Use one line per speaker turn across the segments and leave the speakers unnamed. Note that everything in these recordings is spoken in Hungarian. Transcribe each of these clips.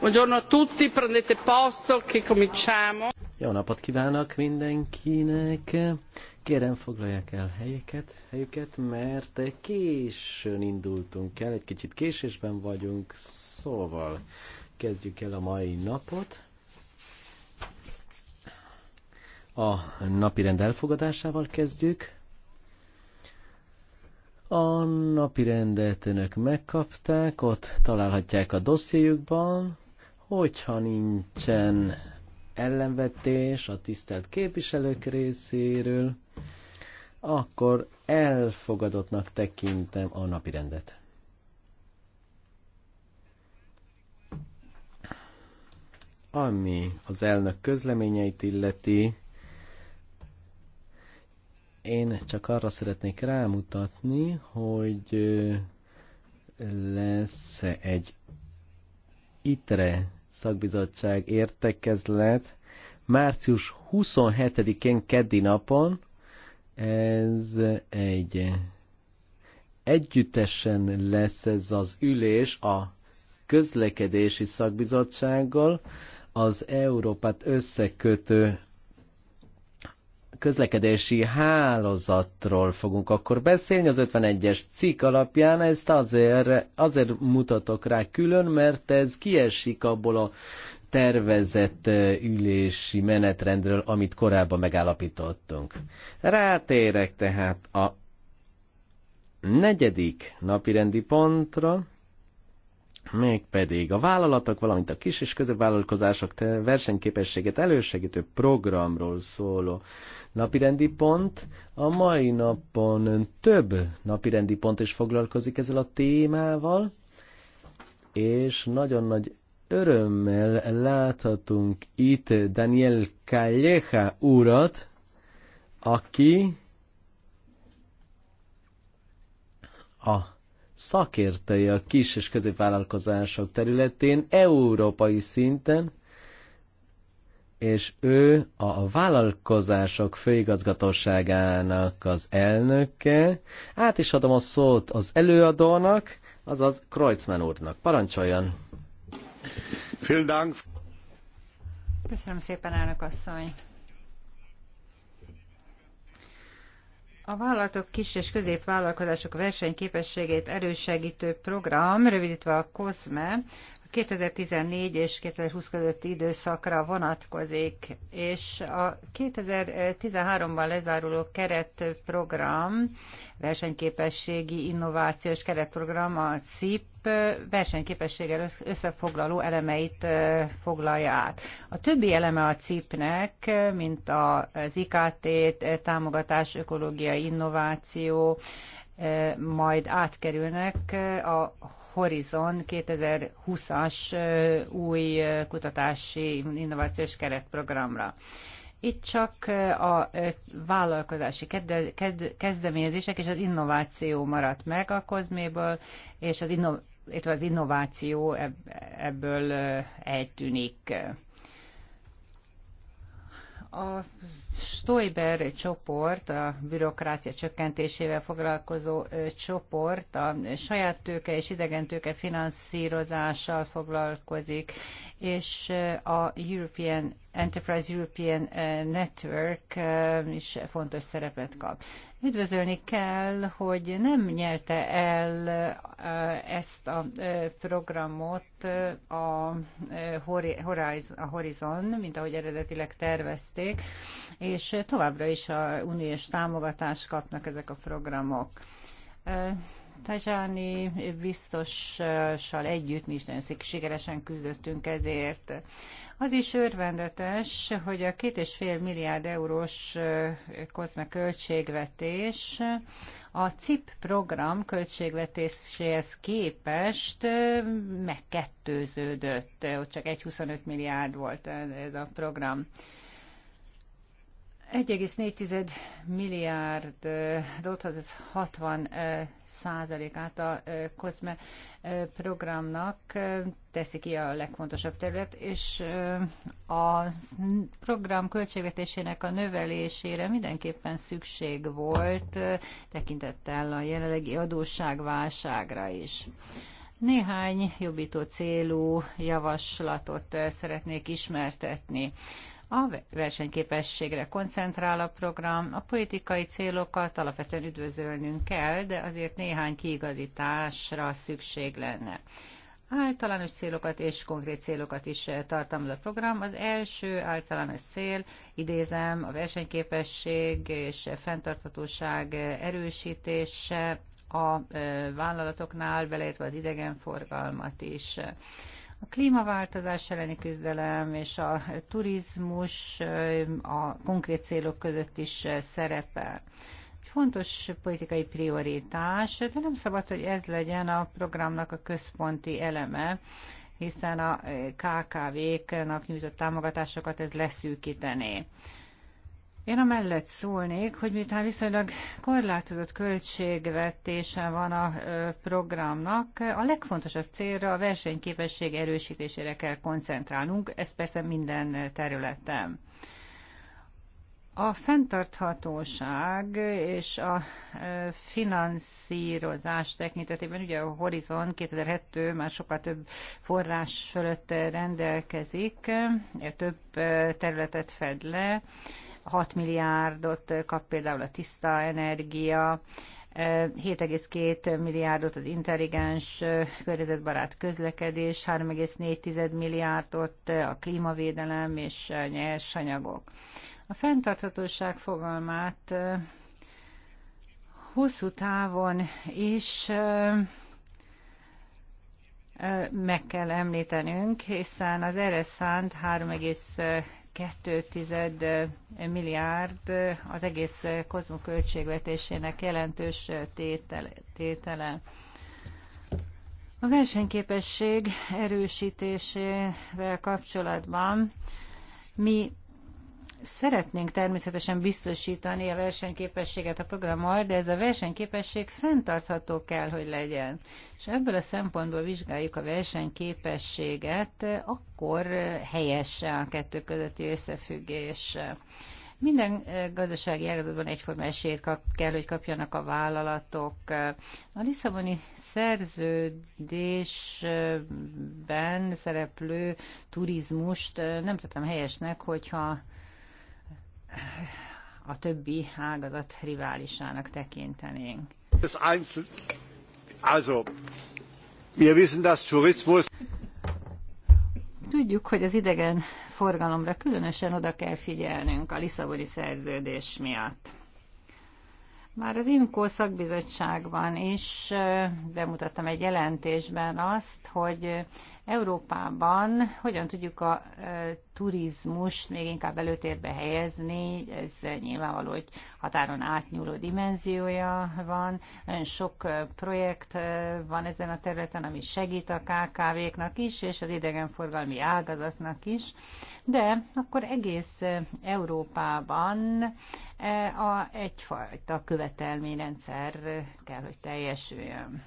Buongiorno a tutti, prendete posto, che cominciamo. Jó napot kívánok mindenkinek! Kérem foglalják el helyeket, helyüket, mert későn indultunk el, egy kicsit késésben vagyunk, szóval kezdjük el a mai napot. A napirend elfogadásával kezdjük. A rendet önök megkapták, ott találhatják a dossziéjukban, Hogyha nincsen ellenvetés a tisztelt képviselők részéről, akkor elfogadottnak tekintem a rendet. Ami az elnök közleményeit illeti, én csak arra szeretnék rámutatni, hogy lesz egy ITRE szakbizottság értekezlet március 27-én keddi napon. Ez egy együttesen lesz ez az ülés a közlekedési szakbizottsággal, az Európát összekötő közlekedési hálózatról fogunk akkor beszélni. Az 51-es cikk alapján ezt azért, azért mutatok rá külön, mert ez kiesik abból a tervezett ülési menetrendről, amit korábban megállapítottunk. Rátérek tehát a negyedik napirendi pontra, mégpedig a vállalatok, valamint a kis és középvállalkozások versenyképességet elősegítő programról szóló napirendi pont. A mai napon több napirendi pont is foglalkozik ezzel a témával, és nagyon nagy örömmel láthatunk itt Daniel Calleja urat, aki a szakértője a kis és középvállalkozások területén, európai szinten, és ő a vállalkozások főigazgatóságának az elnöke. Át is adom a szót az előadónak, azaz Kreuzmann úrnak. Parancsoljon!
Köszönöm szépen, elnök asszony! A vállalatok kis és középvállalkozások versenyképességét erősegítő program, rövidítve a COSME, 2014 és 2020 közötti időszakra vonatkozik, és a 2013-ban lezáruló keretprogram, versenyképességi innovációs keretprogram, a CIP versenyképességgel összefoglaló elemeit foglalja át. A többi eleme a CIP-nek, mint az IKT, támogatás, ökológiai innováció, majd átkerülnek a Horizon 2020-as új kutatási innovációs keretprogramra. Itt csak a vállalkozási kezdeményezések és az innováció maradt meg a kozméből, és az, inno, az innováció ebből eltűnik. A Stoiber csoport, a bürokrácia csökkentésével foglalkozó csoport, a saját tőke és idegen tőke finanszírozással foglalkozik, és a European Enterprise European Network is fontos szerepet kap. Üdvözölni kell, hogy nem nyerte el ezt a programot a Horizon, mint ahogy eredetileg tervezték, és továbbra is a uniós támogatást kapnak ezek a programok. Tajani biztossal együtt mi is nagyon sikeresen küzdöttünk ezért. Az is örvendetes, hogy a két és fél milliárd eurós kozme költségvetés a CIP program költségvetéséhez képest megkettőződött, ott csak 25 milliárd volt ez a program. 1,4 milliárdot, ez 60 százalékát a COSME programnak teszi ki a legfontosabb terület, és a program költségvetésének a növelésére mindenképpen szükség volt tekintettel a jelenlegi adósságválságra is. Néhány jobbító célú javaslatot szeretnék ismertetni. A versenyképességre koncentrál a program, a politikai célokat alapvetően üdvözölnünk kell, de azért néhány kiigazításra szükség lenne. Általános célokat és konkrét célokat is eh, tartalmaz a program. Az első általános cél, idézem, a versenyképesség és eh, fenntarthatóság eh, erősítése a vállalatoknál, beleértve az idegenforgalmat is. A klímaváltozás elleni küzdelem és a turizmus a konkrét célok között is szerepel egy fontos politikai prioritás, de nem szabad, hogy ez legyen a programnak a központi eleme, hiszen a KKV-knak nyújtott támogatásokat ez leszűkítené. Én mellett szólnék, hogy miután viszonylag korlátozott költségvetése van a programnak, a legfontosabb célra a versenyképesség erősítésére kell koncentrálnunk, ez persze minden területen. A fenntarthatóság és a finanszírozás tekintetében ugye a Horizon 2007 már sokkal több forrás fölött rendelkezik, több területet fed le, 6 milliárdot kap például a tiszta energia, 7,2 milliárdot az intelligens környezetbarát közlekedés, 3,4 milliárdot a klímavédelem és nyersanyagok. A fenntarthatóság fogalmát hosszú távon is meg kell említenünk, hiszen az erre szánt 1,2 milliárd az egész kozmó költségvetésének jelentős tétele. tétele. A versenyképesség erősítésével kapcsolatban mi Szeretnénk természetesen biztosítani a versenyképességet a programmal, de ez a versenyképesség fenntartható kell, hogy legyen. És ebből a szempontból vizsgáljuk a versenyképességet, akkor helyes a kettő közötti összefüggés. Minden eh, gazdasági ágazatban egyforma esélyt kap, kell, hogy kapjanak a vállalatok. A Lisszaboni szerződésben szereplő turizmust eh, nem tettem helyesnek, hogyha a többi ágazat riválisának tekintenénk. Tudjuk, hogy az idegen forgalomra különösen oda kell figyelnünk a Lisszaboni szerződés miatt. Már az IMCO szakbizottságban is bemutattam egy jelentésben azt, hogy Európában hogyan tudjuk a e, turizmust még inkább előtérbe helyezni, ez nyilvánvaló, hogy határon átnyúló dimenziója van, nagyon sok e, projekt e, van ezen a területen, ami segít a KKV-knak is, és az idegenforgalmi ágazatnak is, de akkor egész Európában a egyfajta követelményrendszer kell, hogy teljesüljön.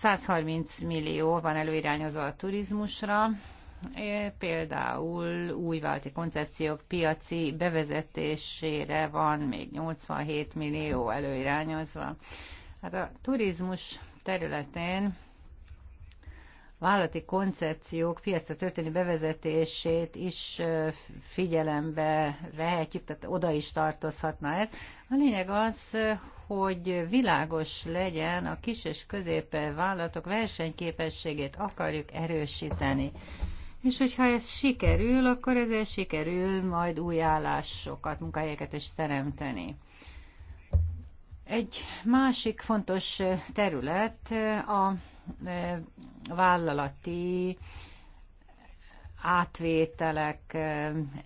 130 millió van előirányozva a turizmusra, például újválti koncepciók piaci bevezetésére van még 87 millió előirányozva. Hát a turizmus területén vállalati koncepciók piacra történő bevezetését is figyelembe vehetjük, tehát oda is tartozhatna ez. A lényeg az, hogy világos legyen a kis és vállalatok versenyképességét akarjuk erősíteni. És hogyha ez sikerül, akkor ezzel sikerül majd új állásokat, munkahelyeket is teremteni. Egy másik fontos terület a e, vállalati átvételek,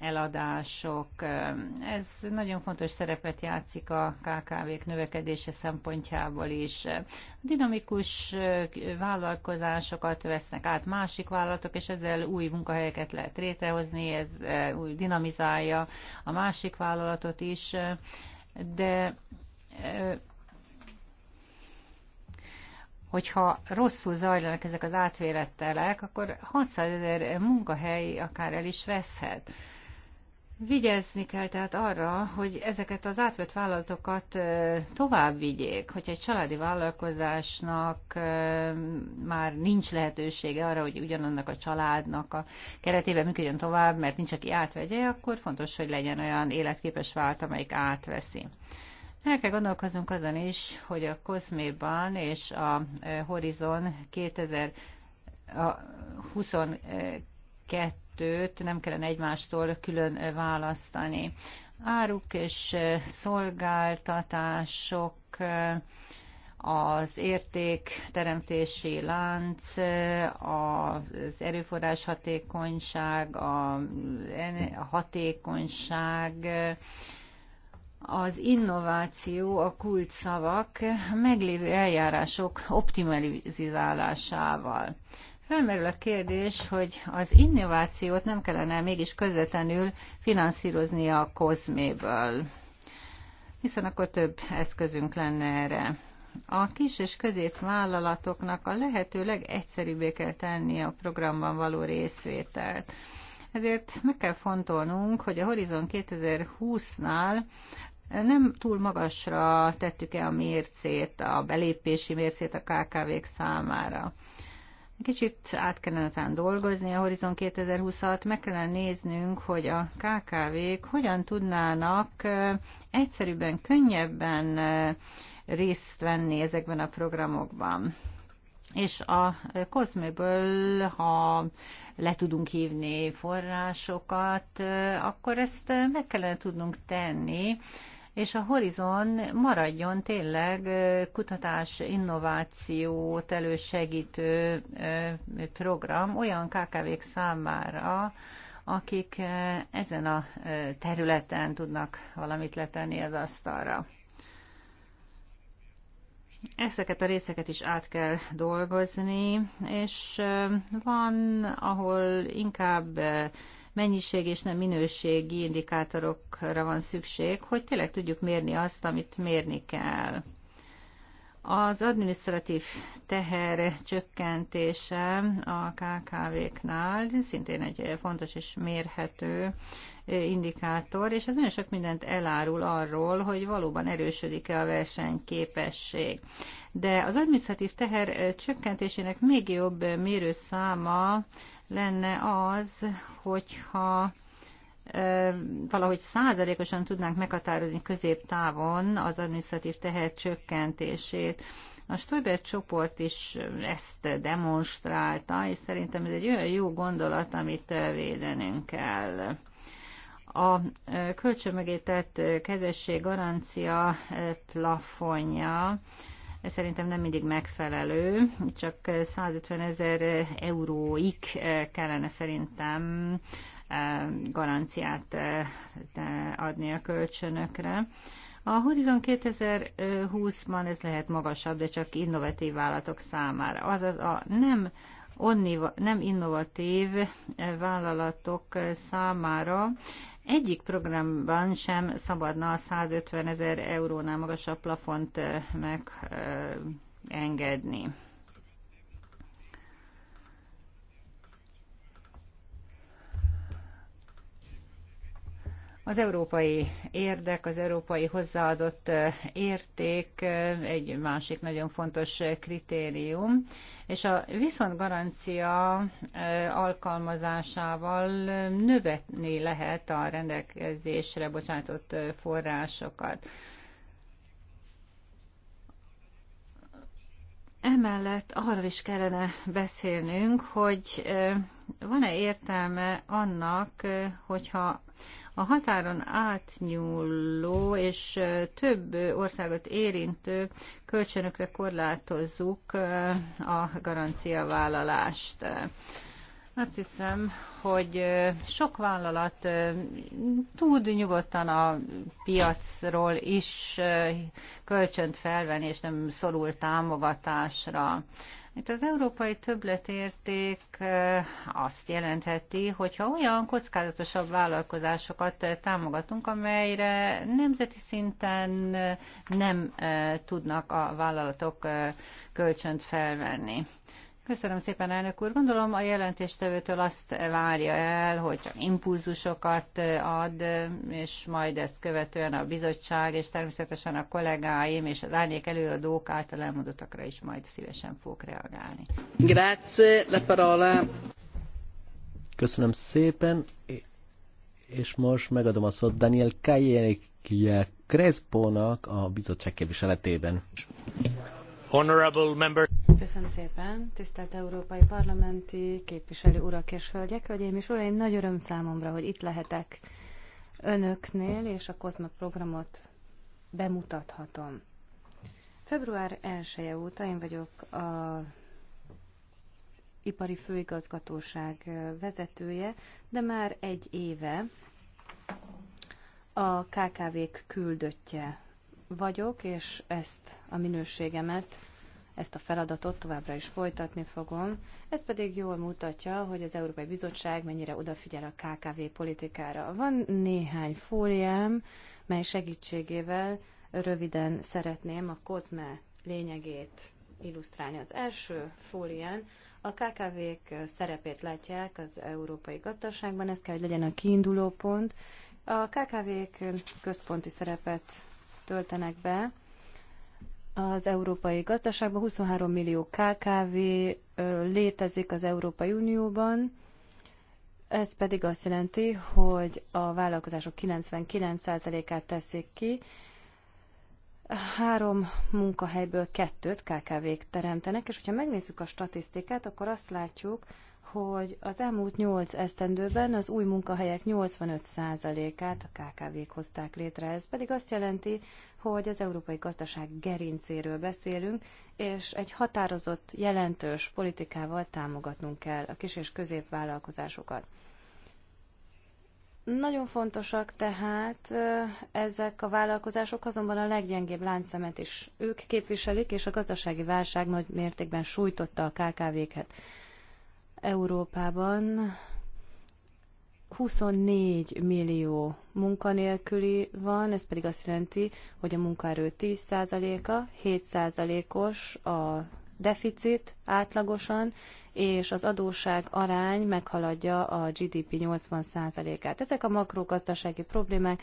eladások. Ez nagyon fontos szerepet játszik a KKV-k növekedése szempontjából is. A dinamikus vállalkozásokat vesznek át másik vállalatok, és ezzel új munkahelyeket lehet létrehozni, ez új dinamizálja a másik vállalatot is, de hogyha rosszul zajlanak ezek az átvérettelek, akkor 600 ezer munkahely akár el is veszhet. Vigyázni kell tehát arra, hogy ezeket az átvett vállalatokat tovább vigyék. Hogyha egy családi vállalkozásnak már nincs lehetősége arra, hogy ugyanannak a családnak a keretében működjön tovább, mert nincs, aki átvegye, akkor fontos, hogy legyen olyan életképes vált, amelyik átveszi. El kell gondolkoznunk azon is, hogy a Koszméban és a e, Horizon 2022 t nem kellene egymástól külön e, választani. Áruk és e, szolgáltatások az értékteremtési lánc, az erőforrás hatékonyság, a hatékonyság, az innováció, a szavak meglévő eljárások optimalizálásával. Felmerül a kérdés, hogy az innovációt nem kellene mégis közvetlenül finanszírozni a kozméből, hiszen akkor több eszközünk lenne erre. A kis és középvállalatoknak a lehető legegyszerűbbé kell tenni a programban való részvételt. Ezért meg kell fontolnunk, hogy a Horizon 2020-nál nem túl magasra tettük-e a mércét, a belépési mércét a KKV-k számára. Kicsit át kellene talán dolgozni a Horizon 2026, meg kellene néznünk, hogy a KKV-k hogyan tudnának egyszerűbben, könnyebben részt venni ezekben a programokban. És a Kozméből, ha le tudunk hívni forrásokat, akkor ezt meg kellene tudnunk tenni, és a Horizon maradjon tényleg kutatás, innovációt elősegítő program olyan KKV-k számára, akik ezen a területen tudnak valamit letenni az asztalra. Ezeket a részeket is át kell dolgozni, és van, ahol inkább mennyiség és nem minőségi indikátorokra van szükség, hogy tényleg tudjuk mérni azt, amit mérni kell. Az administratív teher csökkentése a KKV-knál szintén egy fontos és mérhető indikátor, és ez nagyon sok mindent elárul arról, hogy valóban erősödik-e a versenyképesség. De az administratív teher csökkentésének még jobb mérőszáma lenne az, hogyha valahogy százalékosan tudnánk meghatározni középtávon az administratív teher csökkentését. A Stoiber csoport is ezt demonstrálta, és szerintem ez egy olyan jó gondolat, amit védenünk kell. A kölcsönmegétett kezesség garancia plafonja ez szerintem nem mindig megfelelő, csak 150 ezer euróig eh, kellene szerintem eh, garanciát eh, adni a kölcsönökre. A Horizon 2020-ban ez lehet magasabb, de csak innovatív vállalatok számára. Azaz a nem onni, nem innovatív vállalatok számára egyik programban sem szabadna a 150 ezer eurónál magasabb plafont eh, megengedni. Az európai érdek, az európai hozzáadott érték egy másik nagyon fontos kritérium, és a viszontgarancia alkalmazásával növetni lehet a rendelkezésre bocsátott forrásokat. Emellett arról is kellene beszélnünk, hogy van-e értelme annak, hogyha a határon átnyúló és több országot érintő kölcsönökre korlátozzuk a garanciavállalást. Azt hiszem, hogy sok vállalat tud nyugodtan a piacról is kölcsönt felvenni, és nem szorul támogatásra. Itt az európai többletérték azt jelentheti, hogyha olyan kockázatosabb vállalkozásokat támogatunk, amelyre nemzeti szinten nem tudnak a vállalatok kölcsönt felvenni. Köszönöm szépen, elnök úr. Gondolom a jelentéstevőtől azt várja el, hogy csak impulzusokat eh, ad, eh, és majd ezt követően a bizottság, és természetesen a kollégáim és az árnyék előadók által elmondottakra is majd szívesen fogok reagálni. Grazie, la parola.
Köszönöm szépen, és most megadom a szót Daniel Crespo-nak a bizottság képviseletében. Yeah member.
Köszönöm szépen, tisztelt Európai Parlamenti képviselő urak és hölgyek, hölgyeim és uraim, nagy öröm számomra, hogy itt lehetek önöknél, és a COSME programot bemutathatom. Február 1 -e óta én vagyok a ipari főigazgatóság vezetője, de már egy éve a KKV-k küldöttje vagyok, és ezt a minőségemet, ezt a feladatot továbbra is folytatni fogom. Ez pedig jól mutatja, hogy az Európai Bizottság mennyire odafigyel a KKV politikára. Van néhány fóliám, mely segítségével röviden szeretném a kozme lényegét illusztrálni. Az első fólián a KKV-k szerepét látják az európai gazdaságban, ez kell, hogy legyen a kiinduló pont. A KKV-k központi szerepet töltenek be az európai gazdaságban. 23 millió KKV létezik az Európai Unióban. Ez pedig azt jelenti, hogy a vállalkozások 99%-át teszik ki. Három munkahelyből kettőt KKV-k teremtenek, és hogyha megnézzük a statisztikát, akkor azt látjuk, hogy az elmúlt 8 esztendőben az új munkahelyek 85%-át a KKV-k hozták létre. Ez pedig azt jelenti, hogy az európai gazdaság gerincéről beszélünk, és egy határozott, jelentős politikával támogatnunk kell a kis- és középvállalkozásokat. Nagyon fontosak tehát ezek a vállalkozások, azonban a leggyengébb láncszemet is ők képviselik, és a gazdasági válság nagy mértékben sújtotta a KKV-ket. Európában 24 millió munkanélküli van, ez pedig azt jelenti, hogy a munkaerő 10%-a, 7%-os a deficit átlagosan, és az adóság arány meghaladja a GDP 80%-át. Ezek a makrogazdasági problémák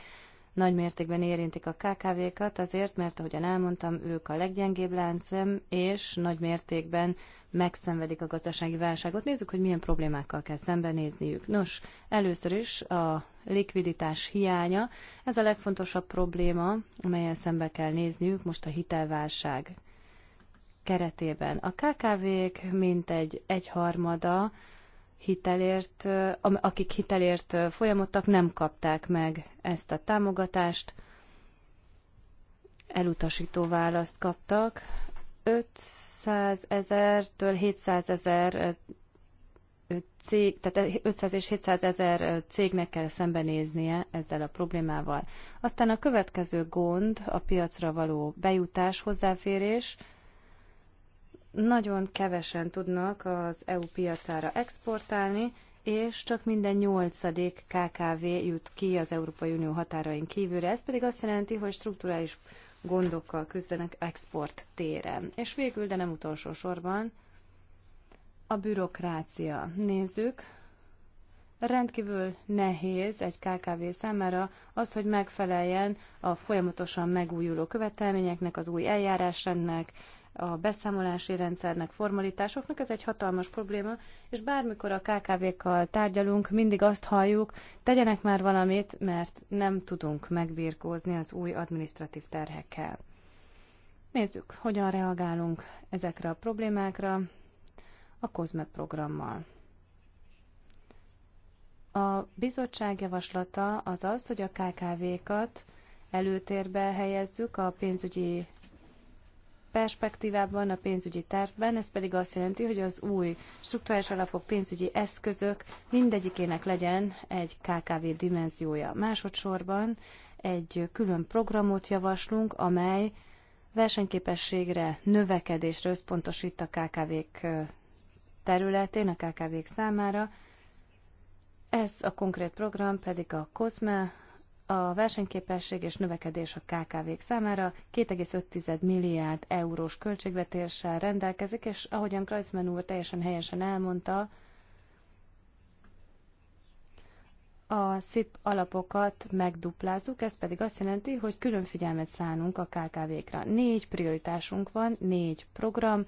nagy mértékben érintik a KKV-kat, azért, mert ahogyan elmondtam, ők a leggyengébb láncem, és nagy mértékben megszenvedik a gazdasági válságot. Nézzük, hogy milyen problémákkal kell szembenézniük. Nos, először is a likviditás hiánya. Ez a legfontosabb probléma, amelyen szembe kell nézniük most a hitelválság keretében. A KKV-k mintegy egyharmada hitelért, akik hitelért folyamodtak, nem kapták meg ezt a támogatást, elutasító választ kaptak. 500 ezer-től 700 ezer cég, tehát 500 és 700 ezer cégnek kell szembenéznie ezzel a problémával. Aztán a következő gond a piacra való bejutás, hozzáférés, nagyon kevesen tudnak az EU piacára exportálni, és csak minden nyolcadik KKV jut ki az Európai Unió határain kívülre. Ez pedig azt jelenti, hogy strukturális gondokkal küzdenek export téren. És végül, de nem utolsó sorban, a bürokrácia. Nézzük, rendkívül nehéz egy KKV számára az, hogy megfeleljen a folyamatosan megújuló követelményeknek, az új eljárásrendnek, a beszámolási rendszernek, formalitásoknak, ez egy hatalmas probléma, és bármikor a KKV-kkal tárgyalunk, mindig azt halljuk, tegyenek már valamit, mert nem tudunk megbírkózni az új administratív terhekkel. Nézzük, hogyan reagálunk ezekre a problémákra a COSME programmal. A bizottság javaslata az az, hogy a KKV-kat előtérbe helyezzük a pénzügyi perspektívában, a pénzügyi tervben, ez pedig azt jelenti, hogy az új struktúrás alapok pénzügyi eszközök mindegyikének legyen egy KKV dimenziója. Másodszorban egy külön programot javaslunk, amely versenyképességre, növekedésre összpontosít a KKV-k területén, a KKV-k számára. Ez a konkrét program pedig a COSME a versenyképesség és növekedés a KKV-k számára 2,5 milliárd eurós költségvetéssel rendelkezik, és ahogyan Kreuzmann úr teljesen helyesen elmondta, a SZIP alapokat megduplázzuk, ez pedig azt jelenti, hogy külön figyelmet szánunk a KKV-kra. Négy prioritásunk van, négy program,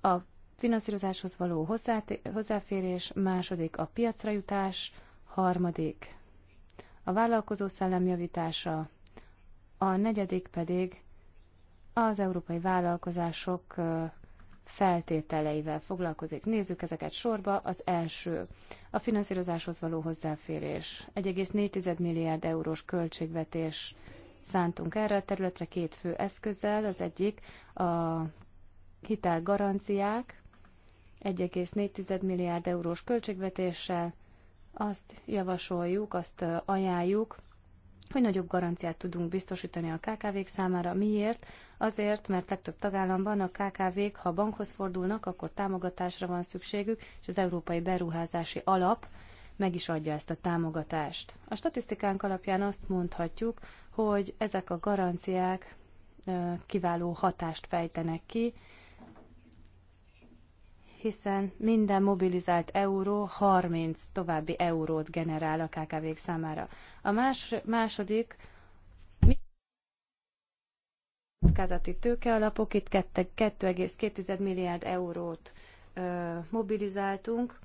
a finanszírozáshoz való hozzáférés, második a piacra jutás, harmadik a vállalkozó szellem javítása, a negyedik pedig az európai vállalkozások feltételeivel foglalkozik. Nézzük ezeket sorba. Az első, a finanszírozáshoz való hozzáférés. 1,4 milliárd eurós költségvetés szántunk erre a területre két fő eszközzel. Az egyik a hitelgaranciák, 1,4 milliárd eurós költségvetéssel, azt javasoljuk, azt ajánljuk, hogy nagyobb garanciát tudunk biztosítani a KKV-k számára. Miért? Azért, mert legtöbb tagállamban a KKV-k, ha bankhoz fordulnak, akkor támogatásra van szükségük, és az Európai Beruházási Alap meg is adja ezt a támogatást. A statisztikánk alapján azt mondhatjuk, hogy ezek a garanciák kiváló hatást fejtenek ki, hiszen minden mobilizált euró 30 további eurót generál a kkv számára. A más, második kockázati tőkealapok, itt 2,2 milliárd eurót ö, mobilizáltunk,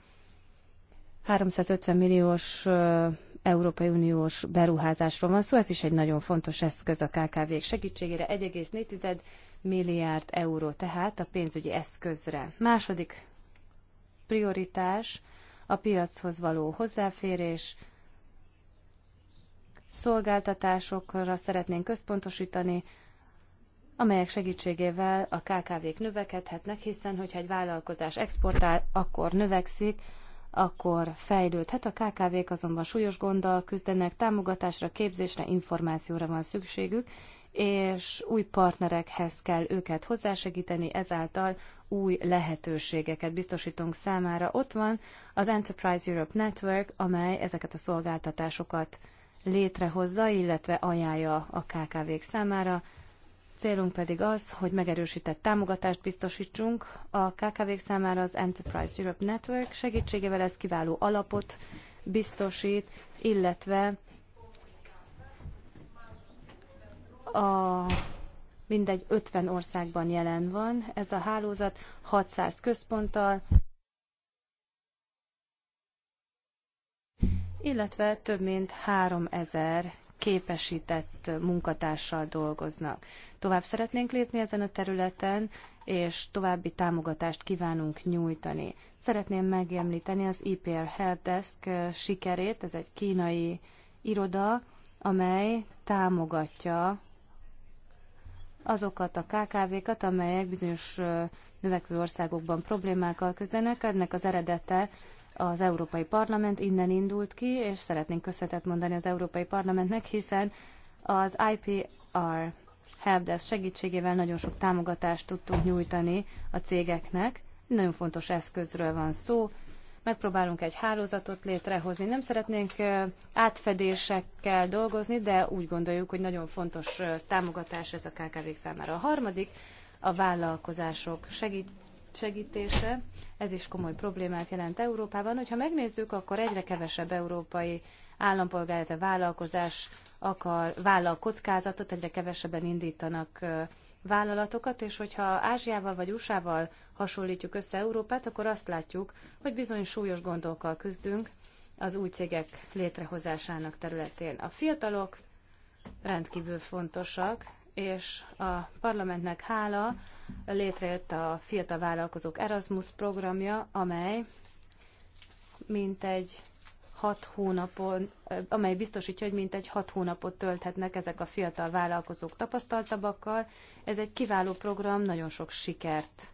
350 milliós ö, Európai Uniós beruházásról van szó, ez is egy nagyon fontos eszköz a KKV-k segítségére, 1,4 milliárd euró tehát a pénzügyi eszközre. Második prioritás a piachoz való hozzáférés, szolgáltatásokra szeretnénk központosítani, amelyek segítségével a KKV-k növekedhetnek, hiszen hogyha egy vállalkozás exportál, akkor növekszik, akkor fejlődhet. A KKV-k azonban súlyos gonddal küzdenek, támogatásra, képzésre, információra van szükségük, és új partnerekhez kell őket hozzásegíteni, ezáltal új lehetőségeket biztosítunk számára. Ott van az Enterprise Europe Network, amely ezeket a szolgáltatásokat létrehozza, illetve ajánlja a KKV-k számára. Célunk pedig az, hogy megerősített támogatást biztosítsunk a KKV-k számára az Enterprise Europe Network segítségével ez kiváló alapot biztosít, illetve a mindegy 50 országban jelen van ez a hálózat, 600 központtal, illetve több mint 3000 képesített munkatársal dolgoznak. Tovább szeretnénk lépni ezen a területen, és további támogatást kívánunk nyújtani. Szeretném megemlíteni az IPR e Helpdesk eh, sikerét, ez egy kínai iroda, amely támogatja azokat a KKV-kat, amelyek bizonyos növekvő országokban problémákkal küzdenek. Ennek az eredete az Európai Parlament innen indult ki, és szeretnénk köszönetet mondani az Európai Parlamentnek, hiszen az IPR helpdesk segítségével nagyon sok támogatást tudtunk nyújtani a cégeknek. Nagyon fontos eszközről van szó, megpróbálunk egy hálózatot létrehozni. Nem szeretnénk átfedésekkel dolgozni, de úgy gondoljuk, hogy nagyon fontos támogatás ez a kkv számára. A harmadik a vállalkozások segít, segítése. Ez is komoly problémát jelent Európában. Hogyha megnézzük, akkor egyre kevesebb európai állampolgár, a vállalkozás akar, vállal kockázatot, egyre kevesebben indítanak vállalatokat, és hogyha Ázsiával vagy USA-val hasonlítjuk össze Európát, akkor azt látjuk, hogy bizony súlyos gondokkal küzdünk az új cégek létrehozásának területén. A fiatalok rendkívül fontosak, és a parlamentnek hála létrejött a Fiatal Vállalkozók Erasmus programja, amely mintegy hat hónapon, amely biztosítja, hogy mintegy hat hónapot tölthetnek ezek a fiatal vállalkozók tapasztaltabbakkal. Ez egy kiváló program, nagyon sok sikert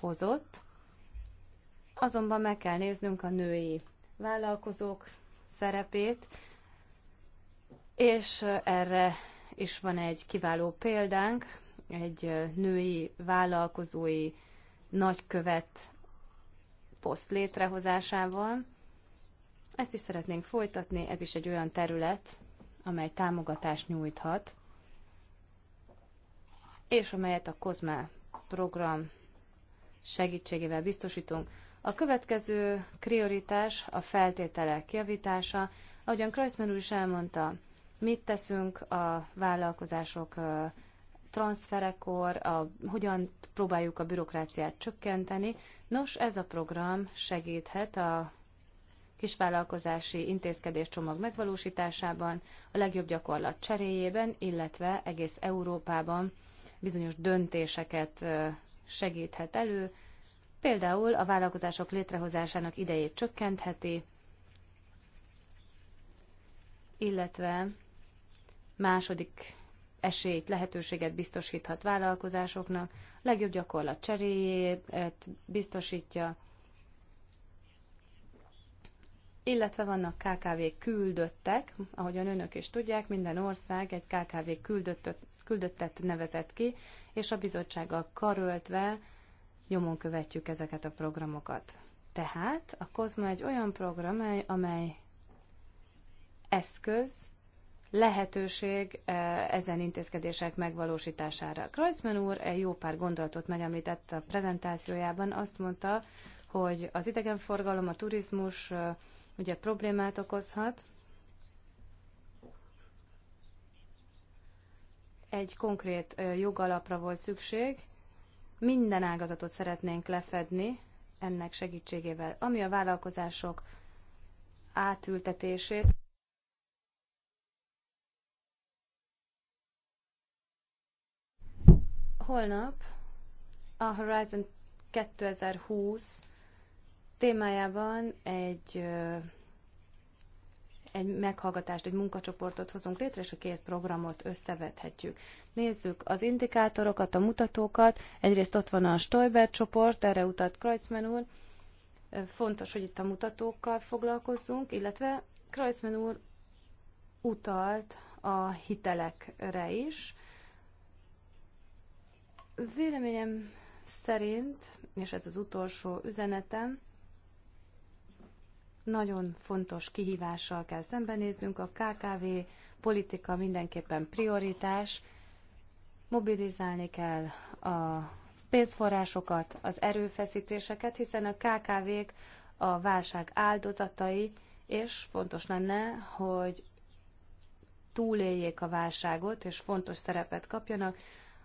hozott. Azonban meg kell néznünk a női vállalkozók szerepét, és erre is van egy kiváló példánk, egy női vállalkozói nagykövet poszt létrehozásával. Ezt is szeretnénk folytatni, ez is egy olyan terület, amely támogatást nyújthat, és amelyet a COSME program segítségével biztosítunk. A következő prioritás a feltételek javítása. Ahogyan Kreuzmann úr is elmondta, mit teszünk a vállalkozások transferekor, a, hogyan próbáljuk a bürokráciát csökkenteni. Nos, ez a program segíthet a kisvállalkozási intézkedéscsomag megvalósításában, a legjobb gyakorlat cseréjében, illetve egész Európában bizonyos döntéseket segíthet elő, például a vállalkozások létrehozásának idejét csökkentheti, illetve második esélyt, lehetőséget biztosíthat vállalkozásoknak, legjobb gyakorlat cseréjét biztosítja, illetve vannak KKV küldöttek, ahogyan önök is tudják, minden ország egy KKV küldöttet, küldöttet nevezett ki, és a bizottsággal karöltve nyomon követjük ezeket a programokat. Tehát a COSMA egy olyan program, amely eszköz, lehetőség e, ezen intézkedések megvalósítására. Kreuzmann úr egy jó pár gondolatot megemlített a prezentációjában, azt mondta, hogy az idegenforgalom, a turizmus, e, ugye problémát okozhat. Egy konkrét jogalapra volt szükség, minden ágazatot szeretnénk lefedni ennek segítségével, ami a vállalkozások átültetését. Holnap a Horizon 2020 témájában egy, egy meghallgatást, egy munkacsoportot hozunk létre, és a két programot összevethetjük. Nézzük az indikátorokat, a mutatókat. Egyrészt ott van a Stoiber csoport, erre utalt Kreuzmann úr. Fontos, hogy itt a mutatókkal foglalkozzunk, illetve Kreuzmann úr utalt a hitelekre is. Véleményem szerint, és ez az utolsó üzenetem, nagyon fontos kihívással kell szembenéznünk. A KKV politika mindenképpen prioritás. Mobilizálni kell a pénzforrásokat, az erőfeszítéseket, hiszen a KKV-k a válság áldozatai, és fontos lenne, hogy túléljék a válságot, és fontos szerepet kapjanak.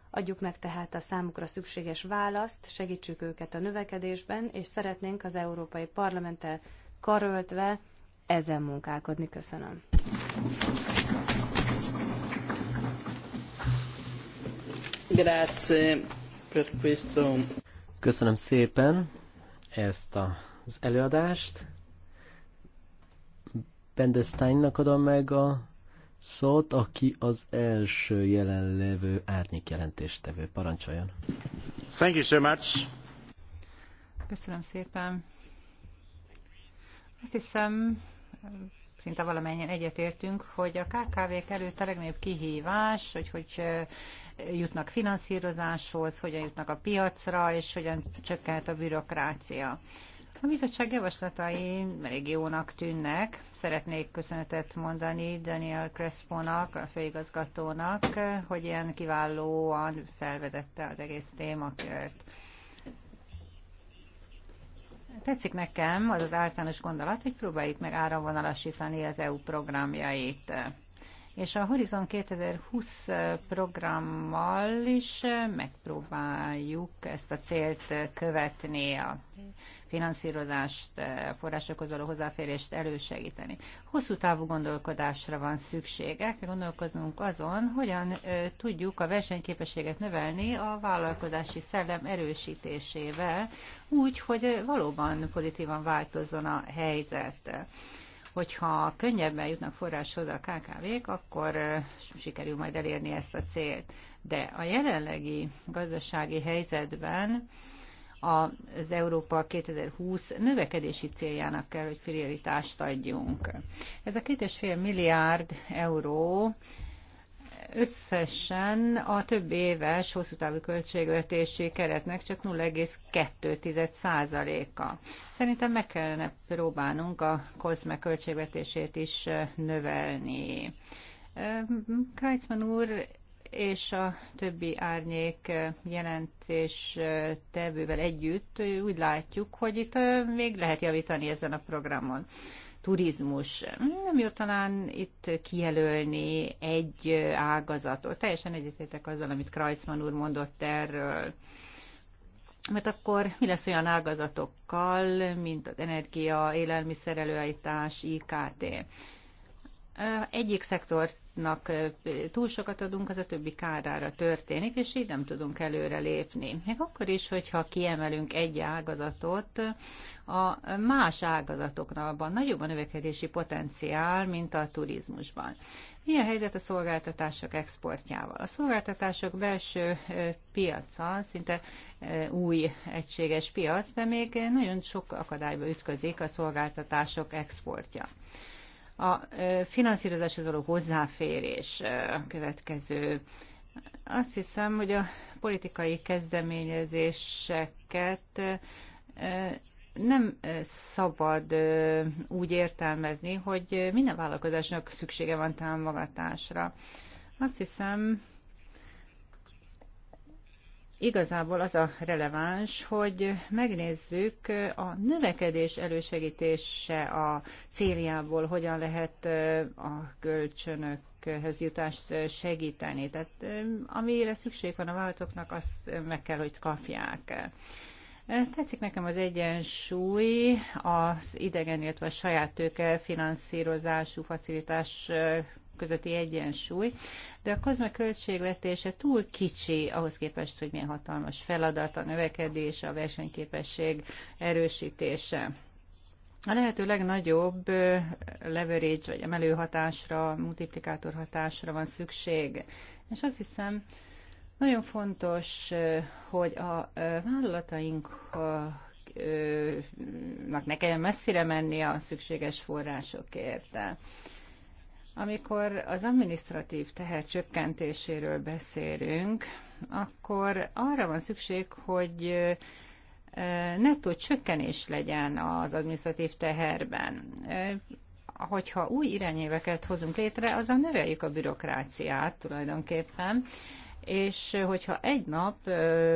Adjuk meg tehát a számukra szükséges választ, segítsük őket a növekedésben, és szeretnénk az Európai Parlamenttel karöltve ezen munkálkodni. Köszönöm.
Grazie per questo. Köszönöm szépen ezt az előadást. Bendesteinnak adom meg a szót, aki az első jelenlevő árnyék jelentéstevő. Parancsoljon! Thank you so much.
Köszönöm szépen. Azt hiszem, szinte valamennyien egyetértünk, hogy a KKV-k előtt a legnagyobb kihívás, hogy hogy jutnak finanszírozáshoz, hogyan jutnak a piacra, és hogyan csökkent a bürokrácia. A bizottság javaslatai régiónak tűnnek. Szeretnék köszönetet mondani Daniel Crespo-nak, a főigazgatónak, hogy ilyen kiválóan felvezette az egész témakört. Tetszik nekem az az általános gondolat, hogy próbáljuk meg áramvonalasítani az EU programjait. És a Horizon 2020 programmal is megpróbáljuk ezt a célt követni a finanszírozást, eh, forrásokhoz való hozzáférést elősegíteni. Hosszú távú gondolkodásra van szükség. El kell azon, hogyan eh, tudjuk a versenyképességet növelni a vállalkozási szellem erősítésével, úgy, hogy valóban pozitívan változzon a helyzet hogyha könnyebben jutnak forráshoz a KKV-k, akkor eh, sikerül majd elérni ezt a célt. De a jelenlegi gazdasági helyzetben az Európa 2020 növekedési céljának kell, hogy prioritást adjunk. Ez a 2,5 milliárd euró összesen a több éves hosszú távú költségvetési keretnek csak 0,2%-a. Szerintem meg kellene próbálnunk a COSME költségvetését is növelni. Kreitzmann úr és a többi árnyék jelentés tevővel együtt úgy látjuk, hogy itt még lehet javítani ezen a programon. Turizmus. Nem jó talán itt kijelölni egy ágazatot. Teljesen egyetértek azzal, amit Kreuzmann úr mondott erről. Mert akkor mi lesz olyan ágazatokkal, mint az energia, élelmiszerelőállítás, IKT? Egyik szektort nak túl sokat adunk, az a többi kárára történik, és így nem tudunk előre lépni. Még akkor is, hogyha kiemelünk egy ágazatot, a más ágazatoknál van nagyobb a növekedési potenciál, mint a turizmusban. Mi a helyzet a szolgáltatások exportjával? A szolgáltatások belső piaca szinte új egységes piac, de még nagyon sok akadályba ütközik a szolgáltatások exportja. A finanszírozáshoz való hozzáférés következő. Azt hiszem, hogy a politikai kezdeményezéseket nem szabad úgy értelmezni, hogy minden vállalkozásnak szüksége van támogatásra. Azt hiszem, igazából az a releváns, hogy megnézzük a növekedés elősegítése a céljából, hogyan lehet a kölcsönök jutást segíteni. Tehát amire szükség van a vállalatoknak, azt meg kell, hogy kapják. Tetszik nekem az egyensúly az idegen, illetve a saját tőke finanszírozású facilitás közötti egyensúly, de a kozma költségvetése túl kicsi ahhoz képest, hogy milyen hatalmas feladat a növekedés, a versenyképesség erősítése. A lehető legnagyobb leverage, vagy emelő hatásra, multiplikátor hatásra van szükség. És azt hiszem, nagyon fontos, hogy a vállalatainknak ne kelljen messzire menni a szükséges forrásokért. Amikor az administratív teher csökkentéséről beszélünk, akkor arra van szükség, hogy nettó csökkenés legyen az administratív teherben. Hogyha új irányéveket hozunk létre, azzal növeljük a bürokráciát tulajdonképpen, és hogyha egy nap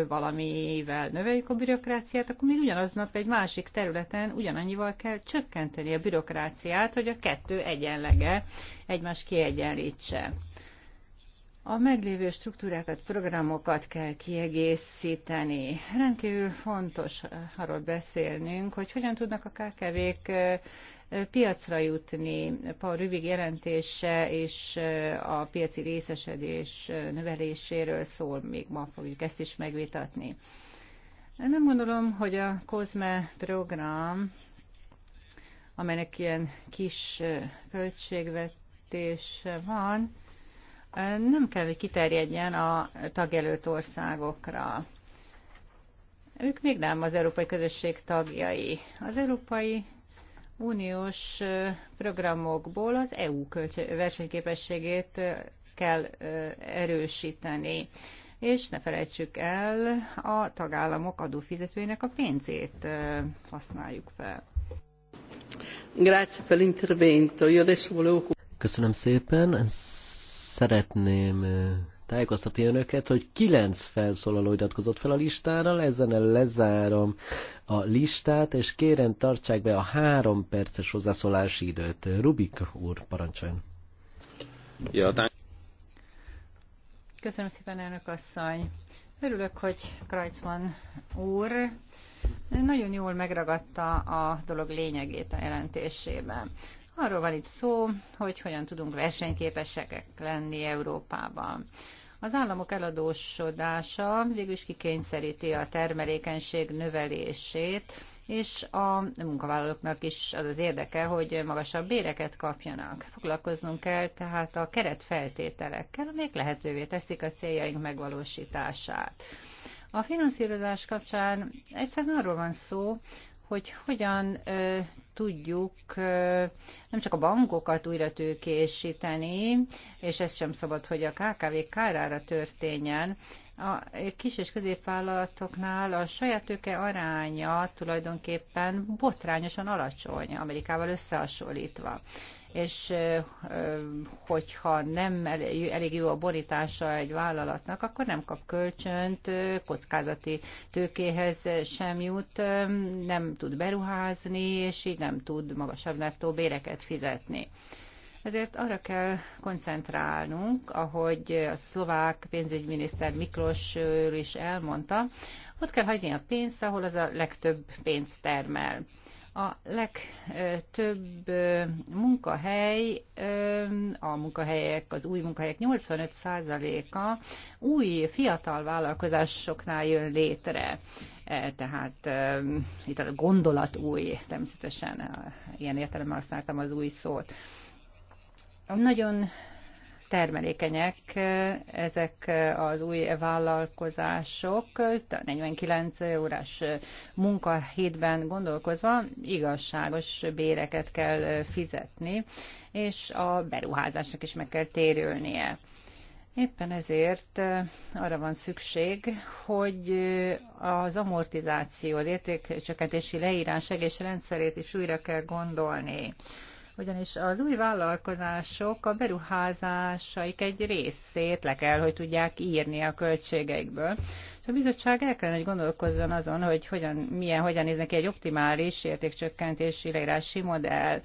valamivel növeljük a bürokráciát, akkor még nap egy másik területen ugyanannyival kell csökkenteni a bürokráciát, hogy a kettő egyenlege egymás kiegyenlítse. A meglévő struktúrákat, programokat kell kiegészíteni. Rendkívül fontos arról beszélnünk, hogy hogyan tudnak a kkv piacra jutni. A rövid jelentése és a piaci részesedés növeléséről szól, még ma fogjuk ezt is megvitatni. Nem gondolom, hogy a COSME program, amelynek ilyen kis költségvetése van, nem kell, hogy kiterjedjen a tagjelölt országokra. Ők még nem az európai közösség tagjai. Az európai uniós programokból az EU versenyképességét kell erősíteni. És ne felejtsük el, a tagállamok adófizetőinek a pénzét használjuk fel.
Grazie per l'intervento. Io adesso volevo... Köszönöm szépen. Szeretném tájékoztatni önöket, hogy kilenc felszólaló iratkozott fel a listára, ezen lezárom a listát, és kérem tartsák be a három perces hozzászólási időt. Rubik úr, parancsoljon.
Ja, Köszönöm szépen, elnök asszony. Örülök, hogy Krajcman úr nagyon jól megragadta a dolog lényegét a jelentésében. Arról van itt szó, hogy hogyan tudunk versenyképesek lenni Európában. Az államok eladósodása végül is kikényszeríti a termelékenység növelését, és a munkavállalóknak is az az érdeke, hogy magasabb béreket kapjanak. Foglalkoznunk kell tehát a keretfeltételekkel, amelyek lehetővé teszik a céljaink megvalósítását. A finanszírozás kapcsán egyszerűen arról van szó, hogy hogyan tudjuk nem csak a bankokat újra tőkésíteni, és ez sem szabad, hogy a KKV kárára történjen. A kis és középvállalatoknál a saját tőke aránya tulajdonképpen botrányosan alacsony, Amerikával összehasonlítva és hogyha nem elég jó a borítása egy vállalatnak, akkor nem kap kölcsönt, kockázati tőkéhez sem jut, nem tud beruházni, és így nem tud magasabb nettó béreket fizetni. Ezért arra kell koncentrálnunk, ahogy a szlovák pénzügyminiszter Miklós is elmondta, ott kell hagyni a pénzt, ahol az a legtöbb pénzt termel. A legtöbb munkahely, a munkahelyek, az új munkahelyek 85%-a új fiatal vállalkozásoknál jön létre e, tehát itt a gondolat új, természetesen ilyen értelemben használtam az új szót. Nagyon termelékenyek ezek az új vállalkozások, 49 órás munkahétben gondolkozva igazságos béreket kell fizetni, és a beruházásnak is meg kell térülnie. Éppen ezért arra van szükség, hogy az amortizáció, az értékcsökkentési leírás egész rendszerét is újra kell gondolni ugyanis az új vállalkozások a beruházásaik egy részét le kell, hogy tudják írni a költségeikből. És a bizottság el kellene, hogy gondolkozzon azon, hogy hogyan, milyen, hogyan néz neki egy optimális értékcsökkentési leírási modell.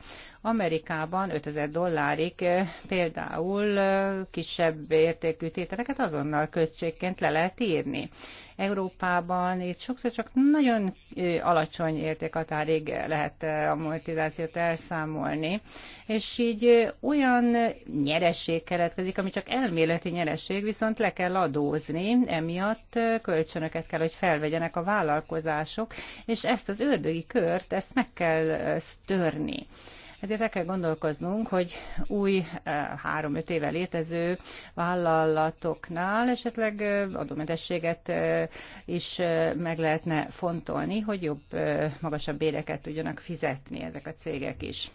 Amerikában 5000 dollárig eh, például eh, kisebb értékű tételeket azonnal költségként le lehet írni. Európában itt sokszor csak nagyon eh, alacsony értékhatárig lehet a monetizációt elszámolni, és így olyan nyereség keletkezik, ami csak elméleti nyereség, viszont le kell adózni, emiatt kölcsönöket kell, hogy felvegyenek a vállalkozások, és ezt az ördögi kört, ezt meg kell törni. Ezért el kell gondolkoznunk, hogy új eh, három-öt éve létező vállalatoknál esetleg eh, adómentességet eh, is meg lehetne fontolni, hogy jobb, magasabb béreket tudjanak fizetni ezek a cégek is.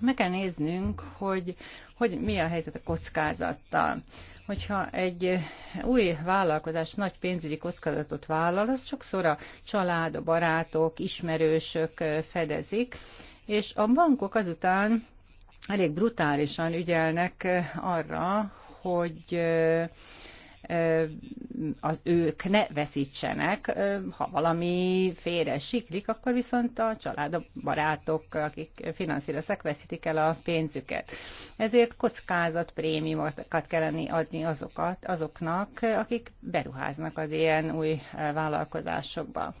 Meg kell néznünk, hogy, hogy mi a helyzet a kockázattal. Hogyha egy új vállalkozás nagy pénzügyi kockázatot vállal, az sokszor a család, a barátok, ismerősök fedezik, és a bankok azután elég brutálisan ügyelnek eh, arra, hogy eh, eh, az ők ne veszítsenek, ha valami félre siklik, akkor viszont a család, a barátok, akik finanszírozzák, veszítik el a pénzüket. Ezért kockázat prémiumokat kellene adni azokat, azoknak, akik beruháznak az ilyen új vállalkozásokba.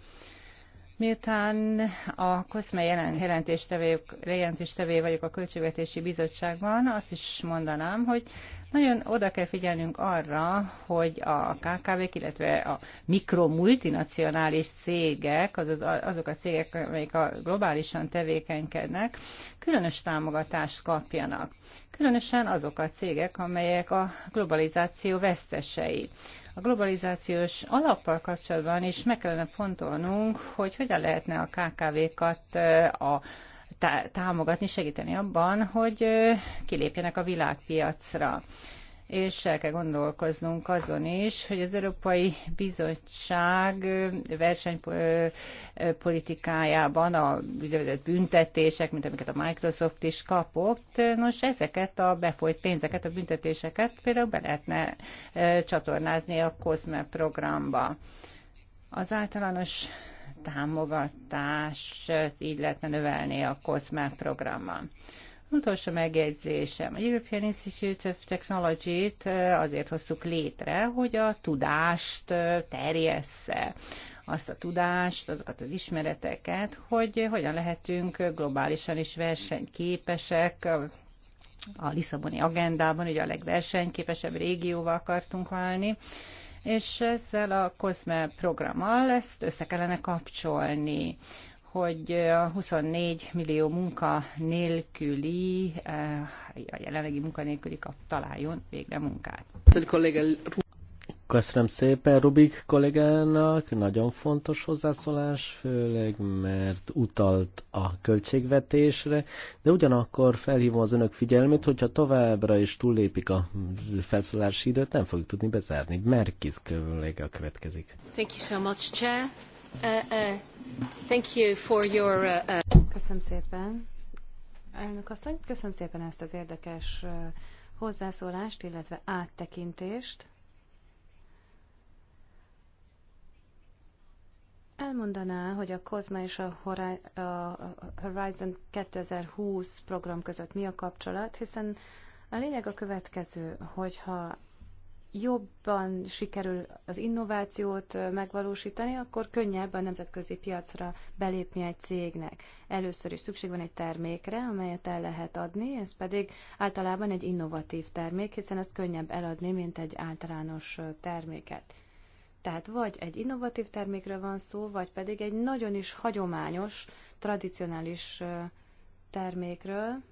Miután a COSME jelentéstevé, jelentéstevé vagyok a Költségvetési Bizottságban, azt is mondanám, hogy nagyon oda kell figyelnünk arra, hogy a KKV-k, illetve a mikromultinacionális cégek, azaz, azok a cégek, amelyek a globálisan tevékenykednek, különös támogatást kapjanak. Különösen azok a cégek, amelyek a globalizáció vesztesei a globalizációs alappal kapcsolatban is meg kellene fontolnunk, hogy hogyan lehetne a KKV-kat a támogatni, segíteni abban, hogy kilépjenek a világpiacra és el kell gondolkoznunk azon is, hogy az Európai Bizottság versenypolitikájában a úgynevezett büntetések, mint amiket a Microsoft is kapott, nos ezeket a befolyt pénzeket, a büntetéseket például be lehetne csatornázni a COSME programba. Az általános támogatást így lehetne növelni a COSME programban. Utolsó megjegyzésem. A European Institute of Technology-t azért hoztuk létre, hogy a tudást terjessze azt a tudást, azokat az ismereteket, hogy hogyan lehetünk globálisan is versenyképesek, a Lisszaboni agendában, ugye a legversenyképesebb régióval akartunk válni, és ezzel a COSME programmal ezt össze kellene kapcsolni hogy a 24 millió munka nélküli, eh, a jelenlegi munkanélküli kap, találjon végre munkát.
Köszönöm szépen Rubik kollégának, nagyon fontos hozzászólás, főleg mert utalt a költségvetésre, de ugyanakkor felhívom az önök figyelmét, hogyha továbbra is túllépik a felszólási időt, nem fogjuk tudni bezárni. Merkis kolléga következik.
Thank you so much, Chair. Uh, uh, thank you for your... Uh, uh Köszönöm szépen. Elnök asszony, köszönöm szépen ezt az érdekes uh, hozzászólást, illetve áttekintést. Elmondaná, hogy a COSMA és a Horizon 2020 program között mi a kapcsolat, hiszen a lényeg a következő, hogyha jobban sikerül az innovációt megvalósítani, akkor könnyebb a nemzetközi piacra belépni egy cégnek. Először is szükség van egy termékre, amelyet el lehet adni, ez pedig általában egy innovatív termék, hiszen ezt könnyebb eladni, mint egy általános terméket. Tehát vagy egy innovatív termékre van szó, vagy pedig egy nagyon is hagyományos, tradicionális termékről.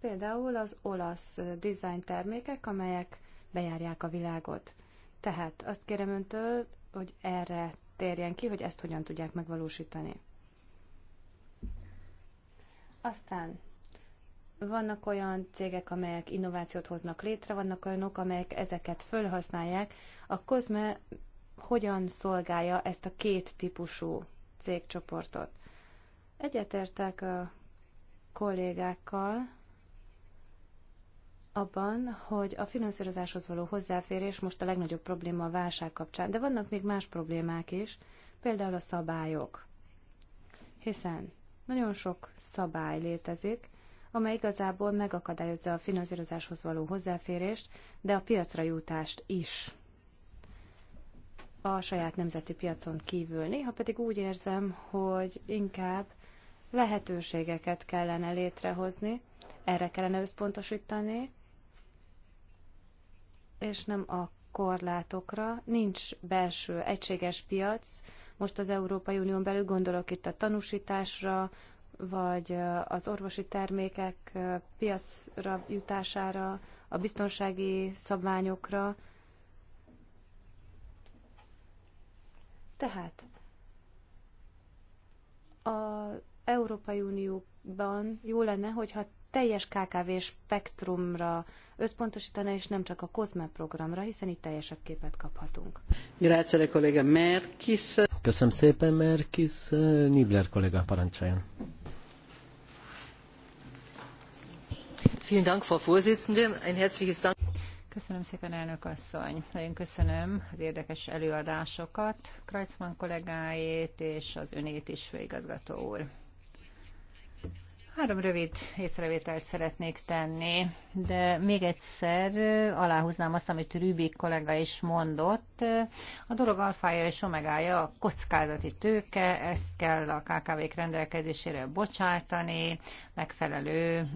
Például az olasz design termékek, amelyek bejárják a világot. Tehát azt kérem öntől, hogy erre térjen ki, hogy ezt hogyan tudják megvalósítani. Aztán vannak olyan cégek, amelyek innovációt hoznak létre, vannak olyanok, amelyek ezeket fölhasználják. A Kozme hogyan szolgálja ezt a két típusú cégcsoportot? Egyetértek a kollégákkal abban, hogy a finanszírozáshoz való hozzáférés most a legnagyobb probléma a válság kapcsán, de vannak még más problémák is, például a szabályok. Hiszen nagyon sok szabály létezik, amely igazából megakadályozza a finanszírozáshoz való hozzáférést, de a piacra jutást is a saját nemzeti piacon kívül. Néha pedig úgy érzem, hogy inkább lehetőségeket kellene létrehozni, erre kellene összpontosítani, és nem a korlátokra. Nincs belső egységes piac, most az Európai Unión belül gondolok itt a tanúsításra, vagy az orvosi termékek piacra jutására, a biztonsági szabványokra. Tehát az Európai Unióban jó lenne, hogyha teljes KKV spektrumra összpontosítana, és nem csak a COSME programra, hiszen itt teljesebb képet kaphatunk.
Grazie, kollega Merkis. Köszönöm szépen, Merkis. Nibler kollega, parancsoljon.
Vielen Dank, Frau Vorsitzende. Ein herzliches Dank. Köszönöm szépen, elnök asszony. Nagyon köszönöm az érdekes előadásokat, Kreuzmann kollégáét és az önét is, főigazgató úr. Három rövid észrevételt szeretnék tenni, de még egyszer aláhúznám azt, amit Rübik kollega is mondott. A dolog alfája és omegája a kockázati tőke, ezt kell a KKV-k rendelkezésére bocsátani, megfelelő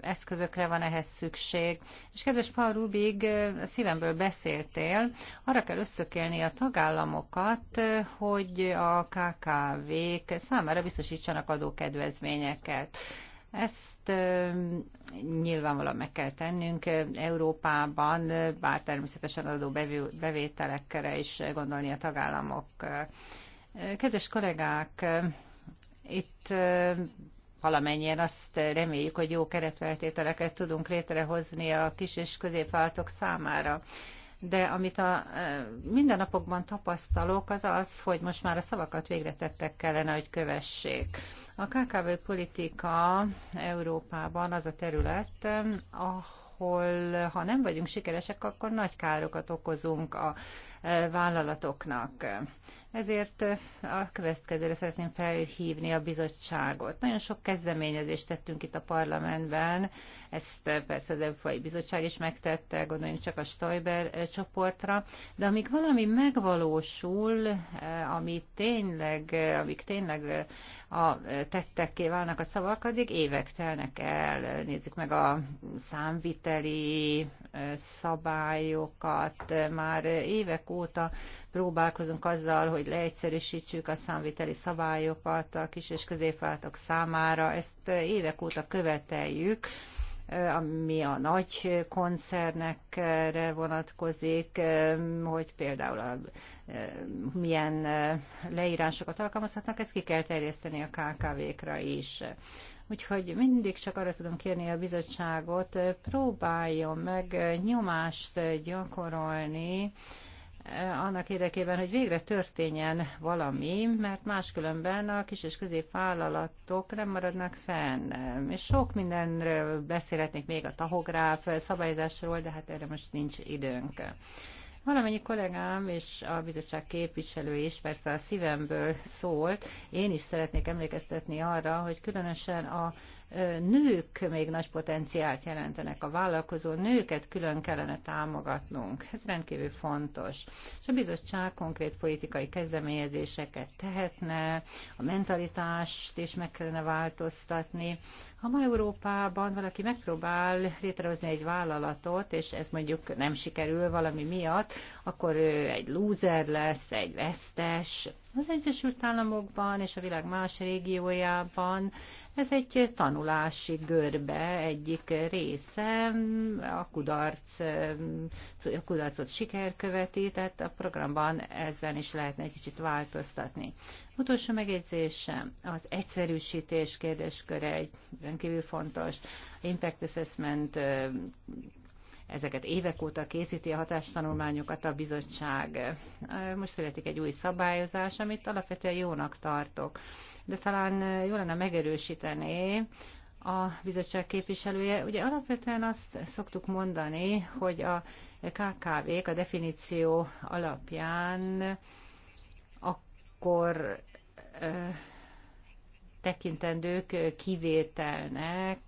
eszközökre van ehhez szükség. És kedves Paul Rubig, szívemből beszéltél, arra kell összökélni a tagállamokat, hogy a KKV-k számára biztosítsanak adókedvezményeket ezt nyilvánvalóan meg kell tennünk Európában, bár természetesen adó bevételekre is gondolni a tagállamok. Kedves kollégák, itt valamennyien azt reméljük, hogy jó keretfeltételeket tudunk létrehozni a kis és középváltok számára. De amit a mindennapokban tapasztalok, az az, hogy most már a szavakat végre tettek kellene, hogy kövessék a KKV politika Európában az a terület, ahol ha nem vagyunk sikeresek, akkor nagy károkat okozunk a e, vállalatoknak. Ezért a következőre szeretném felhívni a bizottságot. Nagyon sok kezdeményezést tettünk itt a parlamentben, ezt persze az Európai Bizottság is megtette, gondoljunk csak a Stoiber e, csoportra, de amíg valami megvalósul, e, amit tényleg, amik tényleg a tettekké válnak a szavak, addig évek telnek el. Nézzük meg a számviteli szabályokat. Már évek óta próbálkozunk azzal, hogy leegyszerűsítsük a számviteli szabályokat a kis és középváltok számára. Ezt évek óta követeljük ami a nagy koncernekre vonatkozik, hogy például a, e, milyen e, leírásokat alkalmazhatnak, ezt ki kell terjeszteni a KKV-kra is. Úgyhogy mindig csak arra tudom kérni a bizottságot, próbáljon meg nyomást gyakorolni, Eh, annak érdekében, hogy végre történjen valami, mert máskülönben a kis és középvállalatok nem maradnak fenn. És sok mindenről beszélhetnék még a tahográf szabályzásról, de hát erre most nincs időnk. Valamennyi kollégám és a bizottság képviselő is persze a szívemből szólt. Én is szeretnék emlékeztetni arra, hogy különösen a nők még nagy potenciált jelentenek, a vállalkozó nőket külön kellene támogatnunk. Ez rendkívül fontos. És a bizottság konkrét politikai kezdeményezéseket tehetne, a mentalitást is meg kellene változtatni. Ha ma Európában valaki megpróbál létrehozni egy vállalatot, és ez mondjuk nem sikerül valami miatt, akkor ő egy lúzer lesz, egy vesztes. Az Egyesült Államokban és a világ más régiójában ez egy tanulási görbe egyik része, a kudarc, a kudarcot siker követi, tehát a programban ezen is lehetne egy kicsit változtatni. Utolsó megjegyzésem, az egyszerűsítés kérdésköre egy rendkívül fontos impact assessment ezeket évek óta készíti a hatástanulmányokat a bizottság. Most születik egy új szabályozás, amit alapvetően jónak tartok. De talán jó lenne megerősíteni, a bizottság képviselője. Ugye alapvetően azt szoktuk mondani, hogy a KKV-k a definíció alapján akkor tekintendők kivételnek,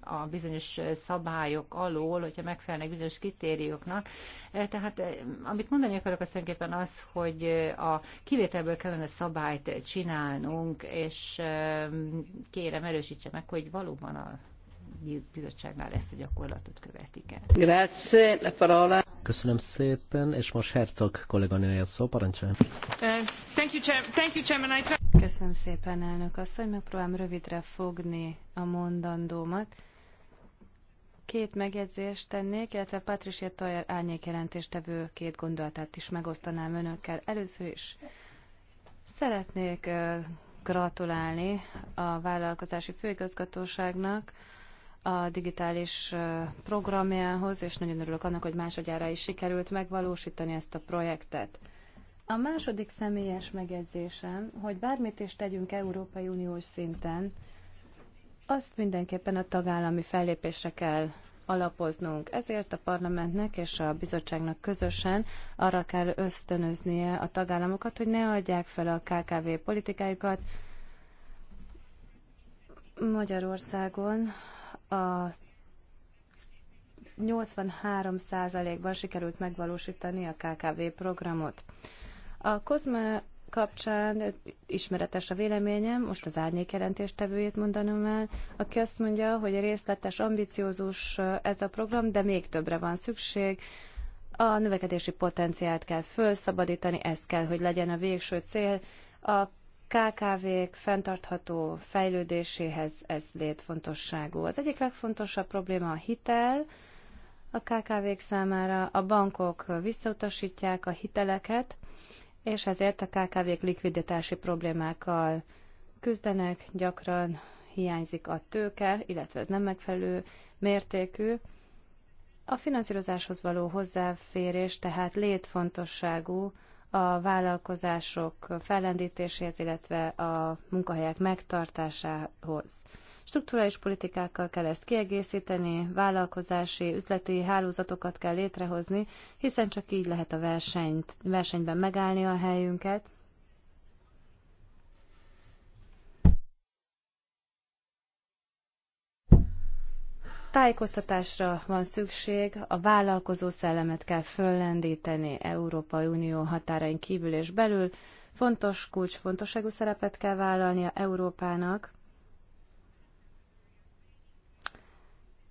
a bizonyos szabályok alól, hogyha megfelelnek bizonyos kritérióknak. Eh, tehát eh, amit mondani akarok, az önképpen az, hogy eh, a kivételből kellene szabályt csinálnunk, és kérem erősítse meg, hogy valóban a bizottságnál ezt a gyakorlatot követik el.
Grazie, la parola. Köszönöm szépen, és most Herzog kolléganője szó, parancsolja. Uh,
thank you, Chairman. Thank you, Chairman. I
Köszönöm szépen, elnök asszony. Megpróbálom rövidre fogni a mondandómat. Két megjegyzést tennék, illetve Patricia Toyer árnyékjelentéstevő két gondolatát is megosztanám önökkel. Először is szeretnék gratulálni a vállalkozási főigazgatóságnak a digitális programjához, és nagyon örülök annak, hogy másodjára is sikerült megvalósítani ezt a projektet. A második személyes megjegyzésem, hogy bármit is tegyünk Európai Uniós szinten, azt mindenképpen a tagállami fellépésre kell alapoznunk. Ezért a parlamentnek és a bizottságnak közösen arra kell ösztönöznie a tagállamokat, hogy ne adják fel a KKV politikájukat. Magyarországon a 83%-ban sikerült megvalósítani a KKV programot. A Kozma kapcsán ismeretes a véleményem, most az árnyék jelentéstevőjét mondanom el, aki azt mondja, hogy részletes, ambiciózus ez a program, de még többre van szükség. A növekedési potenciált kell felszabadítani, ez kell, hogy legyen a végső cél. A KKV-k fenntartható fejlődéséhez ez létfontosságú. Az egyik legfontosabb probléma a hitel, a KKV-k számára a bankok visszautasítják a hiteleket, és ezért a KKV-k likviditási problémákkal küzdenek, gyakran hiányzik a tőke, illetve ez nem megfelelő mértékű. A finanszírozáshoz való hozzáférés tehát létfontosságú a vállalkozások fellendítéséhez, illetve a munkahelyek megtartásához. Strukturális politikákkal kell ezt kiegészíteni, vállalkozási, üzleti hálózatokat kell létrehozni, hiszen csak így lehet a versenyt, versenyben megállni a helyünket, Tájékoztatásra van szükség, a vállalkozó szellemet kell föllendíteni Európai Unió határain kívül és belül, fontos kulcsfontosságú szerepet kell vállalnia Európának,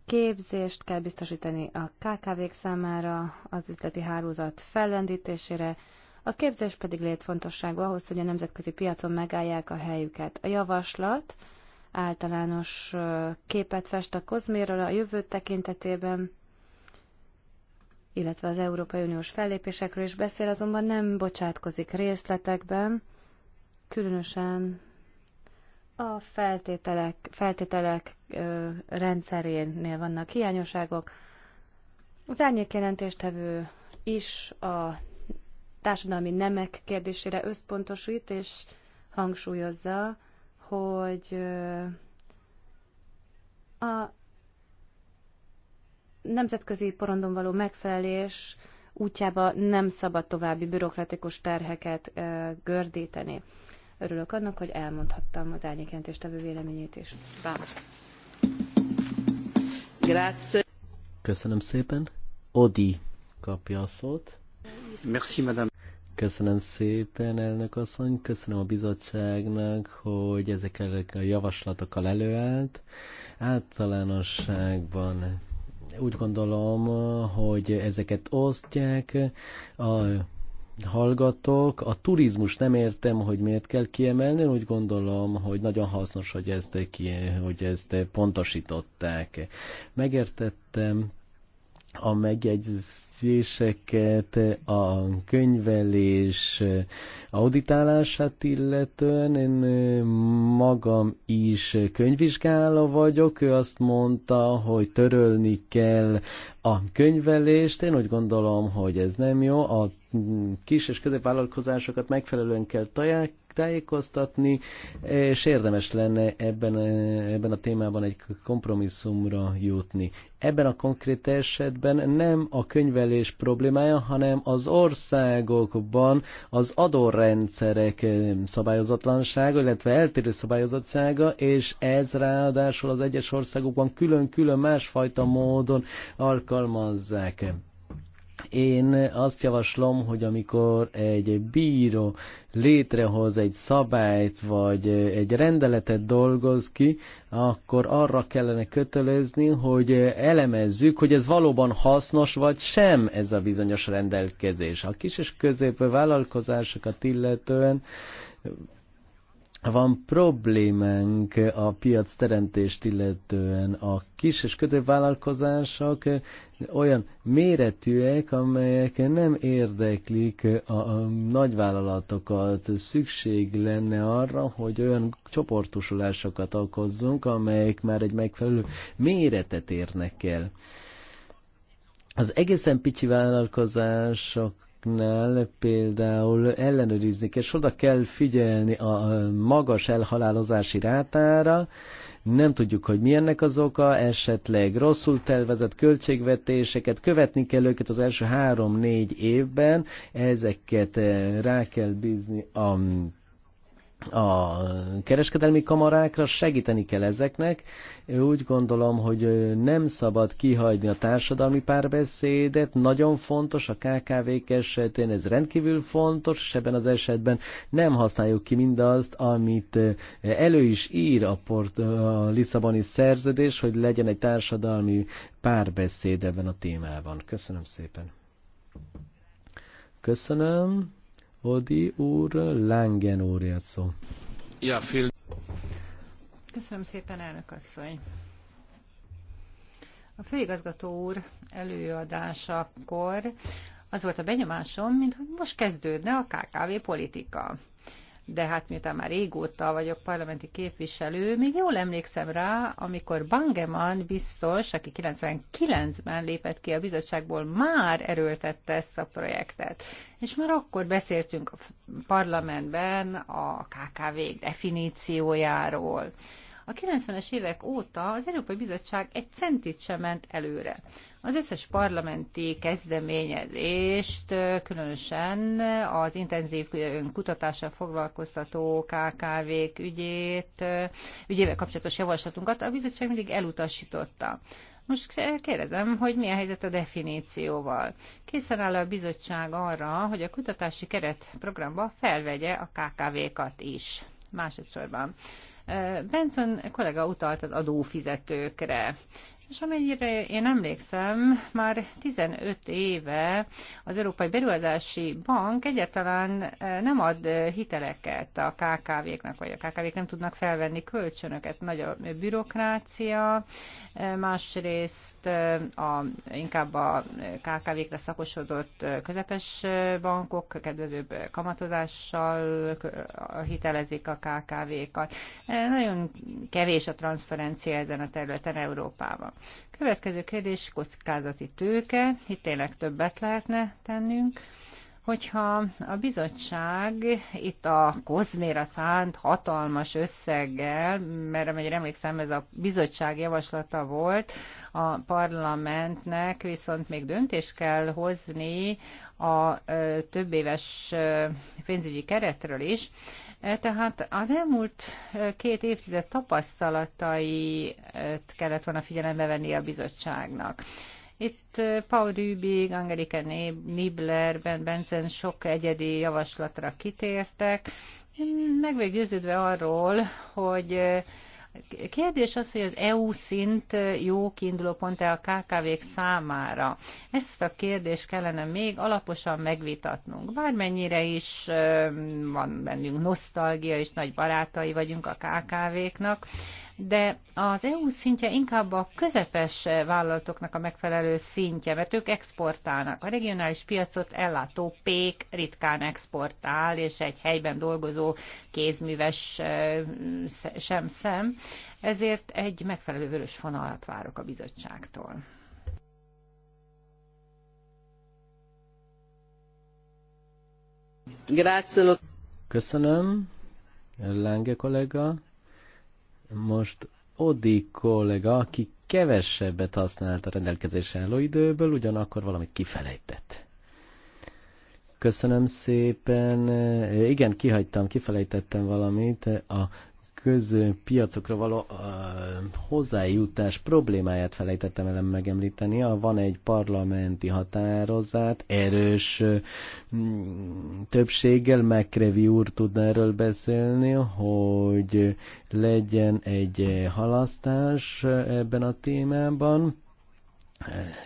képzést kell biztosítani a KKV-k számára, az üzleti hálózat fellendítésére, a képzés pedig létfontosságú ahhoz, hogy a nemzetközi piacon megállják a helyüket. A javaslat általános képet fest a Kozméről a jövő tekintetében, illetve az Európai Uniós fellépésekről is beszél, azonban nem bocsátkozik részletekben, különösen a feltételek, feltételek ö, rendszerénél vannak hiányosságok. Az árnyékjelentéstevő is a társadalmi nemek kérdésére összpontosít és hangsúlyozza, hogy a nemzetközi porondon való megfelelés útjába nem szabad további bürokratikus terheket gördíteni. Örülök annak, hogy elmondhattam az árnyékjelentéstevő véleményét is.
Grazie. Köszönöm szépen. Odi kapja a szót. Merci, madame. Köszönöm szépen, elnök asszony, köszönöm a bizottságnak, hogy ezekkel a javaslatokkal előállt. Általánosságban úgy gondolom, hogy ezeket osztják a hallgatók. A turizmus nem értem, hogy miért kell kiemelni, úgy gondolom, hogy nagyon hasznos, hogy ezt, ki, hogy ezt pontosították. Megértettem a megjegyzéseket a könyvelés auditálását illetően. Én magam is könyvvizsgáló vagyok. Ő azt mondta, hogy törölni kell a könyvelést. Én úgy gondolom, hogy ez nem jó. A kis és középvállalkozásokat megfelelően kell taják tájékoztatni, és érdemes lenne ebben, ebben a témában egy kompromisszumra jutni. Ebben a konkrét esetben nem a könyvelés problémája, hanem az országokban az adórendszerek szabályozatlansága, illetve eltérő szabályozatsága, és ez ráadásul az egyes országokban külön-külön másfajta módon alkalmazzák. Én azt javaslom, hogy amikor egy bíró létrehoz egy szabályt, vagy egy rendeletet dolgoz ki, akkor arra kellene kötelezni, hogy elemezzük, hogy ez valóban hasznos, vagy sem ez a bizonyos rendelkezés. A kis és középvállalkozásokat illetően van problémánk a piac teremtést illetően. A kis és vállalkozások olyan méretűek, amelyek nem érdeklik a nagyvállalatokat. Szükség lenne arra, hogy olyan csoportosulásokat okozzunk, amelyek már egy megfelelő méretet érnek el. Az egészen pici vállalkozások nál például ellenőrizni kell, és oda kell figyelni a magas elhalálozási rátára, nem tudjuk, hogy milyennek az oka, esetleg rosszul tervezett költségvetéseket, követni kell őket az első három-négy évben, ezeket eh, rá kell bízni a a kereskedelmi kamarákra, segíteni kell ezeknek. Úgy gondolom, hogy nem szabad kihagyni a társadalmi párbeszédet, nagyon fontos a KKV-k esetén, ez rendkívül fontos, és ebben az esetben nem használjuk ki mindazt, amit elő is ír a, port, a Lisszaboni szerződés, hogy legyen egy társadalmi párbeszéd ebben a témában. Köszönöm szépen. Köszönöm. Odi úr, Langen úr szó.
Ja, film. Köszönöm szépen, elnök asszony. A főigazgató úr előadásakor az volt a benyomásom, mintha most kezdődne a KKV politika de hát miután már régóta vagyok parlamenti képviselő, még jól emlékszem rá, amikor Bangeman biztos, aki 99-ben lépett ki a bizottságból, már erőltette ezt a projektet. És már akkor beszéltünk a parlamentben a KKV definíciójáról. A 90-es évek óta az Európai Bizottság egy centit sem ment előre. Az összes parlamenti kezdeményezést, különösen az intenzív kutatással foglalkoztató KKV-k ügyét, ügyével kapcsolatos javaslatunkat a bizottság mindig elutasította. Most kérdezem, hogy mi a helyzet a definícióval. Készen áll a bizottság arra, hogy a kutatási keretprogramba felvegye a KKV-kat is. Másodszorban Benson kollega utalt az adófizetőkre. És amennyire én emlékszem, már 15 éve az Európai Beruházási Bank egyáltalán eh, nem ad eh, hiteleket a KKV-knak, vagy a KKV-k nem tudnak felvenni kölcsönöket. Nagy a bürokrácia, eh, másrészt a, inkább a kkv kre szakosodott közepes bankok kedvezőbb kamatozással hitelezik a KKV-kat. Nagyon kevés a transferencia ezen a területen Európában. Következő kérdés kockázati tőke. Itt tényleg többet lehetne tennünk hogyha a bizottság itt a kozméra szánt hatalmas összeggel, mert amelyre emlékszem, ez a bizottság javaslata volt, a parlamentnek viszont még döntést kell hozni a több éves pénzügyi keretről is, E, tehát az elmúlt e, két évtized tapasztalatait e, kellett volna figyelembe venni a bizottságnak. Itt Paul Rübig, Angelika Nibler, Ben Benson sok egyedi javaslatra kitértek. Meg arról, hogy kérdés az, hogy az EU szint jó kiinduló pont -e a KKV-k számára. Ezt a kérdést kellene még alaposan megvitatnunk. Bármennyire is van bennünk nosztalgia, és nagy barátai vagyunk a KKV-knak, de az EU szintje inkább a közepes vállalatoknak a megfelelő szintje, mert ők exportálnak. A regionális piacot ellátó pék ritkán exportál, és egy helyben dolgozó kézműves sem szem. Ezért egy megfelelő vörös vonalat várok a bizottságtól.
Köszönöm. Lange kollega. Most Odi kollega, aki kevesebbet használt a rendelkezésre álló időből, ugyanakkor valamit kifelejtett. Köszönöm szépen. Igen, kihagytam, kifelejtettem valamit. A közpiacokra való uh, hozzájutás problémáját felejtettem el megemlíteni. Van egy parlamenti határozat, erős uh, többséggel, Mekrevi úr tudna erről beszélni, hogy legyen egy halasztás ebben a témában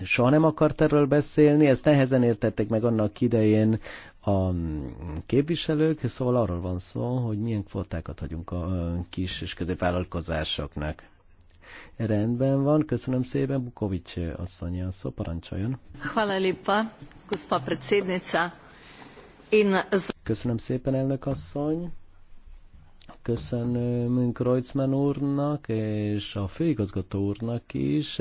soha nem akart erről beszélni, ezt nehezen értettek meg annak idején a képviselők, szóval arról van szó, hogy milyen kvótákat hagyunk a kis és középvállalkozásoknak. Rendben van, köszönöm szépen, Bukovics asszony, a szó parancsoljon. Én... Köszönöm szépen, elnök asszony. Köszönöm Kreuzmann úrnak és a főigazgató úrnak is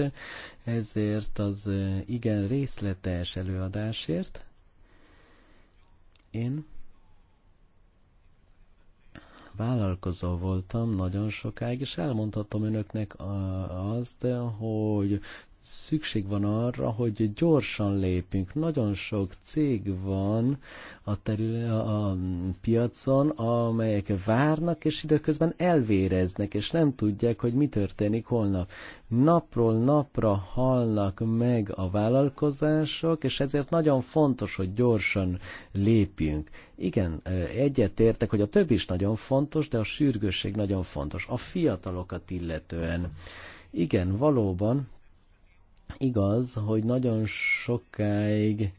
ezért az igen részletes előadásért. Én vállalkozó voltam nagyon sokáig, és elmondhatom önöknek azt, hogy szükség van arra, hogy gyorsan lépünk. Nagyon sok cég van a, terül, a piacon, amelyek várnak, és időközben elvéreznek, és nem tudják, hogy mi történik holnap. Napról napra halnak meg a vállalkozások, és ezért nagyon fontos, hogy gyorsan lépjünk. Igen, egyetértek, hogy a több is nagyon fontos, de a sürgősség nagyon fontos. A fiatalokat illetően. Igen, valóban Igaz, hogy nagyon sokáig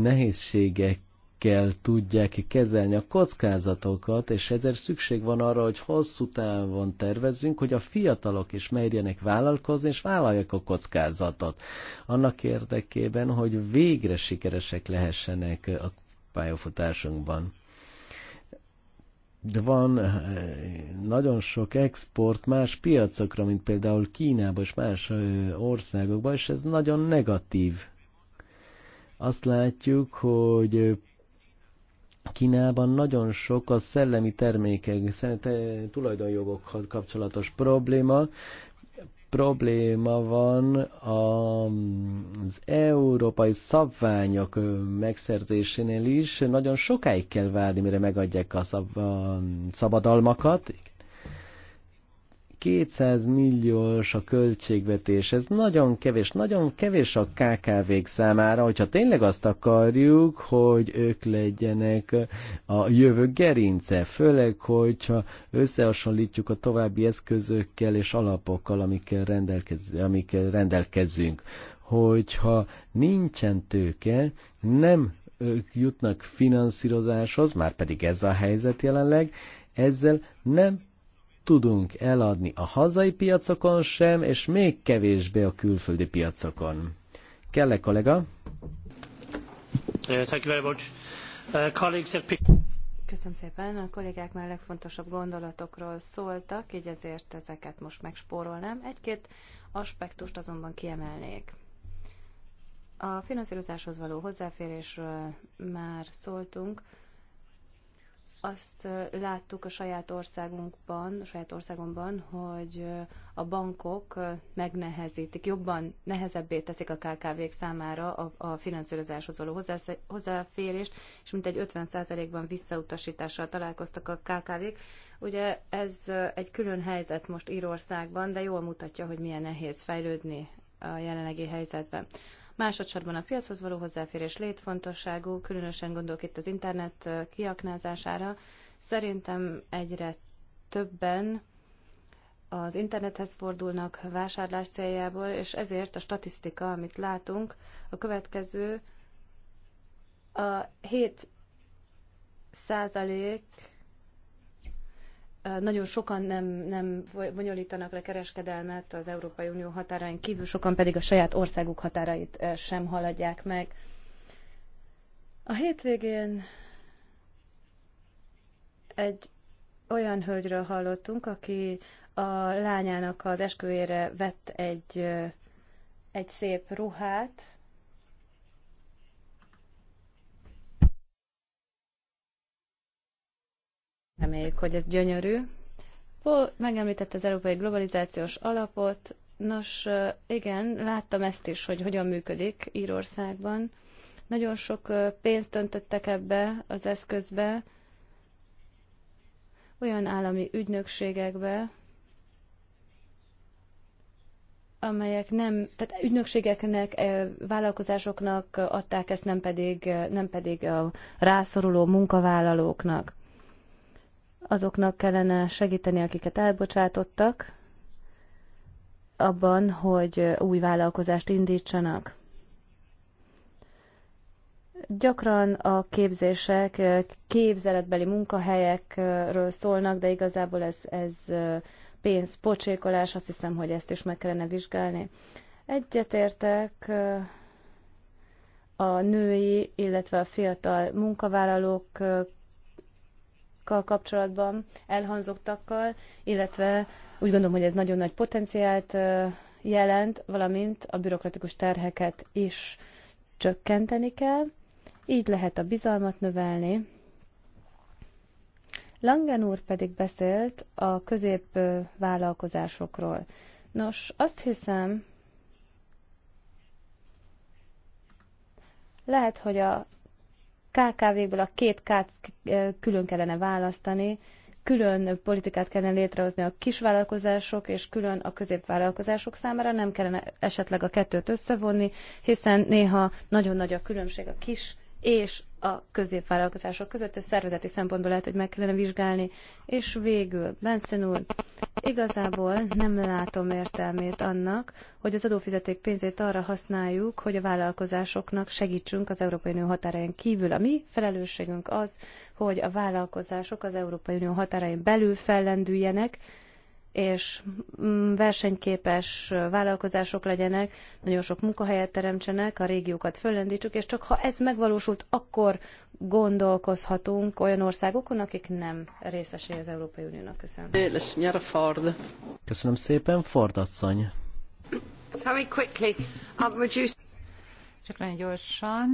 nehézségek kell tudják kezelni a kockázatokat, és ezért szükség van arra, hogy hosszú távon tervezzünk, hogy a fiatalok is merjenek vállalkozni, és vállalják a kockázatot. Annak érdekében, hogy végre sikeresek lehessenek a pályafutásunkban van eh, nagyon sok export más piacokra, mint például Kínába és más országokba, és ez nagyon negatív. Azt látjuk, hogy Kínában nagyon sok a szellemi termékek, tulajdonjogokkal kapcsolatos probléma, probléma van az európai szabványok megszerzésénél is. Nagyon sokáig kell várni, mire megadják a, szab- a szabadalmakat, 200 milliós a költségvetés, ez nagyon kevés, nagyon kevés a KKV-k számára, hogyha tényleg azt akarjuk, hogy ők legyenek a jövő gerince, főleg, hogyha összehasonlítjuk a további eszközökkel és alapokkal, amikkel, rendelkez, amikkel rendelkezünk hogyha nincsen tőke, nem ők jutnak finanszírozáshoz, már pedig ez a helyzet jelenleg, ezzel nem tudunk eladni a hazai piacokon sem, és még kevésbé a külföldi piacokon. Kelle kollega?
Uh, thank you very much. Uh,
Köszönöm szépen. A kollégák már a legfontosabb gondolatokról szóltak, így ezért ezeket most megspórolnám. Egy-két aspektust azonban kiemelnék. A finanszírozáshoz való hozzáférésről már szóltunk. Azt láttuk a saját országunkban, a saját országomban, hogy a bankok megnehezítik, jobban nehezebbé teszik a KKV-k számára a, a finanszírozáshoz való hozzáférést, és mintegy 50%-ban visszautasítással találkoztak a KKV-k. Ugye ez egy külön helyzet most Írországban, de jól mutatja, hogy milyen nehéz fejlődni a jelenlegi helyzetben. Másodszorban a piachoz való hozzáférés létfontosságú, különösen gondolok itt az internet kiaknázására. Szerintem egyre többen az internethez fordulnak vásárlás céljából, és ezért a statisztika, amit látunk, a következő a 7 százalék nagyon sokan nem, nem bonyolítanak le kereskedelmet az Európai Unió határain kívül, sokan pedig a saját országuk határait sem haladják meg. A hétvégén egy olyan hölgyről hallottunk, aki a lányának az esküvére vett egy, egy szép ruhát, Reméljük, hogy ez gyönyörű. Paul megemlítette az Európai Globalizációs Alapot. Nos, igen, láttam ezt is, hogy hogyan működik Írországban. Nagyon sok pénzt öntöttek ebbe az eszközbe, olyan állami ügynökségekbe, amelyek nem, tehát ügynökségeknek, vállalkozásoknak adták ezt, nem pedig, nem pedig a rászoruló munkavállalóknak azoknak kellene segíteni, akiket elbocsátottak, abban, hogy új vállalkozást indítsanak. Gyakran a képzések képzeletbeli munkahelyekről szólnak, de igazából ez, ez pénzpocsékolás, azt hiszem, hogy ezt is meg kellene vizsgálni. Egyetértek a női, illetve a fiatal munkavállalók kapcsolatban elhangzottakkal, illetve úgy gondolom, hogy ez nagyon nagy potenciált jelent, valamint a bürokratikus terheket is csökkenteni kell. Így lehet a bizalmat növelni. Langen úr pedig beszélt a középvállalkozásokról. Nos, azt hiszem, lehet, hogy a KKV-ből a két K-t külön kellene választani, külön politikát kellene létrehozni a kisvállalkozások és külön a középvállalkozások számára, nem kellene esetleg a kettőt összevonni, hiszen néha nagyon nagy a különbség a kis és a középvállalkozások között, ez szervezeti szempontból lehet, hogy meg kellene vizsgálni. És végül, Benszen úr, igazából nem látom értelmét annak, hogy az adófizeték pénzét arra használjuk, hogy a vállalkozásoknak segítsünk az Európai Unió határain kívül. A mi felelősségünk az, hogy a vállalkozások az Európai Unió határain belül fellendüljenek, és mm, versenyképes vállalkozások legyenek, nagyon sok munkahelyet teremtsenek, a régiókat föllendítsük, és csak ha ez megvalósult, akkor gondolkozhatunk olyan országokon, akik nem részesei az Európai Uniónak.
Köszönöm. Ford. Köszönöm szépen, Ford asszony.
Very quickly, csak nagyon gyorsan,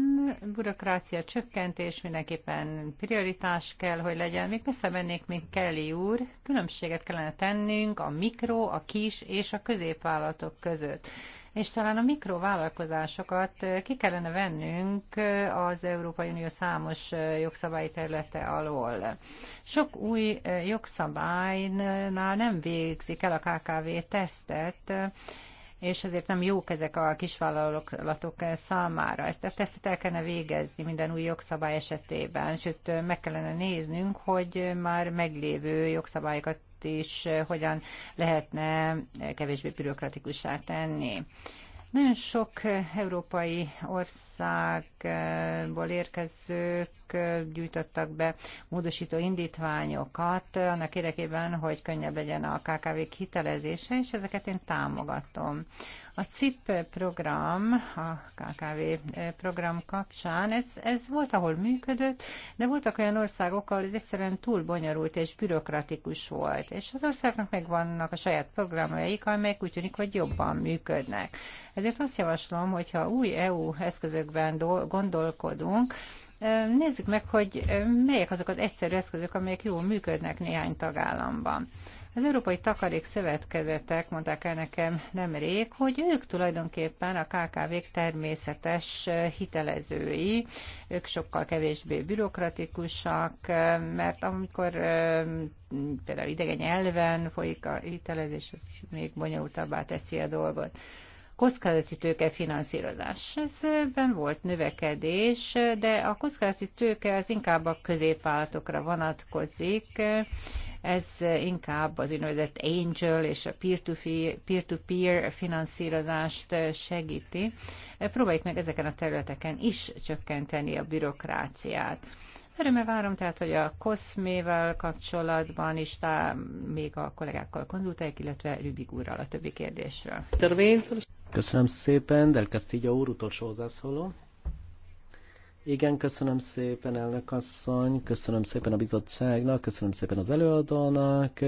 bürokrácia csökkentés mindenképpen prioritás kell, hogy legyen. Még messze mennék, még Kelly úr, különbséget kellene tennünk a mikro, a kis és a középvállalatok között és talán a mikrovállalkozásokat eh, ki kellene vennünk eh, az Európai Unió számos eh, jogszabályi területe alól. Sok új jogszabálynál nem végzik el a KKV tesztet, és ezért nem jók ezek a kisvállalatok számára. Ezt a tesztet el kellene végezni minden új jogszabály esetében, sőt meg kellene néznünk, hogy már meglévő jogszabályokat is hogyan lehetne kevésbé bürokratikussá tenni. Nagyon sok eh, európai országból érkezők eh, gyűjtöttek be módosító indítványokat eh, annak érdekében, hogy könnyebb legyen a KKV-k hitelezése, és ezeket én támogatom. A CIP program, a KKV program kapcsán, ez, ez volt, ahol működött, de voltak olyan országok, ahol ez egyszerűen túl bonyolult és bürokratikus volt. És az országnak meg vannak a saját programjaik, amelyek úgy tűnik, hogy jobban működnek. Ezért azt javaslom, hogyha új EU eszközökben gondolkodunk, Nézzük meg, hogy melyek azok az egyszerű eszközök, amelyek jól működnek néhány tagállamban. Az Európai Takarék Szövetkezetek mondták el nekem nemrég, hogy ők tulajdonképpen a KKV-k természetes eh, hitelezői, ők sokkal kevésbé bürokratikusak, eh, mert amikor eh, például idegen nyelven folyik a hitelezés, az még bonyolultabbá teszi a dolgot kockázati tőke finanszírozás. Ezben volt növekedés, de a kockázati tőke az inkább a középvállalatokra vonatkozik, ez inkább az úgynevezett angel és a peer-to-peer finanszírozást segíti. Próbáljuk meg ezeken a területeken is csökkenteni a bürokráciát. Örömmel várom tehát, hogy a COSME-vel kapcsolatban is tá, még a kollégákkal konzultálják, illetve Rübig úrral a többi kérdésről.
Köszönöm szépen, Del Castillo úr utolsó hozzászóló. Igen, köszönöm szépen elnök asszony, köszönöm szépen a bizottságnak, köszönöm szépen az előadónak.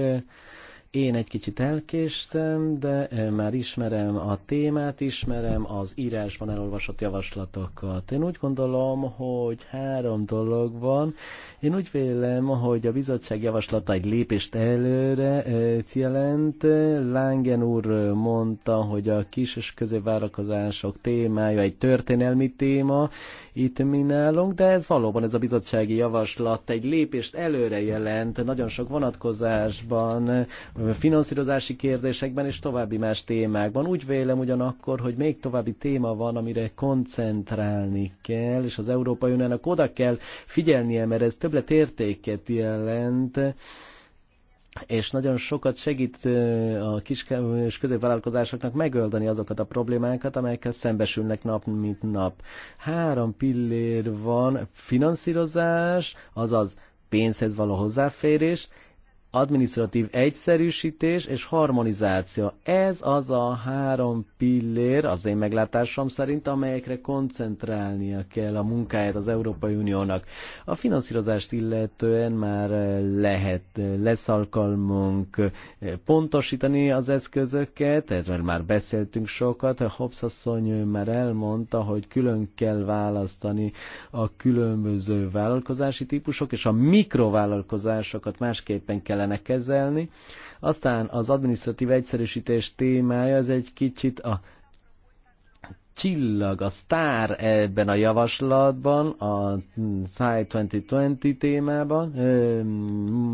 Én egy kicsit elkéstem, de eh, már ismerem a témát, ismerem az írásban elolvasott javaslatokat. Én úgy gondolom, hogy három dolog van. Én úgy vélem, hogy a bizottság javaslata egy lépést előre eh, jelent. Lángen úr mondta, hogy a kis és középvárakozások témája egy történelmi téma, itt mi nálunk, de ez valóban ez a bizottsági javaslat egy lépést előre jelent, nagyon sok vonatkozásban finanszírozási kérdésekben és további más témákban. Úgy vélem ugyanakkor, hogy még további téma van, amire koncentrálni kell, és az Európai Uniónak oda kell figyelnie, mert ez többlet értéket jelent, és nagyon sokat segít a kis és középvállalkozásoknak megoldani azokat a problémákat, amelyekkel szembesülnek nap mint nap. Három pillér van, finanszírozás, azaz pénzhez való hozzáférés, administratív egyszerűsítés és harmonizáció. Ez az a három pillér, az én meglátásom szerint, amelyekre koncentrálnia kell a munkáját az Európai Uniónak. A finanszírozást illetően már lehet, lesz alkalmunk pontosítani az eszközöket, erről már beszéltünk sokat, a Hobbs asszony már elmondta, hogy külön kell választani a különböző vállalkozási típusok, és a mikrovállalkozásokat másképpen kell kellene kezelni. Aztán az administratív egyszerűsítés témája, ez egy kicsit a csillag, a sztár ebben a javaslatban, a Sci 2020 témában,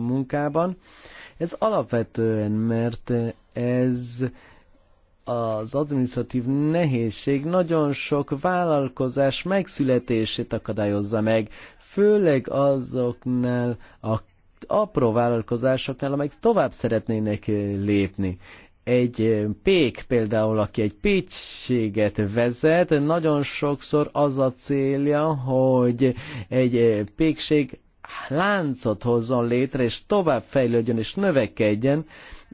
munkában. Ez alapvetően, mert ez az administratív nehézség nagyon sok vállalkozás megszületését akadályozza meg, főleg azoknál a apró vállalkozásoknál, amelyek tovább szeretnének eh, lépni. Egy eh, pék például, aki egy pécséget vezet, nagyon sokszor az a célja, hogy egy eh, pékség láncot hozzon létre, és tovább fejlődjön és növekedjen,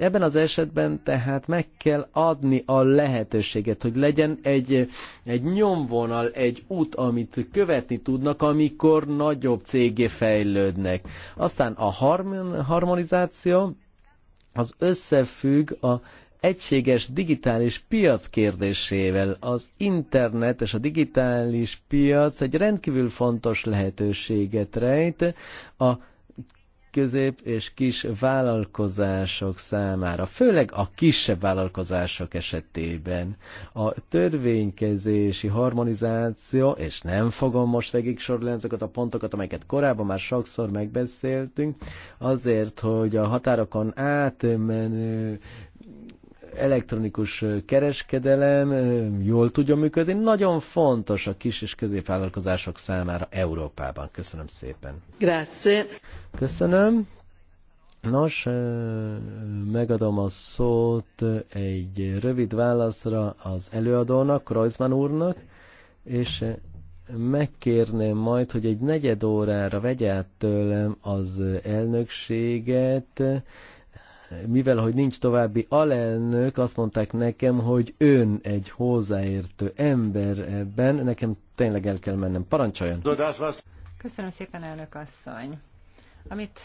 Ebben az esetben tehát meg kell adni a lehetőséget, hogy legyen egy, egy nyomvonal, egy út, amit követni tudnak, amikor nagyobb cégé fejlődnek. Aztán a harmonizáció az összefügg a egységes digitális piac kérdésével. Az internet és a digitális piac egy rendkívül fontos lehetőséget rejt a közép és kis vállalkozások számára, főleg a kisebb vállalkozások esetében. A törvénykezési harmonizáció, és nem fogom most végig sorolni ezeket a pontokat, amelyeket korábban már sokszor megbeszéltünk, azért, hogy a határokon átmenő elektronikus kereskedelem jól tudjon működni. Nagyon fontos a kis és középvállalkozások számára Európában. Köszönöm szépen. Grazie. Köszönöm. Nos, megadom a szót egy rövid válaszra az előadónak, Kreuzmann úrnak, és megkérném majd, hogy egy negyed órára vegye át tőlem az elnökséget, mivel hogy nincs további alelnök, azt mondták nekem, hogy ön egy hozzáértő ember ebben, nekem tényleg el kell mennem. Parancsoljon!
Köszönöm szépen, elnök asszony! Amit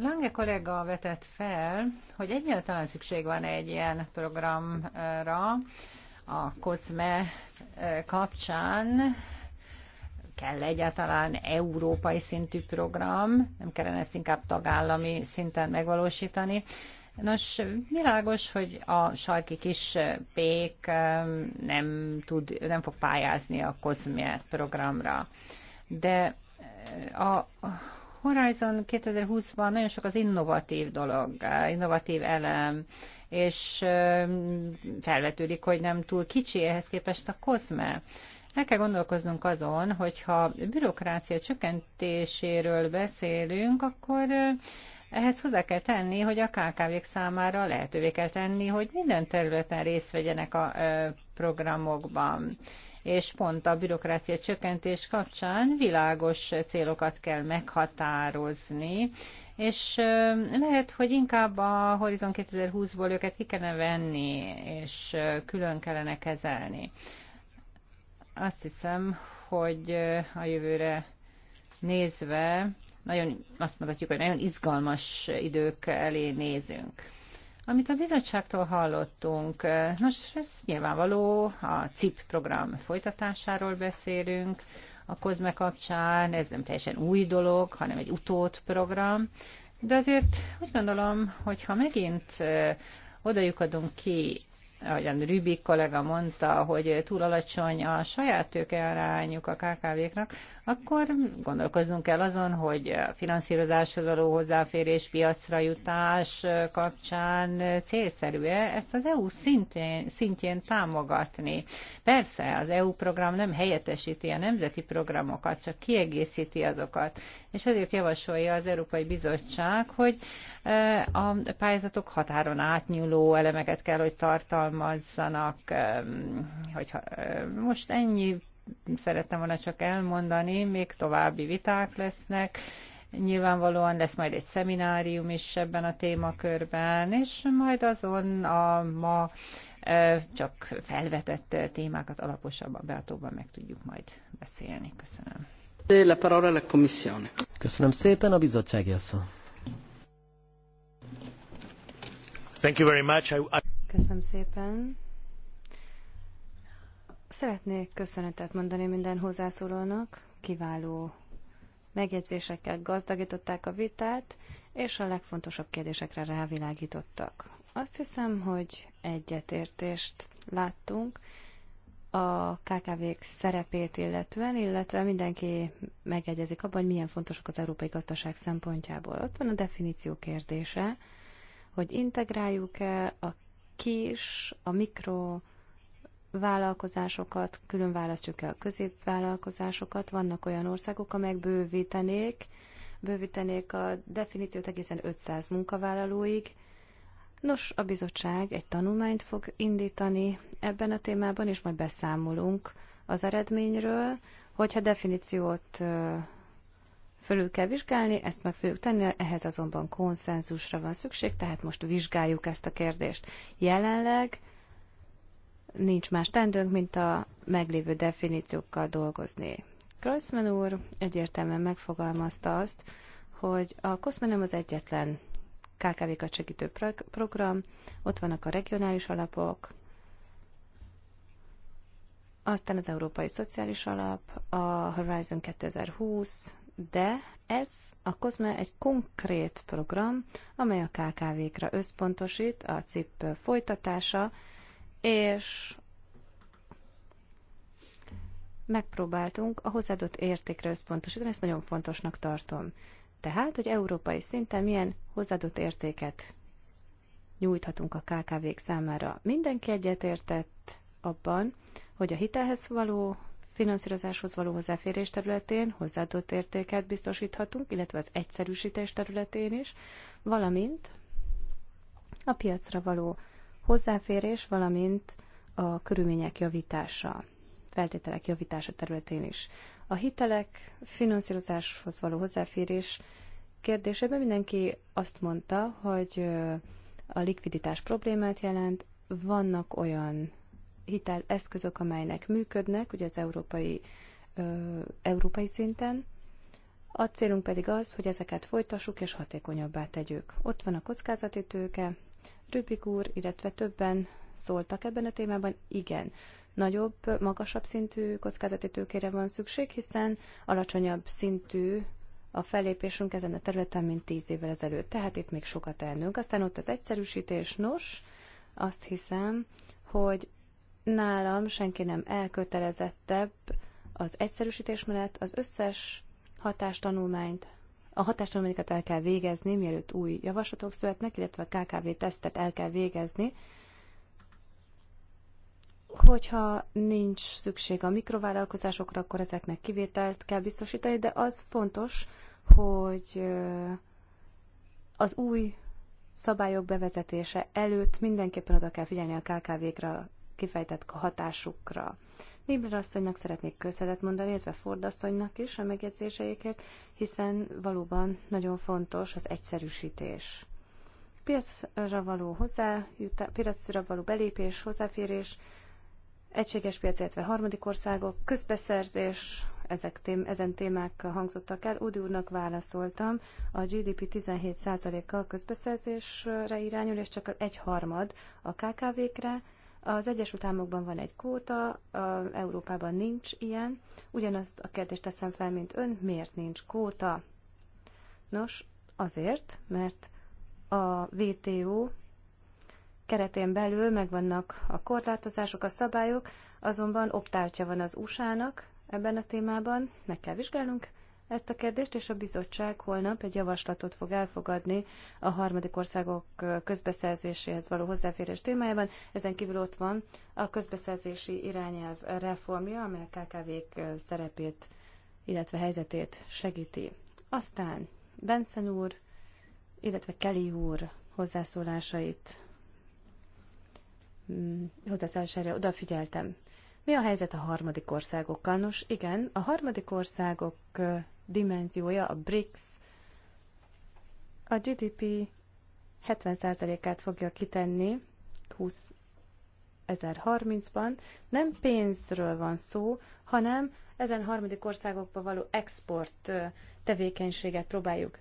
Lange kollega vetett fel, hogy egyáltalán szükség van egy ilyen programra a kozme eh, kapcsán, kell egyáltalán európai szintű program, nem kellene ezt inkább tagállami szinten megvalósítani. Nos, világos, hogy a sarki kis pék nem, tud, nem fog pályázni a COSME programra, de a Horizon 2020-ban nagyon sok az innovatív dolog, innovatív elem, és felvetődik, hogy nem túl kicsi ehhez képest a COSME. El kell gondolkoznunk azon, hogyha bürokrácia csökkentéséről beszélünk, akkor ehhez hozzá kell tenni, hogy a KKV-k számára lehetővé kell tenni, hogy minden területen részt vegyenek a programokban és pont a bürokrácia csökkentés kapcsán világos célokat kell meghatározni, és lehet, hogy inkább a Horizon 2020-ból őket ki kellene venni, és külön kellene kezelni. Azt hiszem, hogy a jövőre nézve nagyon, azt mondhatjuk, hogy nagyon izgalmas idők elé nézünk. Amit a bizottságtól hallottunk, nos, ez nyilvánvaló, a CIP program folytatásáról beszélünk, a COSME kapcsán ez nem teljesen új dolog, hanem egy utót program, de azért úgy gondolom, hogy ha megint adunk ki, ahogyan Rübik kollega mondta, hogy túl alacsony a saját tőkearányuk a KKV-knak, akkor gondolkozunk kell azon, hogy a finanszírozáshoz való hozzáférés, piacra jutás kapcsán célszerű-e ezt az EU szintén, szintjén támogatni. Persze, az EU program nem helyettesíti a nemzeti programokat, csak kiegészíti azokat. És ezért javasolja az Európai Bizottság, hogy a pályázatok határon átnyúló elemeket kell, hogy tartalmazzanak, hogy most ennyi szerettem volna csak elmondani, még további viták lesznek, Nyilvánvalóan lesz majd egy szeminárium is ebben a témakörben, és majd azon a ma csak felvetett témákat alaposabban, beatóban meg tudjuk majd beszélni. Köszönöm.
La parola alla Commissione. Köszönöm szépen, a bizottság szó. Thank you very much. I...
Köszönöm szépen. Szeretnék köszönetet mondani minden hozzászólónak, kiváló megjegyzésekkel gazdagították a vitát, és a legfontosabb kérdésekre rávilágítottak. Azt hiszem, hogy egyetértést láttunk a kkv szerepét illetően, illetve mindenki megegyezik abban, hogy milyen fontosak az európai gazdaság szempontjából. Ott van a definíció kérdése, hogy integráljuk-e a kis, a mikro vállalkozásokat, külön választjuk el a középvállalkozásokat. Vannak olyan országok, amelyek bővítenék, bővítenék a definíciót egészen 500 munkavállalóig. Nos, a bizottság egy tanulmányt fog indítani ebben a témában, és majd beszámolunk az eredményről, hogyha definíciót fölül kell vizsgálni, ezt meg fogjuk tenni, ehhez azonban konszenzusra van szükség, tehát most vizsgáljuk ezt a kérdést. Jelenleg nincs más tendőnk, mint a meglévő definíciókkal dolgozni. Kreuzmann úr egyértelműen megfogalmazta azt, hogy a COSME nem az egyetlen KKV-kat segítő program, ott vannak a regionális alapok, aztán az Európai Szociális Alap, a Horizon 2020, de ez a COSME egy konkrét program, amely a KKV-kra összpontosít, a CIP folytatása, és megpróbáltunk a hozzáadott értékre összpontosítani, ezt nagyon fontosnak tartom. Tehát, hogy európai szinten milyen hozzáadott értéket nyújthatunk a KKV-k számára. Mindenki egyetértett abban, hogy a hitelhez való finanszírozáshoz való hozzáférés területén hozzáadott értéket biztosíthatunk, illetve az egyszerűsítés területén is, valamint a piacra való hozzáférés, valamint a körülmények javítása, feltételek javítása területén is. A hitelek finanszírozáshoz való hozzáférés kérdésében mindenki azt mondta, hogy a likviditás problémát jelent, vannak olyan hiteleszközök, amelynek működnek, ugye az európai, ö, európai szinten, a célunk pedig az, hogy ezeket folytassuk és hatékonyabbá tegyük. Ott van a kockázati tőke, Rübik úr, illetve többen szóltak ebben a témában, igen, nagyobb, magasabb szintű kockázati tőkére van szükség, hiszen alacsonyabb szintű a fellépésünk ezen a területen, mint tíz évvel ezelőtt. Tehát itt még sokat elnünk. Aztán ott az egyszerűsítés, nos, azt hiszem, hogy nálam senki nem elkötelezettebb az egyszerűsítés mellett az összes hatástanulmányt a hatástanulmányokat el kell végezni, mielőtt új javaslatok születnek, illetve a KKV tesztet el kell végezni, hogyha nincs szükség a mikrovállalkozásokra, akkor ezeknek kivételt kell biztosítani, de az fontos, hogy az új szabályok bevezetése előtt mindenképpen oda kell figyelni a KKV-kra, kifejtett hatásukra. Libra asszonynak szeretnék köszönet mondani, illetve Ford asszonynak is a megjegyzéseikért, hiszen valóban nagyon fontos az egyszerűsítés. Piacra való hozzájutás, piacra való belépés, hozzáférés, egységes piac, illetve harmadik országok, közbeszerzés, ezek tém, ezen témák hangzottak el. Udi úrnak válaszoltam, a GDP 17 a közbeszerzésre irányul, és csak egy harmad a KKV-kre, az Egyesült Államokban van egy kóta, a Európában nincs ilyen. Ugyanazt a kérdést teszem fel, mint ön, miért nincs kóta? Nos, azért, mert a WTO keretén belül megvannak a korlátozások, a szabályok, azonban optáltja van az USA-nak ebben a témában, meg kell vizsgálnunk ezt a kérdést, és a bizottság holnap egy javaslatot fog elfogadni a harmadik országok közbeszerzéséhez való hozzáférés témájában. Ezen kívül ott van a közbeszerzési irányelv reformja, amely a KKV-k szerepét, illetve helyzetét segíti. Aztán Benson úr, illetve Kelly úr hozzászólásait mm, hozzászállására odafigyeltem. Mi a helyzet a harmadik országokkal? Nos, igen, a harmadik országok dimenziója, a BRICS, a GDP 70%-át fogja kitenni 2030-ban nem pénzről van szó, hanem ezen harmadik országokba való export tevékenységet próbáljuk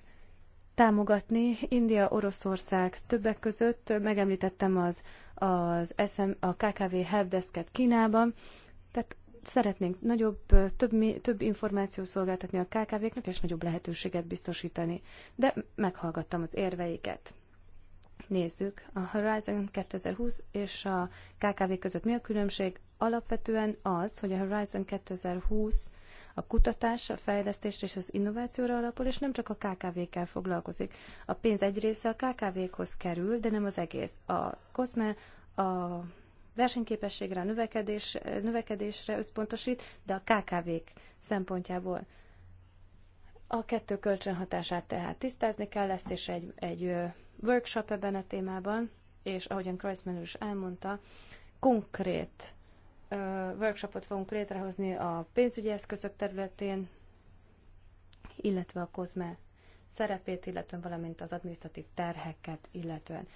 támogatni. India, Oroszország többek között megemlítettem az az SM, a KKV helpdesket Kínában, tehát szeretnénk nagyobb, több, több információt szolgáltatni a KKV-knak, és nagyobb lehetőséget biztosítani. De meghallgattam az érveiket. Nézzük, a Horizon 2020 és a KKV között mi a különbség? Alapvetően az, hogy a Horizon 2020 a kutatás, a fejlesztés és az innovációra alapul, és nem csak a KKV-kkel foglalkozik. A pénz egy része a KKV-khoz kerül, de nem az egész. A COSME a versenyképességre, a növekedés, növekedésre összpontosít, de a KKV-k szempontjából a kettő kölcsönhatását tehát tisztázni kell, lesz és egy, egy workshop ebben a témában, és ahogyan Kreuzmann is elmondta, konkrét workshopot fogunk létrehozni a pénzügyi eszközök területén, illetve a kozme szerepét, illetve valamint az administratív terheket, illetően.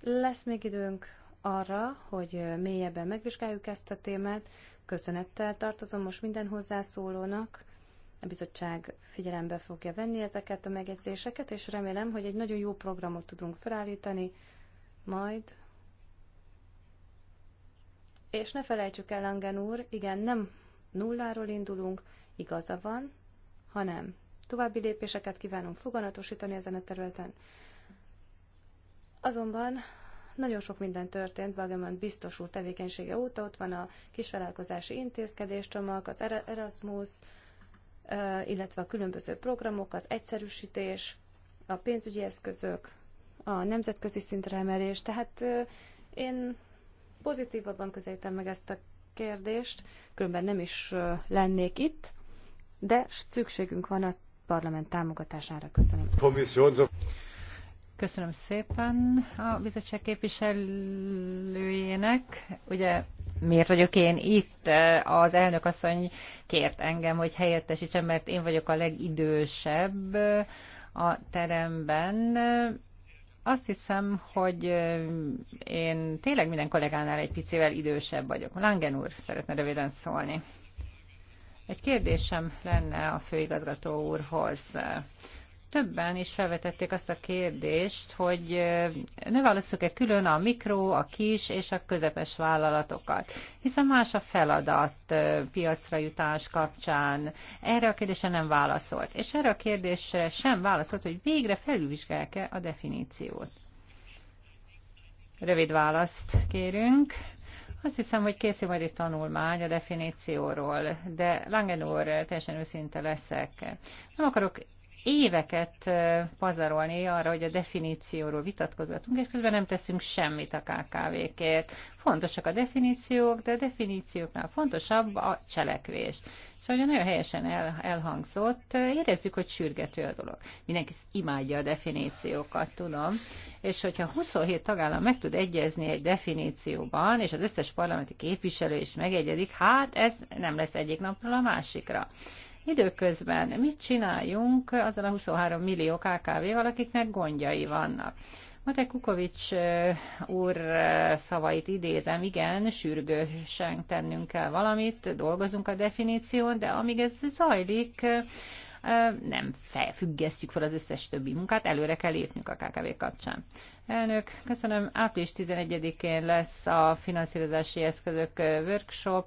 Lesz még időnk arra, hogy mélyebben megvizsgáljuk ezt a témát. Köszönettel tartozom most minden hozzászólónak. A bizottság figyelembe fogja venni ezeket a megjegyzéseket, és remélem, hogy egy nagyon jó programot tudunk felállítani, majd és ne felejtsük el, Langen úr, igen, nem nulláról indulunk, igaza van, hanem további lépéseket kívánunk foganatosítani ezen a területen. Azonban nagyon sok minden történt Bageman biztos úr tevékenysége óta. Ott van a kisvállalkozási intézkedéscsomag, az Erasmus, illetve a különböző programok, az egyszerűsítés, a pénzügyi eszközök, a nemzetközi szintre emelés. Tehát én pozitívabban közelítem meg ezt a kérdést, különben nem is lennék itt, de szükségünk van a
parlament támogatására. Köszönöm. Köszönöm szépen a bizottság képviselőjének. Ugye miért vagyok én itt? Az elnök asszony kért engem, hogy helyettesítsem, mert én vagyok a legidősebb a teremben azt hiszem, hogy én tényleg minden kollégánál egy picivel idősebb vagyok. Langen úr szeretne röviden szólni. Egy kérdésem lenne a főigazgató úrhoz többen is felvetették azt a kérdést, hogy ne válaszoljuk e külön a mikro, a kis és a közepes vállalatokat, hiszen más a feladat piacra jutás kapcsán. Erre a kérdésre nem válaszolt, és erre a kérdésre sem válaszolt, hogy végre felülvizsgálják-e a definíciót. Rövid választ kérünk. Azt hiszem, hogy készül majd egy tanulmány a definícióról, de Langen úr, teljesen őszinte leszek. Nem akarok éveket pazarolni arra, hogy a definícióról vitatkozhatunk, és közben nem teszünk semmit a KKV-kért. Fontosak a definíciók, de a definícióknál fontosabb a cselekvés. És ahogy nagyon helyesen el, elhangzott, érezzük, hogy sürgető a dolog. Mindenki imádja a definíciókat, tudom. És hogyha 27 tagállam meg tud egyezni egy definícióban, és az összes parlamenti képviselő is megegyedik, hát ez nem lesz egyik napról a másikra. Időközben mit csináljunk azzal a 23 millió KKV-val, akiknek gondjai vannak? Matek Kukovics úr szavait idézem, igen, sürgősen tennünk kell valamit, dolgozunk a definíción, de amíg ez zajlik, nem felfüggesztjük fel az összes többi munkát, előre kell lépnünk a KKV kapcsán. Elnök, köszönöm. Április 11-én lesz a finanszírozási eszközök workshop,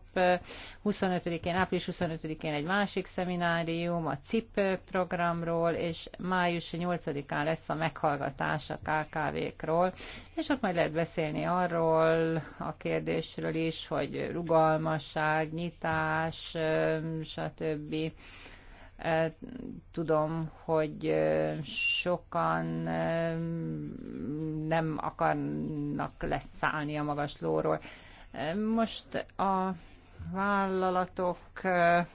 25-én, április 25-én egy másik szeminárium a CIP programról, és május 8-án lesz a meghallgatás a KKV-król, és ott majd lehet beszélni arról a kérdésről is, hogy rugalmasság, nyitás, stb. Tudom, hogy sokan nem akarnak leszállni a magas lóról. Most a vállalatok,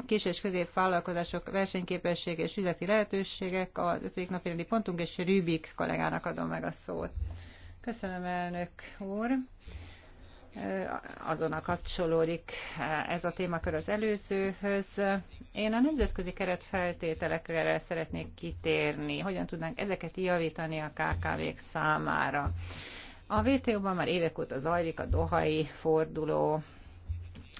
kis- és középvállalkozások versenyképesség és üzleti lehetőségek az ötödik napirendi pontunk, és Rübik kollégának adom meg a szót. Köszönöm, elnök úr a kapcsolódik eh, ez a témakör az előzőhöz. Én a nemzetközi keret feltételekre szeretnék kitérni, hogyan tudnánk ezeket javítani a KKV-k számára. A WTO-ban már évek óta zajlik a dohai forduló,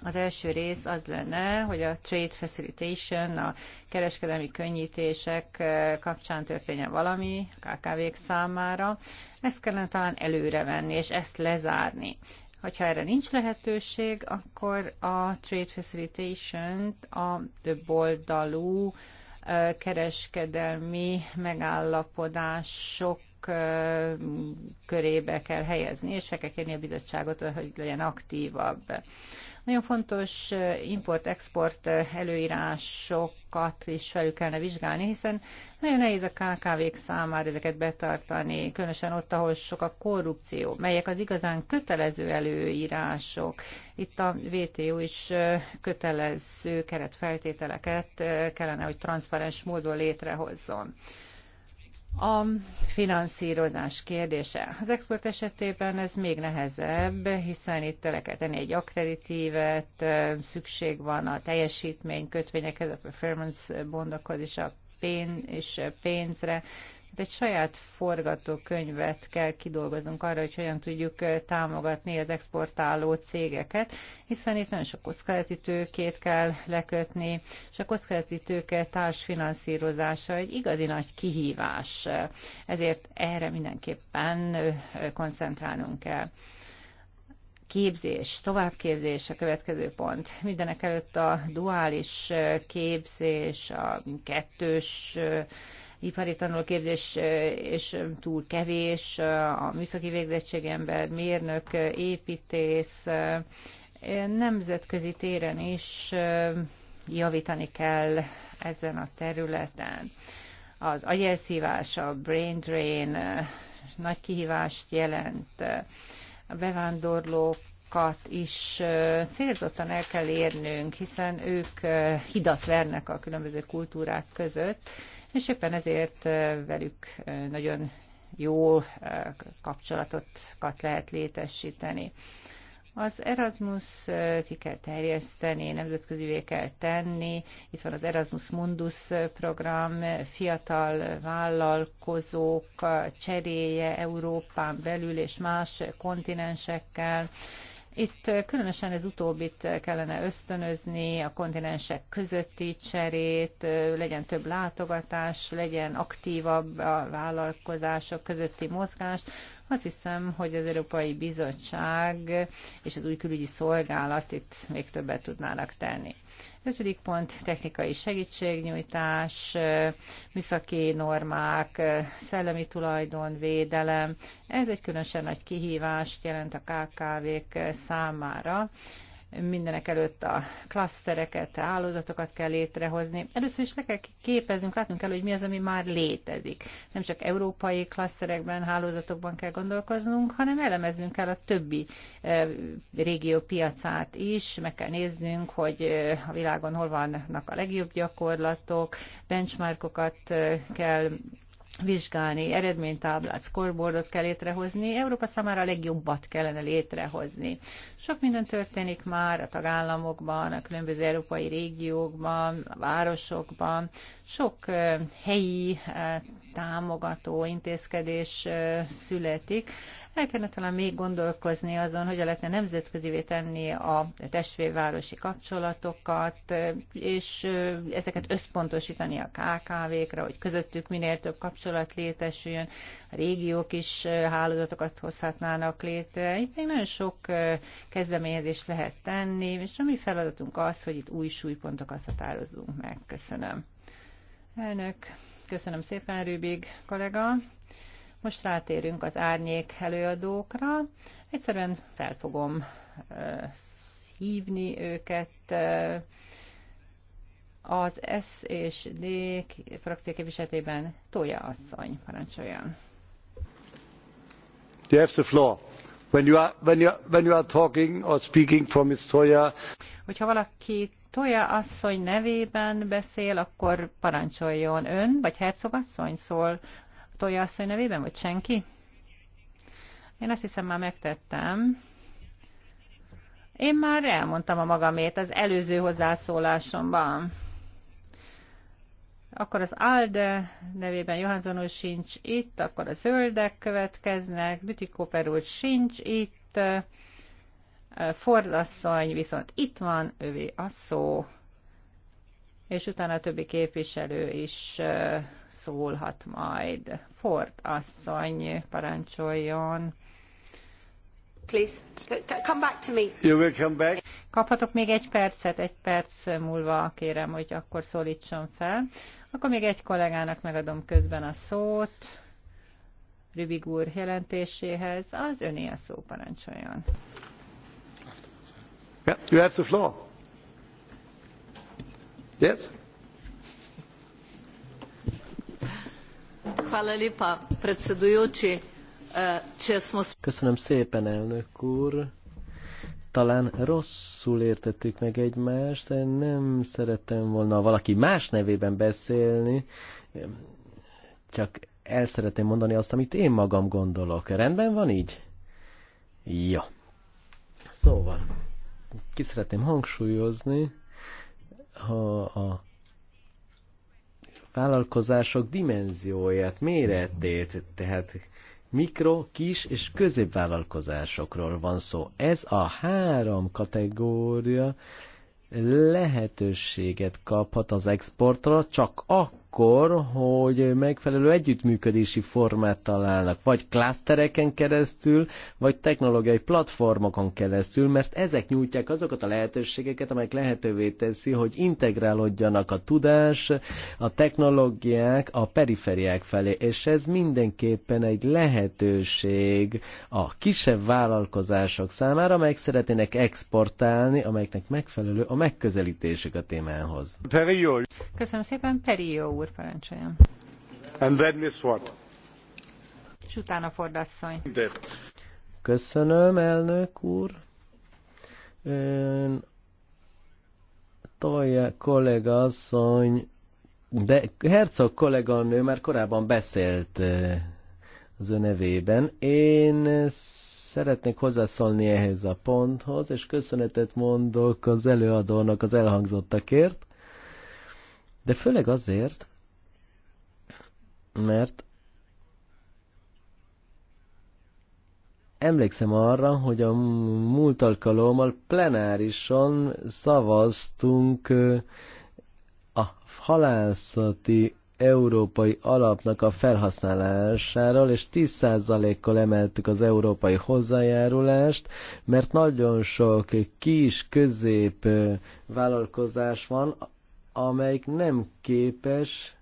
az első rész az lenne, hogy a trade facilitation, a kereskedelmi könnyítések eh, kapcsán történjen valami KKV-k számára. Ezt kellene talán előrevenni, és ezt lezárni. Hogyha erre nincs lehetőség, akkor a trade facilitation a több oldalú kereskedelmi megállapodások körébe kell helyezni, és fel kell kérni a bizottságot, hogy legyen aktívabb. Nagyon fontos import-export előírásokat is felül kellene vizsgálni, hiszen nagyon nehéz a KKV-k számára ezeket betartani, különösen ott, ahol sok a korrupció, melyek az igazán kötelező előírások. Itt a VTO is kötelező keretfeltételeket kellene, hogy transzparens módon létrehozzon. A finanszírozás kérdése. Az export esetében ez még nehezebb, hiszen itt le kell tenni egy akkreditívet, szükség van a teljesítmény kötvényekhez, a performance bondokhoz és a pénz, és pénzre, de egy saját forgatókönyvet kell kidolgoznunk arra, hogy hogyan tudjuk támogatni az exportáló cégeket, hiszen itt nagyon sok kockázati tőkét kell lekötni, és a kockázati tőke társfinanszírozása egy igazi nagy kihívás. Ezért erre mindenképpen koncentrálnunk kell képzés, továbbképzés a következő pont. Mindenek előtt a duális képzés, a kettős ipari tanulóképzés és túl kevés, a műszaki végzettségember, mérnök, építész, nemzetközi téren is javítani kell ezen a területen. Az agyelszívás, a brain drain nagy kihívást jelent. A bevándorlókat is célzottan el kell érnünk, hiszen ők hidat vernek a különböző kultúrák között, és éppen ezért velük nagyon jó kapcsolatokat lehet létesíteni. Az Erasmus ki kell terjeszteni, nemzetközivé kell tenni. Itt van az Erasmus Mundus program, fiatal vállalkozók cseréje Európán belül és más kontinensekkel. Itt különösen ez utóbbit kellene ösztönözni, a kontinensek közötti cserét, legyen több látogatás, legyen aktívabb a vállalkozások közötti mozgás, azt hiszem, hogy az Európai Bizottság és az új külügyi szolgálat itt még többet tudnának tenni. Ötödik pont technikai segítségnyújtás, műszaki normák, szellemi védelem. Ez egy különösen nagy kihívást jelent a KKV-k számára, mindenek előtt a klasztereket, állózatokat kell létrehozni. Először is le kell képeznünk, látnunk kell, hogy mi az, ami már létezik. Nem csak európai klaszterekben, hálózatokban kell gondolkoznunk, hanem elemeznünk kell a többi eh, régió piacát is, meg kell néznünk, hogy eh, a világon hol vannak a legjobb gyakorlatok, benchmarkokat eh, kell vizsgálni, eredménytáblát, scoreboardot kell létrehozni, Európa számára a legjobbat kellene létrehozni. Sok minden történik már a tagállamokban, a különböző európai régiókban, a városokban, sok eh, helyi eh, támogató intézkedés születik. El kellene talán még gondolkozni azon, hogy lehetne nemzetközivé tenni a testvérvárosi kapcsolatokat, és ezeket összpontosítani a kkv kre hogy közöttük minél több kapcsolat létesüljön, a régiók is hálózatokat hozhatnának létre. Itt még nagyon sok kezdeményezést lehet tenni, és a mi feladatunk az, hogy itt új súlypontokat határozzunk meg. Köszönöm. Elnök. Köszönöm szépen, Rübig kollega. Most rátérünk az árnyék előadókra. Egyszerűen fel fogom hívni őket. Az S és D frakció képviseletében Tója asszony parancsoljon. You have the floor. When you are, when you are, when you are talking or speaking for Ms. Toya. Hogyha valakit Tója asszony nevében beszél, akkor parancsoljon ön, vagy Herzog asszony szól Tója asszony nevében, vagy senki? Én azt hiszem már megtettem. Én már elmondtam a magamét az előző hozzászólásomban. Akkor az ALDE nevében Johanzonó sincs itt, akkor a zöldek következnek, Bütikó sincs itt, Fordasszony viszont itt van, ővé a szó, és utána a többi képviselő is szólhat majd. Fordasszony, parancsoljon. Please, come back to me. You will come back. Kaphatok még egy percet, egy perc múlva kérem, hogy akkor szólítson fel. Akkor még egy kollégának megadom közben a szót. Rübig úr jelentéséhez az öné a szó parancsoljon.
Yeah, you have the floor. Yes?
Hvala lepa, predsedujoči. Eh,
če smo... Köszönöm szépen, elnök úr. Talán rosszul értettük meg egymást, én nem szerettem volna valaki más nevében beszélni, csak el szeretném mondani azt, amit én magam gondolok. Rendben van így? Jó. Szóval ki szeretném hangsúlyozni, ha a vállalkozások dimenzióját, méretét, tehát mikro, kis és középvállalkozásokról van szó. Ez a három kategória lehetőséget kaphat az exportra csak akkor, akkor, hogy megfelelő együttműködési formát találnak, vagy klasztereken keresztül, vagy technológiai platformokon keresztül, mert ezek nyújtják azokat a lehetőségeket, amelyek lehetővé teszi, hogy integrálódjanak a tudás, a technológiák a perifériák felé, és ez mindenképpen egy lehetőség a kisebb vállalkozások számára, amelyek szeretnének exportálni, amelyeknek megfelelő a megközelítésük a témához.
Köszönöm szépen, Perió úr! úr, parancsoljon.
And then Miss Ford.
És utána Ford asszony.
Köszönöm, elnök úr. Ön tolja kollega asszony, de Herzog kolléganő már korábban beszélt az ön nevében. Én szeretnék hozzászólni ehhez a ponthoz, és köszönetet mondok az előadónak az elhangzottakért, de főleg azért, mert emlékszem arra, hogy a múlt alkalommal plenárison szavaztunk a halászati európai alapnak a felhasználásáról, és 10%-kal emeltük az európai hozzájárulást, mert nagyon sok kis, közép vállalkozás van, amelyik nem képes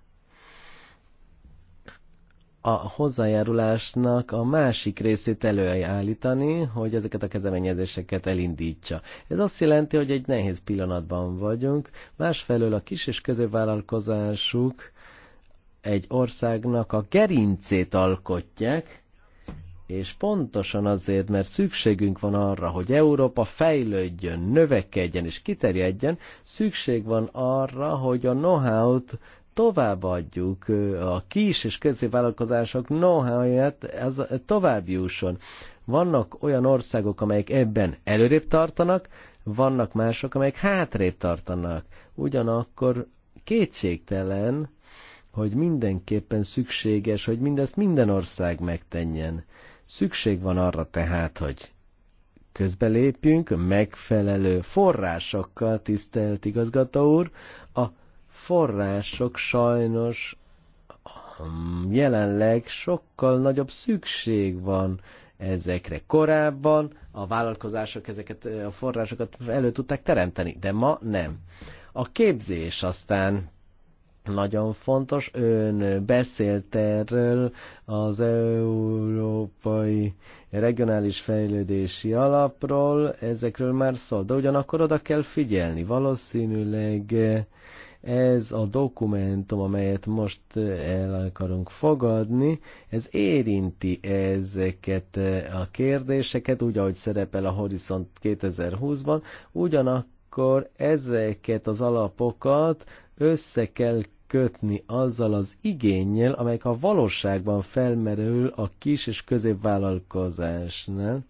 a hozzájárulásnak a másik részét előállítani, hogy ezeket a kezdeményezéseket elindítsa. Ez azt jelenti, hogy egy nehéz pillanatban vagyunk, másfelől a kis és középvállalkozásuk egy országnak a gerincét alkotják, és pontosan azért, mert szükségünk van arra, hogy Európa fejlődjön, növekedjen és kiterjedjen, szükség van arra, hogy a know-how-t továbbadjuk a kis és középvállalkozások know-how-ját, ez tovább jusson. Vannak olyan országok, amelyek ebben előrébb tartanak, vannak mások, amelyek hátrébb tartanak. Ugyanakkor kétségtelen, hogy mindenképpen szükséges, hogy mindezt minden ország megtenjen. Szükség van arra tehát, hogy közbelépjünk megfelelő forrásokkal, tisztelt igazgató úr, a források sajnos hm, jelenleg sokkal nagyobb szükség van ezekre. Korábban a vállalkozások ezeket a forrásokat elő tudták teremteni, de ma nem. A képzés aztán nagyon fontos. Ön beszélt erről az Európai Regionális Fejlődési Alapról, ezekről már szól, de ugyanakkor oda kell figyelni. Valószínűleg ez a dokumentum, amelyet most eh, el akarunk fogadni, ez érinti ezeket eh, a kérdéseket, úgy, ahogy szerepel a Horizont 2020-ban, ugyanakkor ezeket az alapokat össze kell kötni azzal az igényel, amelyek a valóságban felmerül a kis és középvállalkozásnál,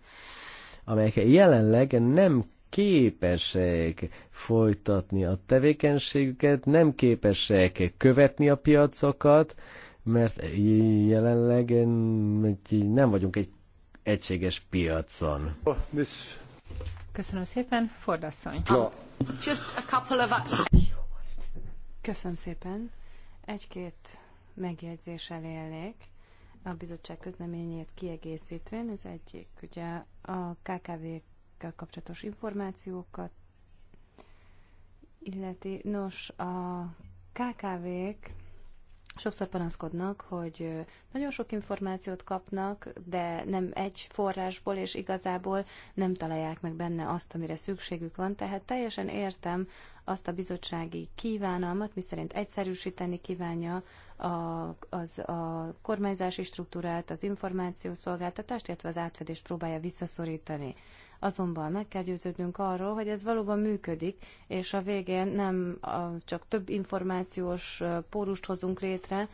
amelyek jelenleg nem képesek folytatni a tevékenységüket, nem képesek követni a piacokat, mert jelenleg nem vagyunk egy egységes piacon.
Köszönöm szépen, Fordasszony. Just a couple of... Köszönöm szépen. Egy-két
megjegyzéssel élnék a bizottság közleményét kiegészítvén. Ez egyik ugye a KKV-kkel kapcsolatos információkat illeti. Nos, a KKV-k sokszor panaszkodnak, hogy nagyon sok információt kapnak, de nem egy forrásból, és igazából nem találják meg benne azt, amire szükségük van. Tehát teljesen értem azt a bizottsági kívánalmat, miszerint egyszerűsíteni kívánja a, az, a kormányzási struktúrát, az információszolgáltatást, illetve az átfedést próbálja visszaszorítani. Azonban meg kell győződnünk arról, hogy ez valóban működik, és a végén nem csak több információs pórust hozunk létre,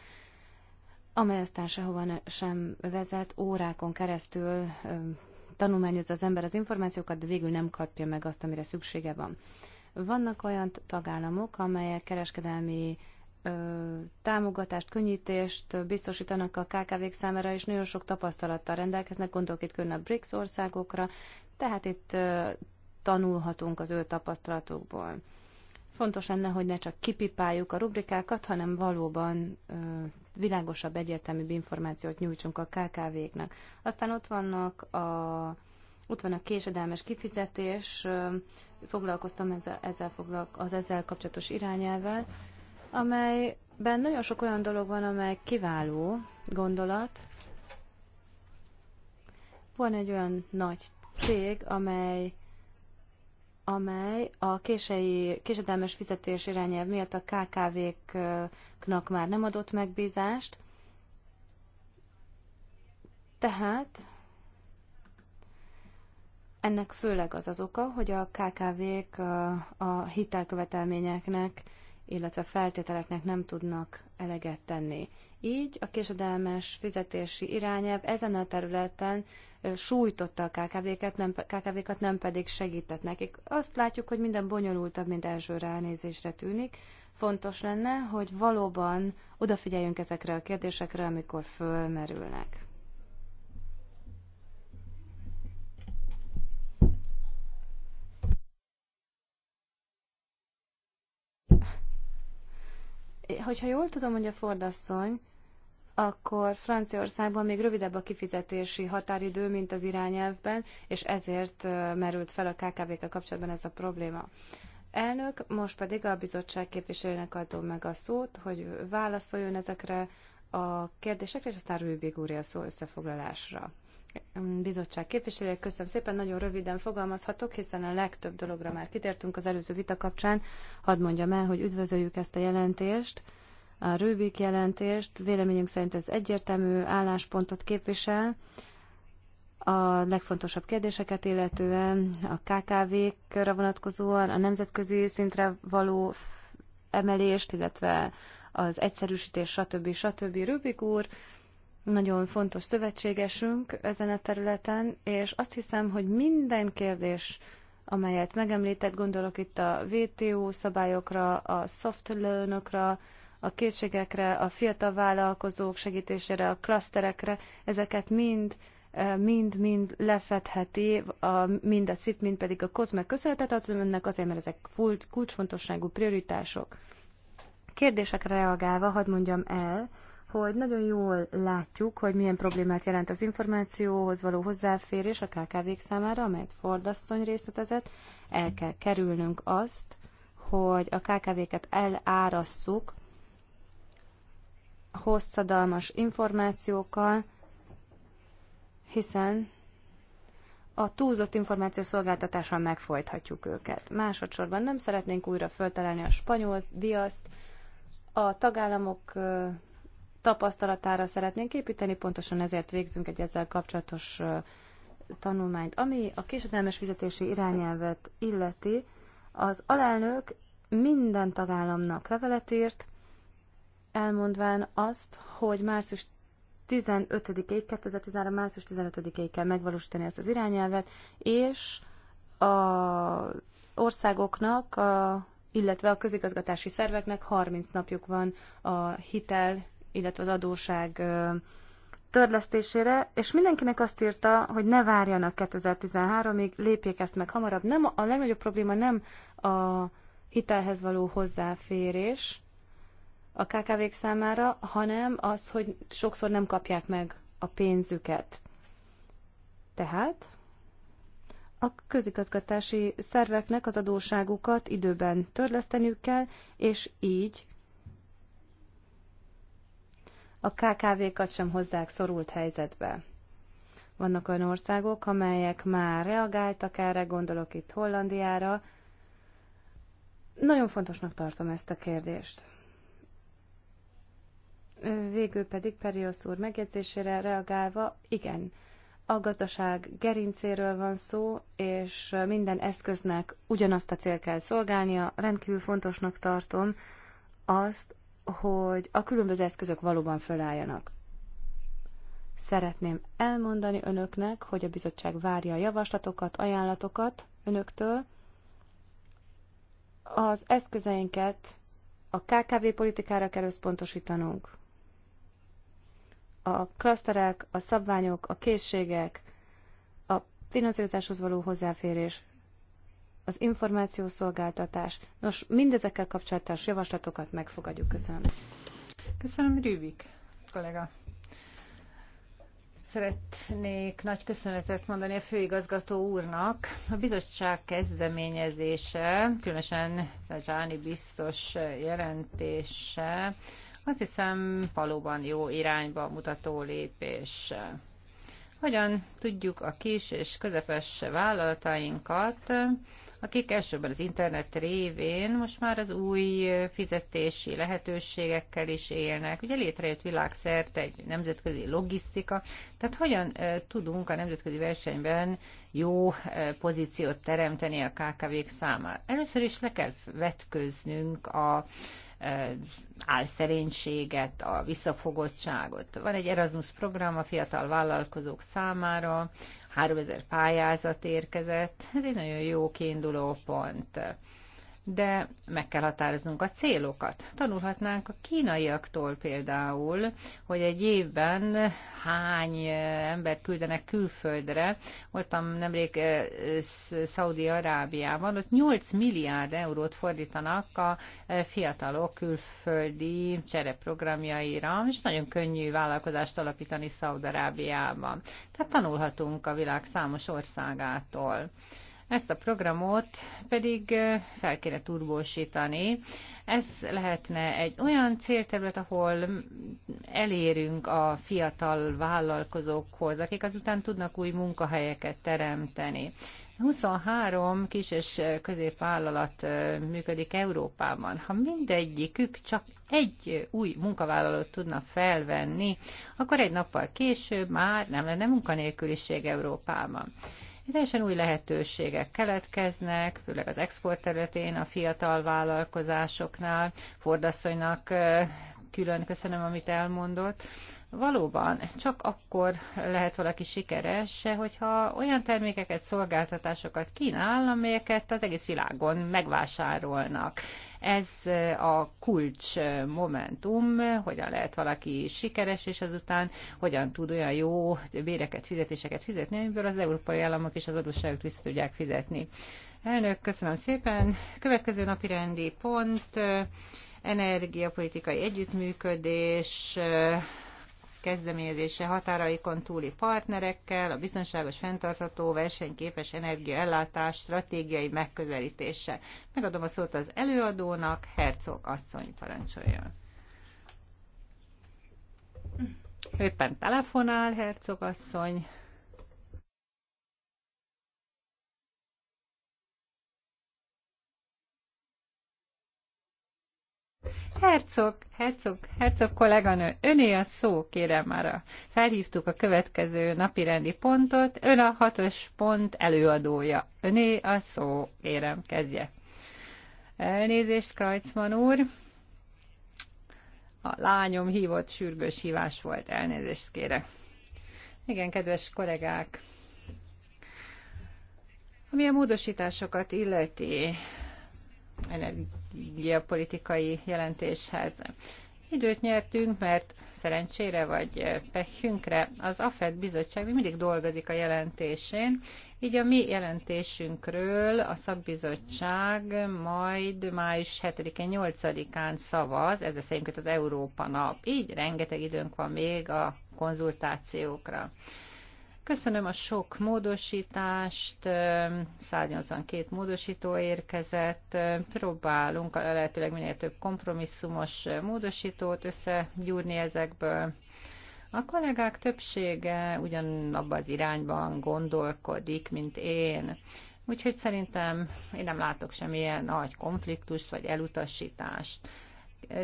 amely aztán sehova sem vezet, órákon keresztül tanulmányozza az ember az információkat, de végül nem kapja meg azt, amire szüksége van. Vannak olyan tagállamok, amelyek kereskedelmi támogatást, könnyítést biztosítanak a KKV-k számára, és nagyon sok tapasztalattal rendelkeznek, gondolok itt külön a BRICS országokra, tehát itt tanulhatunk az ő tapasztalatokból. Fontos lenne, hogy ne csak kipipáljuk a rubrikákat, hanem valóban ö, világosabb, egyértelműbb információt nyújtsunk a KKV-knak. Aztán ott vannak a ott van a késedelmes kifizetés, foglalkoztam ezzel, ezzel foglalko- az ezzel kapcsolatos irányelvel amelyben nagyon sok olyan dolog van, amely kiváló gondolat. Van egy olyan nagy cég, amely amely a kései, késedelmes fizetés irányelv miatt a KKV-knak már nem adott megbízást. Tehát ennek főleg az az oka, hogy a KKV-k a, a hitelkövetelményeknek illetve feltételeknek nem tudnak eleget tenni. Így a késedelmes fizetési irányelv ezen a területen sújtotta a KKV-kat, nem, KKV-kat nem pedig segített nekik. Azt látjuk, hogy minden bonyolultabb, mint első ránézésre tűnik. Fontos lenne, hogy valóban odafigyeljünk ezekre a kérdésekre, amikor fölmerülnek. Hogyha jól tudom, hogy a fordasszony, akkor Franciaországban még rövidebb a kifizetési határidő, mint az irányelvben, és ezért merült fel a KKV-kkel kapcsolatban ez a probléma. Elnök, most pedig a bizottság képviselőnek adom meg a szót, hogy válaszoljon ezekre a kérdésekre, és aztán Rübig úrja a szó összefoglalásra bizottság képviselője, köszönöm szépen, nagyon röviden fogalmazhatok, hiszen a legtöbb dologra már kitértünk az előző vita kapcsán. Hadd mondjam el, hogy üdvözöljük ezt a jelentést, a Rubik jelentést. Véleményünk szerint ez egyértelmű álláspontot képvisel. A legfontosabb kérdéseket illetően a KKV-kra vonatkozóan, a nemzetközi szintre való emelést, illetve az egyszerűsítés, stb. stb. Rubik úr nagyon fontos szövetségesünk ezen a területen, és azt hiszem, hogy minden kérdés, amelyet megemlített, gondolok itt a WTO szabályokra, a soft loanokra, a készségekre, a fiatal vállalkozók segítésére, a klaszterekre, ezeket mind eh, mind-mind lefedheti, a, mind a CIP, mind pedig a COSME köszönetet az önnek azért, mert ezek kulcsfontosságú prioritások. Kérdésekre reagálva hadd mondjam el, hogy nagyon jól látjuk, hogy milyen problémát jelent az információhoz való hozzáférés a KKV-k számára, amelyet Ford asszony részletezett. El kell kerülnünk azt, hogy a KKV-ket elárasszuk hosszadalmas információkkal, hiszen a túlzott információ szolgáltatással megfojthatjuk őket. Másodszorban nem szeretnénk újra föltalálni a spanyol viaszt, a tagállamok tapasztalatára szeretnénk építeni, pontosan ezért végzünk egy ezzel kapcsolatos tanulmányt. Ami a késedelmes fizetési irányelvet illeti, az alelnök minden tagállamnak levelet írt, elmondván azt, hogy március 15-ig, 2013. március 15-ig kell megvalósítani ezt az irányelvet, és a országoknak, a, illetve a közigazgatási szerveknek 30 napjuk van a hitel illetve az adóság törlesztésére, és mindenkinek azt írta, hogy ne várjanak 2013-ig, lépjék ezt meg hamarabb. Nem, a legnagyobb probléma nem a hitelhez való hozzáférés a KKV-k számára, hanem az, hogy sokszor nem kapják meg a pénzüket. Tehát a közigazgatási szerveknek az adóságukat időben törleszteniük kell, és így a KKV-kat sem hozzák szorult helyzetbe. Vannak olyan országok, amelyek már reagáltak erre, gondolok itt Hollandiára. Nagyon fontosnak tartom ezt a kérdést. Végül pedig Periosz úr megjegyzésére reagálva, igen, a gazdaság gerincéről van szó, és minden eszköznek ugyanazt a cél kell szolgálnia. Rendkívül fontosnak tartom azt, hogy a különböző eszközök valóban fölálljanak. Szeretném elmondani önöknek, hogy a bizottság várja a javaslatokat, ajánlatokat önöktől. Az eszközeinket a KKV politikára kell összpontosítanunk. A klaszterek, a szabványok, a készségek, a finanszírozáshoz való hozzáférés az információszolgáltatás. Nos, mindezekkel kapcsolatos javaslatokat megfogadjuk. Köszönöm.
Köszönöm, Rübik kollega. Szeretnék nagy köszönetet mondani a főigazgató úrnak. A bizottság kezdeményezése, különösen a Zsáni biztos jelentése, azt hiszem valóban jó irányba mutató lépés. Hogyan tudjuk a kis és közepes vállalatainkat akik elsőben az internet révén most már az új fizetési lehetőségekkel is élnek. Ugye létrejött világszerte egy nemzetközi logisztika, tehát hogyan tudunk a nemzetközi versenyben jó pozíciót teremteni a KKV-k számára. Először is le kell vetköznünk a álszerénységet, a visszafogottságot. Van egy Erasmus program a fiatal vállalkozók számára, 3000 pályázat érkezett. Ez egy nagyon jó kiinduló pont de meg kell határoznunk a célokat. Tanulhatnánk a kínaiaktól például, hogy egy évben hány eh, embert küldenek külföldre. Voltam nemrég eh, Szaudi-Arábiában, ott 8 milliárd eurót fordítanak a eh, fiatalok külföldi csereprogramjaira, és nagyon könnyű vállalkozást alapítani Szaud-Arábiában. Tehát tanulhatunk a világ számos országától. Ezt a programot pedig fel kéne turbósítani. Ez lehetne egy olyan célterület, ahol elérünk a fiatal vállalkozókhoz, akik azután tudnak új munkahelyeket teremteni. 23 kis és középvállalat működik Európában. Ha mindegyikük csak egy új munkavállalót tudna felvenni, akkor egy nappal később már nem lenne munkanélküliség Európában. Teljesen új lehetőségek keletkeznek, főleg az export területén, a fiatal vállalkozásoknál, Fordasszonynak külön köszönöm, amit elmondott. Valóban, csak akkor lehet valaki sikeres, hogyha olyan termékeket, szolgáltatásokat kínál, amelyeket az egész világon megvásárolnak. Ez a kulcs momentum, hogyan lehet valaki sikeres, és azután hogyan tud olyan jó béreket, fizetéseket fizetni, amiből az európai államok és az adósságot vissza tudják fizetni. Elnök, köszönöm szépen. Következő napi rendi pont eh, energiapolitikai együttműködés, eh, kezdeményezése határaikon túli partnerekkel, a biztonságos, fenntartható, versenyképes energiaellátás stratégiai megközelítése. Megadom a szót az előadónak, Herzog asszony parancsoljon. Éppen telefonál Herzog asszony. Hercog, hercog, hercog kolléganő, öné a szó, kérem már. A. Felhívtuk a következő napi rendi pontot, ön a hatos pont előadója. Öné a szó, kérem, kezdje. Elnézést, Krajcman úr. A lányom hívott, sürgős hívás volt, elnézést kérek. Igen, kedves kollégák, ami a módosításokat illeti, energiapolitikai jelentéshez. Időt nyertünk, mert szerencsére vagy pehünkre az AFED bizottság még mindig dolgozik a jelentésén, így a mi jelentésünkről a szakbizottság majd május 7-én, 8-án szavaz, ez lesz az Európa nap, így rengeteg időnk van még a konzultációkra. Köszönöm a sok módosítást, 182 módosító érkezett, próbálunk lehetőleg minél több kompromisszumos módosítót összegyúrni ezekből. A kollégák többsége ugyanabban az irányban gondolkodik, mint én. Úgyhogy szerintem én nem látok semmilyen nagy konfliktust vagy elutasítást.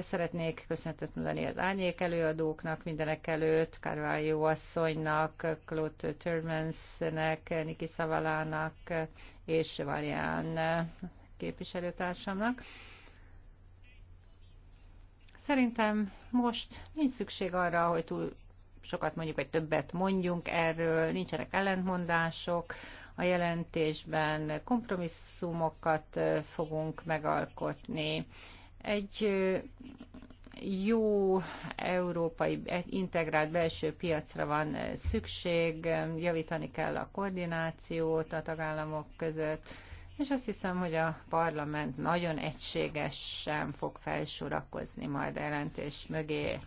Szeretnék köszönetet mondani az árnyék előadóknak, mindenek előtt, Carvalho asszonynak, Claude Turmansnek, Niki Szavalának és Varian képviselőtársamnak. Szerintem most nincs szükség arra, hogy túl sokat mondjuk, vagy többet mondjunk erről, nincsenek ellentmondások, a jelentésben kompromisszumokat fogunk megalkotni egy jó európai integrált belső piacra van szükség, javítani kell a koordinációt a tagállamok között, és azt hiszem, hogy a parlament nagyon egységesen fog felsorakozni majd a jelentés mögé.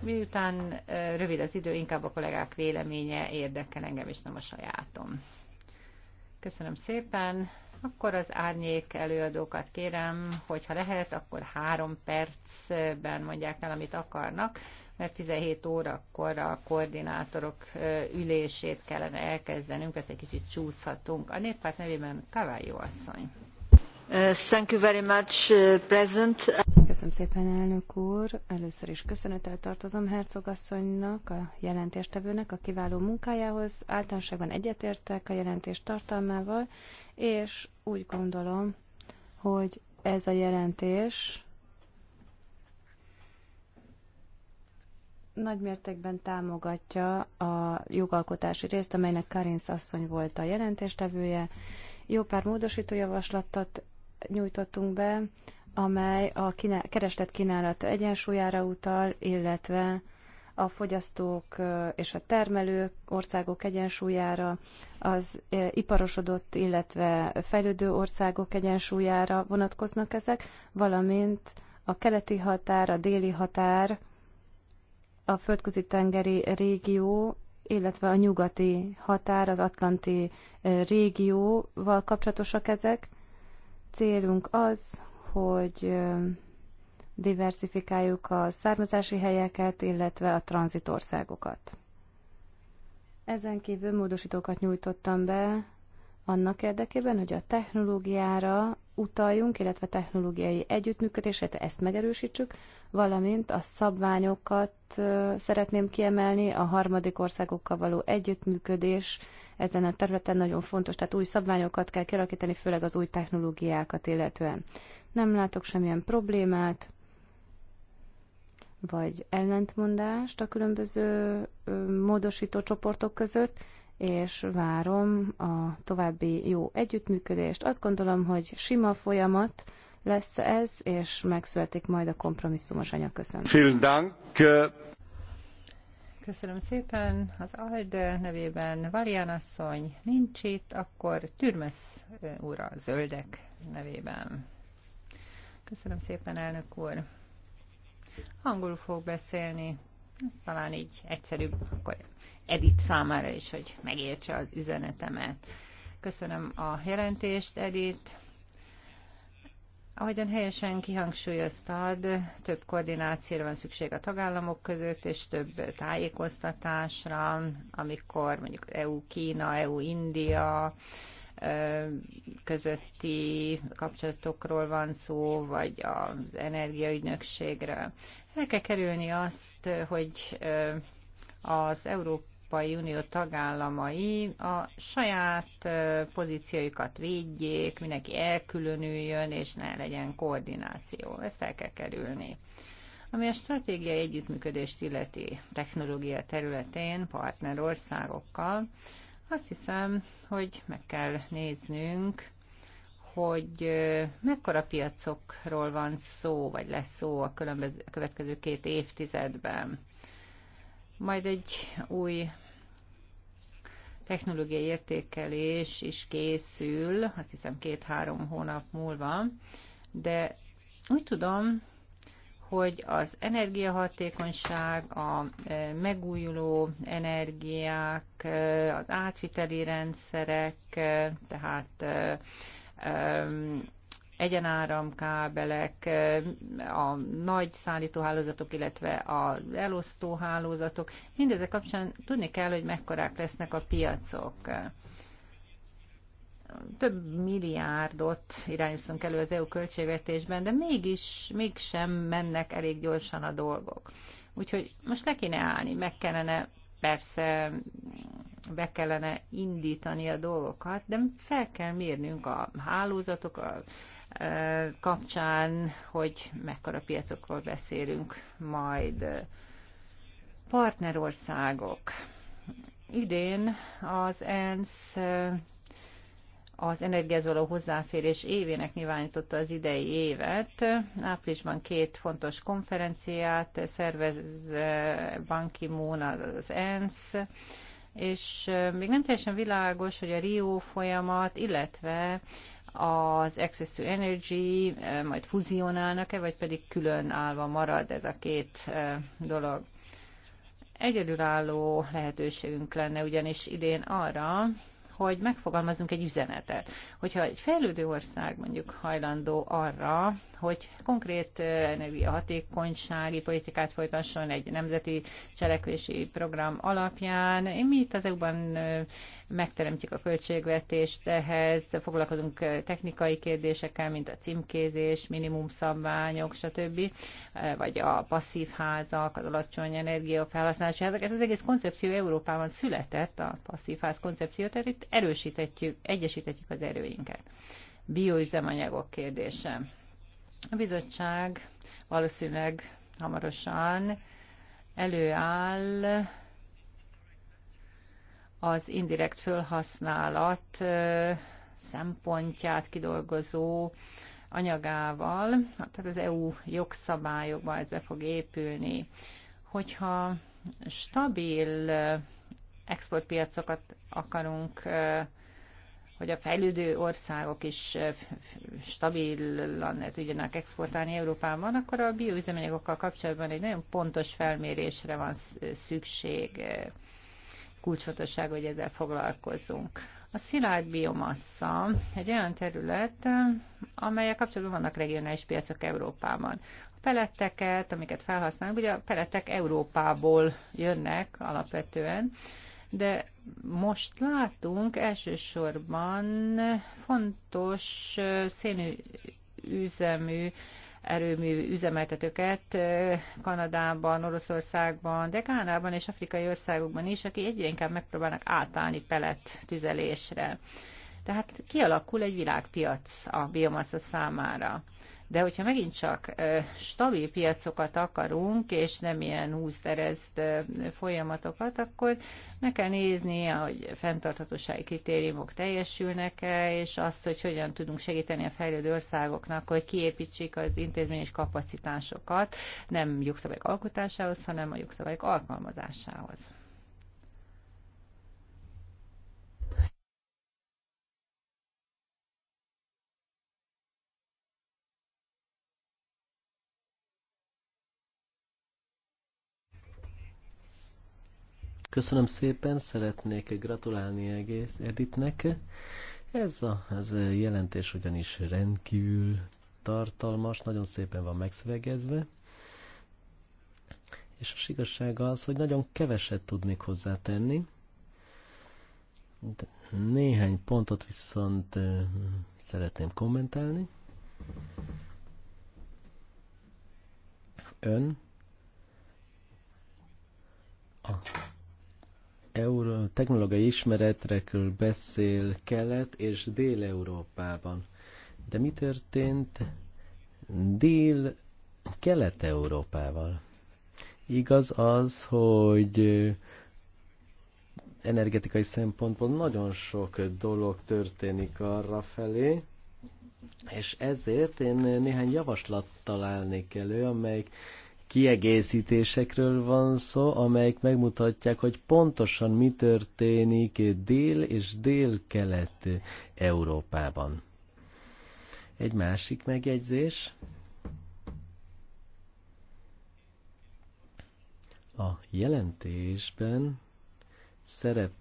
Miután rövid az idő, inkább a kollégák véleménye érdekel engem, és nem a sajátom. Köszönöm szépen! akkor az árnyék előadókat kérem, hogyha lehet, akkor három percben mondják el, amit akarnak, mert 17 órakor a koordinátorok ülését kellene elkezdenünk, ezt egy kicsit csúszhatunk. A néppárt nevében Kavályó asszony. Thank you
very much, President. Köszönöm szépen, elnök úr. Először is köszönettel tartozom Herzog asszonynak, a jelentéstevőnek a kiváló munkájához. Általánosságban egyetértek a jelentés tartalmával, és úgy gondolom, hogy ez a jelentés nagy mértékben támogatja a jogalkotási részt, amelynek Karinsz asszony volt a jelentéstevője. Jó pár módosító javaslatot nyújtottunk be, amely a kereslet-kínálat egyensúlyára utal, illetve a fogyasztók és a termelők országok egyensúlyára, az iparosodott, illetve fejlődő országok egyensúlyára vonatkoznak ezek, valamint a keleti határ, a déli határ, a földközi tengeri régió, illetve a nyugati határ, az atlanti régióval kapcsolatosak ezek. Célunk az, hogy diversifikáljuk a származási helyeket, illetve a tranzitországokat. Ezen kívül módosítókat nyújtottam be annak érdekében, hogy a technológiára utaljunk, illetve technológiai együttműködését, hát ezt megerősítsük, valamint a szabványokat szeretném kiemelni, a harmadik országokkal való együttműködés ezen a területen nagyon fontos, tehát új szabványokat kell kialakítani, főleg az új technológiákat illetően. Nem látok semmilyen problémát, vagy ellentmondást a különböző módosító csoportok között, és várom a további jó együttműködést. Azt gondolom, hogy sima folyamat lesz ez, és megszületik majd a kompromisszumos anyag. Köszönöm.
Vielen Dank.
Köszönöm szépen. Az ALDE nevében Valian asszony nincs itt, akkor Türmesz úr a zöldek nevében. Köszönöm szépen, elnök úr. Angolul fog beszélni, talán így egyszerűbb, akkor Edith számára is, hogy megértse az üzenetemet. Köszönöm a jelentést, Edith. Ahogyan helyesen kihangsúlyoztad, több koordinációra van szükség a tagállamok között, és több tájékoztatásra, amikor mondjuk EU-Kína, EU-India, közötti kapcsolatokról van szó, vagy az energiaügynökségről. El kell kerülni azt, hogy az Európai Unió tagállamai a saját pozícióikat védjék, mindenki elkülönüljön, és ne legyen koordináció. Ezt el kell kerülni. Ami a stratégiai együttműködést illeti technológia területén partnerországokkal, azt hiszem, hogy meg kell néznünk, hogy mekkora piacokról van szó, vagy lesz szó a következő két évtizedben. Majd egy új technológiai értékelés is készül, azt hiszem két-három hónap múlva, de úgy tudom, hogy az energiahatékonyság, a e, megújuló energiák, e, az átviteli rendszerek, e, tehát egyenáramkábelek, a nagy szállítóhálózatok, illetve a elosztóhálózatok, mindezek kapcsán tudni kell, hogy mekkorák lesznek a piacok több milliárdot irányítunk elő az EU költségvetésben, de mégis, mégsem mennek elég gyorsan a dolgok. Úgyhogy most ne kéne állni, meg kellene persze be kellene indítani a dolgokat, de fel kell mérnünk a hálózatok a, e, kapcsán, hogy mekkora piacokról beszélünk majd. Partnerországok. Idén az ENSZ az energiához való hozzáférés évének nyilvánította az idei évet. Áprilisban két fontos konferenciát szervez eh, banki ki az ENSZ, és eh, még nem teljesen világos, hogy a Rio folyamat, illetve az Access to Energy eh, majd fuzionálnak-e, vagy pedig külön állva marad ez a két dolog. Egyedülálló lehetőségünk lenne ugyanis idén arra, hogy megfogalmazunk egy üzenetet. Hogyha egy fejlődő ország mondjuk hajlandó arra, hogy konkrét energiahatékonysági politikát folytasson egy nemzeti cselekvési program alapján, mi itt az EU-ban megteremtjük a költségvetést ehhez, foglalkozunk technikai kérdésekkel, mint a címkézés, minimum szabványok, stb., vagy a passzív házak, az alacsony energiafelhasználási házak. Ez az egész koncepció Európában született, a passzív ház koncepció, tehát itt erősítetjük, egyesítetjük az erőinket. Bioüzemanyagok kérdése. A bizottság valószínűleg hamarosan előáll az indirekt fölhasználat szempontját kidolgozó anyagával, tehát az EU jogszabályokba ez be fog épülni. Hogyha stabil exportpiacokat akarunk, hogy a fejlődő országok is stabilan tudjanak exportálni Európában, akkor a bioüzemanyagokkal kapcsolatban egy nagyon pontos felmérésre van szükség kulcsfontosság, hogy ezzel foglalkozzunk. A szilárd biomassa egy olyan terület, amelyek kapcsolatban vannak regionális piacok Európában. A peletteket, amiket felhasználunk, ugye a peletek Európából jönnek alapvetően, de most látunk elsősorban fontos szénű üzemű erőmű üzemeltetőket Kanadában, Oroszországban, de Kánában és afrikai országokban is, akik egyre inkább megpróbálnak átállni pelet tüzelésre. Tehát kialakul egy világpiac a biomassa számára. De hogyha megint csak stabil piacokat akarunk, és nem ilyen húzterezt folyamatokat, akkor meg kell nézni, hogy fenntarthatósági kritériumok teljesülnek-e, és azt, hogy hogyan tudunk segíteni a fejlődő országoknak, hogy kiépítsék az intézményes kapacitásokat, nem jogszabályok alkotásához, hanem a jogszabályok alkalmazásához.
Köszönöm szépen, szeretnék gratulálni egész Editnek. Ez a, ez a jelentés ugyanis rendkívül tartalmas, nagyon szépen van megszövegezve. És a igazság az, hogy nagyon keveset tudnék hozzátenni. De néhány pontot viszont szeretném kommentálni. Ön a euró, technológiai ismeretekről beszél Kelet és Dél-Európában. De mi történt Dél-Kelet-Európával? Igaz az, hogy energetikai szempontból nagyon sok dolog történik arra felé, és ezért én néhány javaslat találnék elő, amelyik kiegészítésekről van szó, amelyek megmutatják, hogy pontosan mi történik dél és dél-kelet Európában. Egy másik megjegyzés. A jelentésben szerep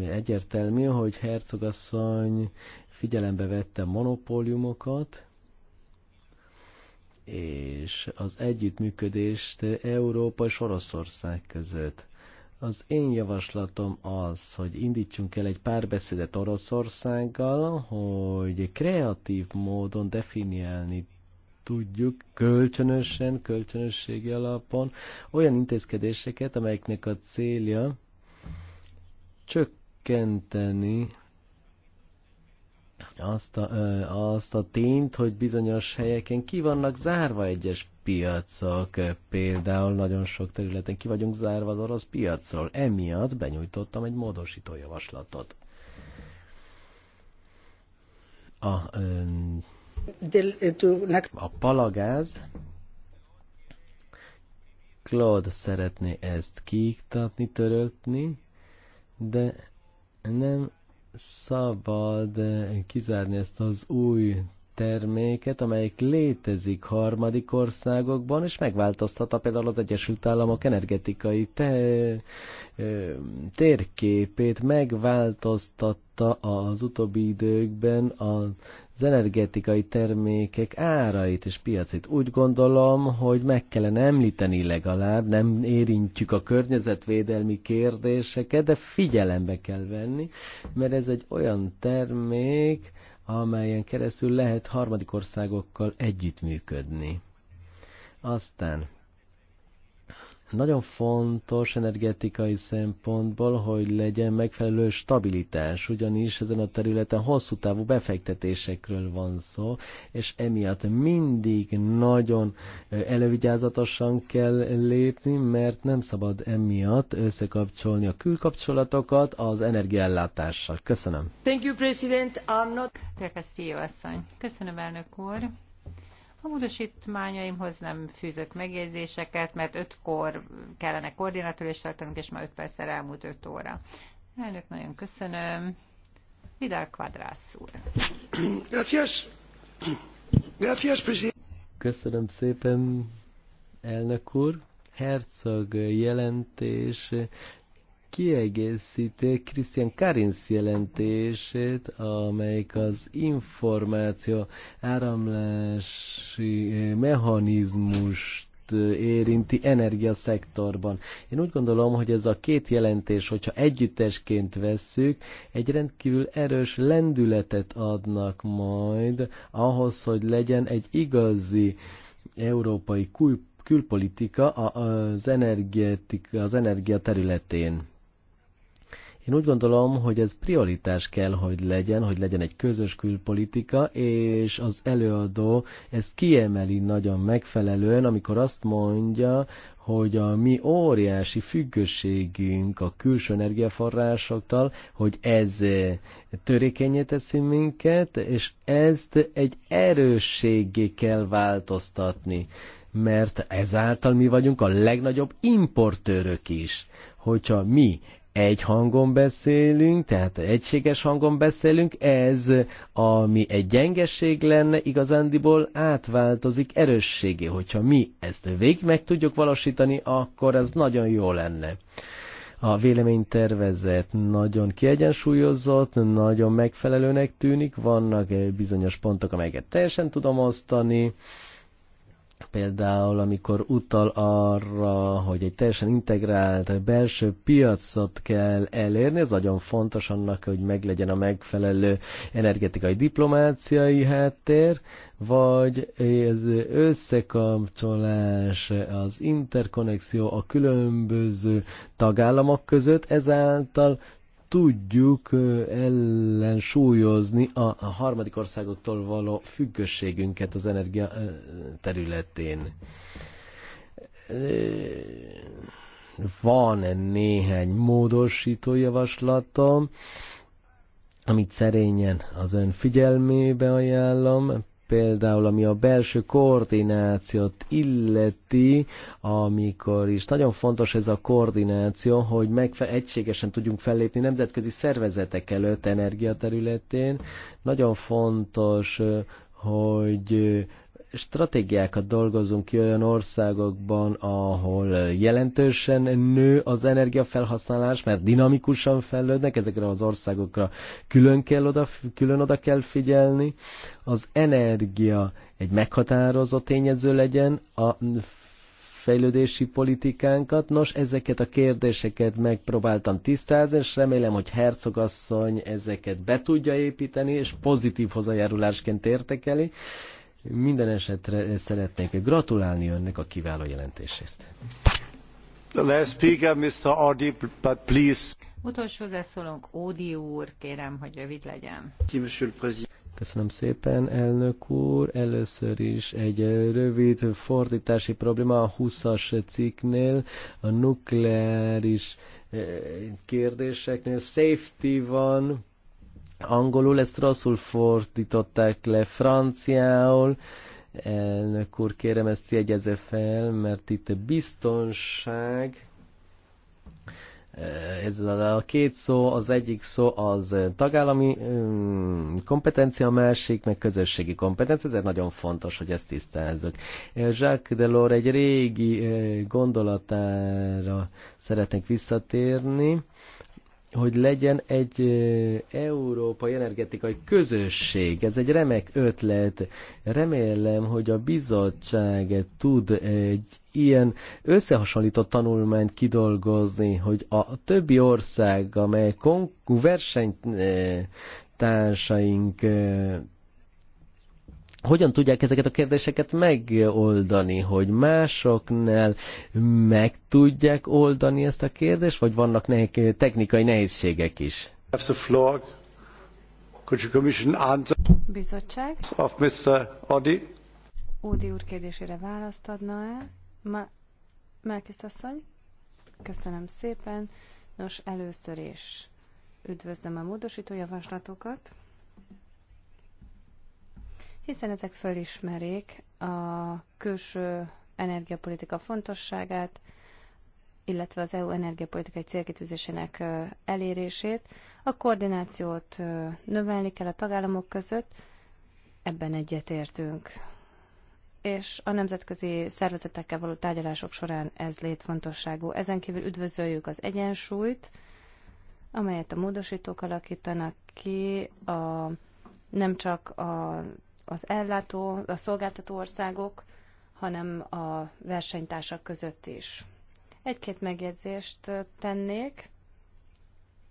egyértelmű, hogy hercogasszony figyelembe vette monopóliumokat, és az együttműködést Európa és Oroszország között. Az én javaslatom az, hogy indítsunk el egy párbeszédet Oroszországgal, hogy kreatív módon definiálni tudjuk kölcsönösen, kölcsönösségi alapon olyan intézkedéseket, amelyeknek a célja csökkenteni azt a, ö, azt a tényt, hogy bizonyos helyeken ki vannak zárva egyes piacok, például nagyon sok területen ki vagyunk zárva az orosz piacról. Emiatt benyújtottam egy módosító javaslatot. A, ö, a palagáz Claude szeretné ezt kiiktatni, töröltni, de nem szabad eh, kizárni ezt az új terméket, amelyik létezik harmadik országokban, és megváltoztatta például az Egyesült Államok energetikai te- eh, térképét, megváltoztatta az utóbbi időkben a az energetikai termékek árait és piacit. Úgy gondolom, hogy meg kellene említeni legalább, nem érintjük a környezetvédelmi kérdéseket, de figyelembe kell venni, mert ez egy olyan termék, amelyen keresztül lehet harmadik országokkal együttműködni. Aztán nagyon fontos energetikai szempontból, hogy legyen megfelelő stabilitás, ugyanis ezen a területen hosszú távú befektetésekről van szó, és emiatt mindig nagyon elővigyázatosan kell lépni, mert nem szabad emiatt összekapcsolni a külkapcsolatokat az energiállátással. Köszönöm.
Thank you, President. I'm not... Köszönöm, elnök úr. A módosítmányaimhoz nem fűzök megjegyzéseket, mert ötkor kellene koordinátorést tartanunk, és már öt perccel elmúlt öt óra. Elnök, nagyon köszönöm. Vidal Quadrász úr. Gracias.
Gracias, Köszönöm szépen, elnök úr. Herzog jelentés kiegészíti Christian Karins jelentését, amelyik az információ áramlási eh, mechanizmust eh, érinti energiaszektorban. Én úgy gondolom, hogy ez a két jelentés, hogyha együttesként vesszük, egy rendkívül erős lendületet adnak majd ahhoz, hogy legyen egy igazi európai kül külpolitika az, energetika, az energia területén. Én úgy gondolom, hogy ez prioritás kell, hogy legyen, hogy legyen egy közös külpolitika, és az előadó ezt kiemeli nagyon megfelelően, amikor azt mondja, hogy a mi óriási függőségünk a külső energiaforrásoktól, hogy ez törékenyé teszi minket, és ezt egy erősségé kell változtatni mert ezáltal mi vagyunk a legnagyobb importőrök is. Hogyha mi egy hangon beszélünk, tehát egységes hangon beszélünk, ez, ami egy gyengeség lenne, igazándiból átváltozik erősségé. Hogyha mi ezt végig meg tudjuk valósítani, akkor ez nagyon jó lenne. A véleménytervezet nagyon kiegyensúlyozott, nagyon megfelelőnek tűnik, vannak eh, bizonyos pontok, amelyeket teljesen tudom osztani, Például, amikor utal arra, hogy egy teljesen integrált belső piacot kell elérni, ez nagyon fontos annak, hogy meglegyen a megfelelő energetikai diplomáciai háttér, vagy az összekapcsolás, az interkonexió a különböző tagállamok között, ezáltal tudjuk ellensúlyozni a, harmadik országoktól való függőségünket az energia területén. Van néhány módosító javaslatom, amit szerényen az ön figyelmébe ajánlom, például ami a belső koordinációt illeti, amikor is nagyon fontos ez a koordináció, hogy megfe- egységesen tudjunk fellépni nemzetközi szervezetek előtt energiaterületén. Nagyon fontos, hogy stratégiákat dolgozunk ki olyan országokban, ahol jelentősen nő az energiafelhasználás, mert dinamikusan fejlődnek, ezekre az országokra külön, kell oda, külön oda kell figyelni. Az energia egy meghatározó tényező legyen a fejlődési politikánkat. Nos, ezeket a kérdéseket megpróbáltam tisztázni, és remélem, hogy Hercogasszony ezeket be tudja építeni, és pozitív hozzájárulásként értekeli. Minden esetre szeretnék gratulálni önnek a kiváló jelentését. The last speaker, Mr. Audi, but please.
Utolsó leszólunk, Ódi úr, kérem, hogy rövid legyen.
Köszönöm szépen, elnök úr. Először is egy rövid fordítási probléma a 20-as cikknél, a nukleáris eh, kérdéseknél. Safety van, angolul, ezt rosszul fordították le franciául. Elnök úr, kérem ezt jegyezze fel, mert itt a biztonság, eh, ez a két szó, az egyik szó az eh, tagállami mm, kompetencia, a másik meg közösségi kompetencia, ezért nagyon fontos, hogy ezt tisztázzuk. Eh, Jacques Delors egy régi gondolatára szeretnék visszatérni, hogy legyen egy európai energetikai közösség. Ez egy remek ötlet. Remélem, hogy a bizottság tud egy ilyen összehasonlított tanulmányt kidolgozni, hogy a többi ország, amely versenytársaink hogyan tudják ezeket a kérdéseket megoldani, hogy másoknál meg tudják oldani ezt a kérdést, vagy vannak ne- technikai nehézségek is?
Bizottság.
Of Mr. Odi.
Ódi úr kérdésére választ adna-e? Ma- Melkis asszony? Köszönöm szépen. Nos, először is üdvözlöm a módosító javaslatokat hiszen ezek fölismerik a külső energiapolitika fontosságát, illetve az EU energiapolitikai célkitűzésének elérését. A koordinációt növelni kell a tagállamok között, ebben egyetértünk. És a nemzetközi szervezetekkel való tárgyalások során ez létfontosságú. Ezen kívül üdvözöljük az egyensúlyt, amelyet a módosítók alakítanak ki, a, nem csak a az ellátó, a szolgáltató országok, hanem a versenytársak között is. Egy-két megjegyzést tennék,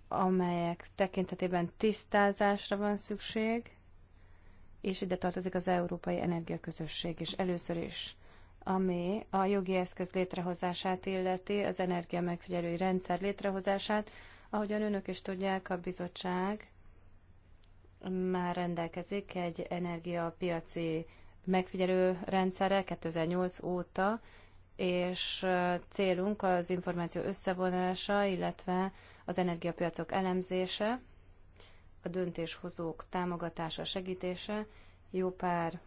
amelyek tekintetében tisztázásra van szükség, és ide tartozik az Európai Energiaközösség is először is ami a jogi eszköz létrehozását illeti, az energia megfigyelői rendszer létrehozását. Ahogyan önök is tudják, a bizottság már rendelkezik egy energiapiaci megfigyelő rendszerrel 2008 óta, és célunk az információ összevonása, illetve az energiapiacok elemzése, a döntéshozók támogatása, segítése. Jó pár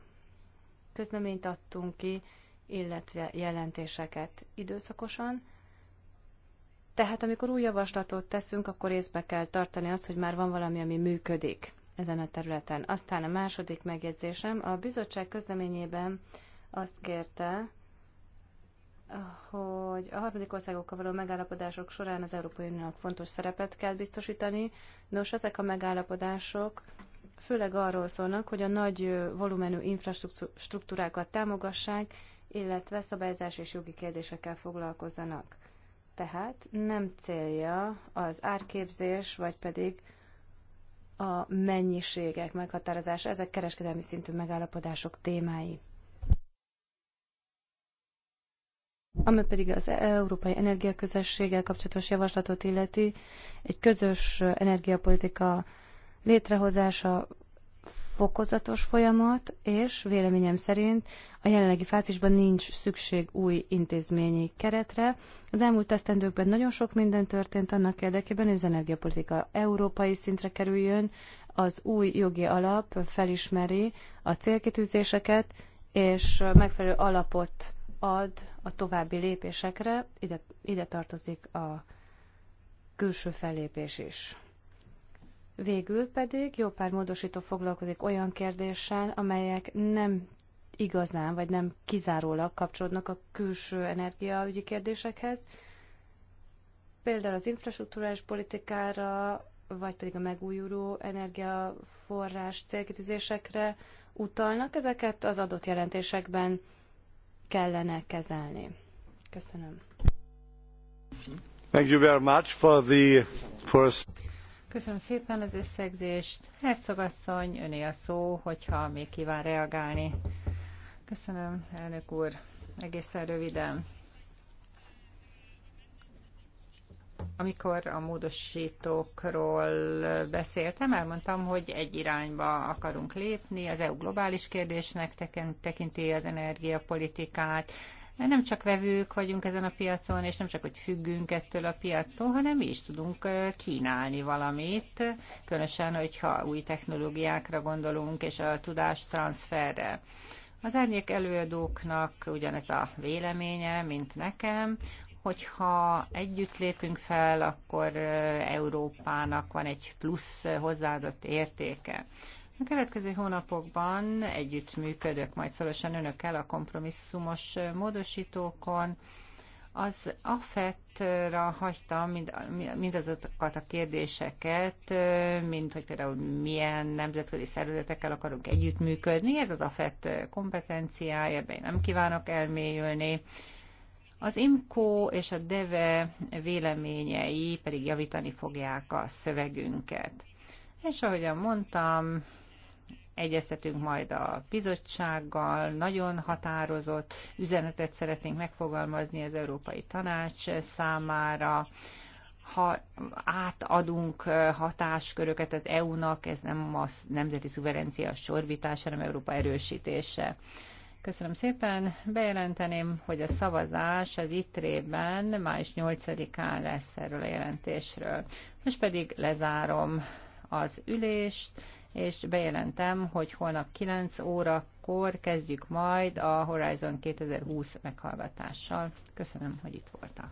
közleményt adtunk ki, illetve jelentéseket időszakosan. Tehát amikor új javaslatot teszünk, akkor észbe kell tartani azt, hogy már van valami, ami működik ezen a területen. Aztán a második megjegyzésem, a bizottság közleményében azt kérte, hogy a harmadik országokkal való megállapodások során az Európai Uniónak fontos szerepet kell biztosítani. Nos, ezek a megállapodások főleg arról szólnak, hogy a nagy volumenű infrastruktúrákat támogassák, illetve szabályzás és jogi kérdésekkel foglalkozzanak. Tehát nem célja az árképzés, vagy pedig a mennyiségek meghatározása, ezek kereskedelmi szintű megállapodások témái. Ami pedig az Európai Energiaközösséggel kapcsolatos javaslatot illeti, egy közös energiapolitika létrehozása fokozatos folyamat, és véleményem szerint a jelenlegi fázisban nincs szükség új intézményi keretre. Az elmúlt esztendőkben nagyon sok minden történt annak érdekében, hogy az energiapolitika európai szintre kerüljön, az új jogi alap felismeri a célkitűzéseket, és megfelelő alapot ad a további lépésekre, ide, ide tartozik a külső fellépés is. Végül pedig jó pár módosító foglalkozik olyan kérdéssel, amelyek nem igazán, vagy nem kizárólag kapcsolódnak a külső energiaügyi kérdésekhez. Például az infrastruktúrális politikára, vagy pedig a megújuló energiaforrás célkitűzésekre utalnak, ezeket az adott jelentésekben kellene kezelni. Köszönöm.
Thank you very much for the first... Köszönöm szépen az összegzést. asszony, öné a szó, hogyha még kíván reagálni. Köszönöm, elnök úr. Egészen röviden. Amikor a módosítókról beszéltem, elmondtam, hogy egy irányba akarunk lépni. Az EU globális kérdésnek tekinti az energiapolitikát, nem csak vevők vagyunk ezen a piacon, és nem csak, hogy függünk ettől a piactól, hanem mi is tudunk kínálni valamit, különösen, hogyha új technológiákra gondolunk, és a tudás transferre. Az árnyék előadóknak ugyanez a véleménye, mint nekem, hogyha együtt lépünk fel, akkor Európának van egy plusz hozzáadott értéke. A következő hónapokban együttműködök majd szorosan önökkel a kompromisszumos módosítókon. Az AFET-ra hagytam mind, mindazokat a kérdéseket, mint hogy például milyen nemzetközi szervezetekkel akarunk együttműködni. Ez az AFET kompetenciája, ebben nem kívánok elmélyülni. Az IMCO és a DEVE véleményei pedig javítani fogják a szövegünket. És ahogyan mondtam, egyeztetünk majd a bizottsággal, nagyon határozott üzenetet szeretnénk megfogalmazni az Európai Tanács számára, ha átadunk hatásköröket az EU-nak, ez nem a nemzeti szuverencia sorvítása, hanem Európa erősítése. Köszönöm szépen. Bejelenteném, hogy a szavazás az ITRE-ben május 8-án lesz erről a jelentésről. Most pedig lezárom az ülést, és bejelentem, hogy holnap 9 órakor kezdjük majd a Horizon 2020 meghallgatással. Köszönöm, hogy itt voltak.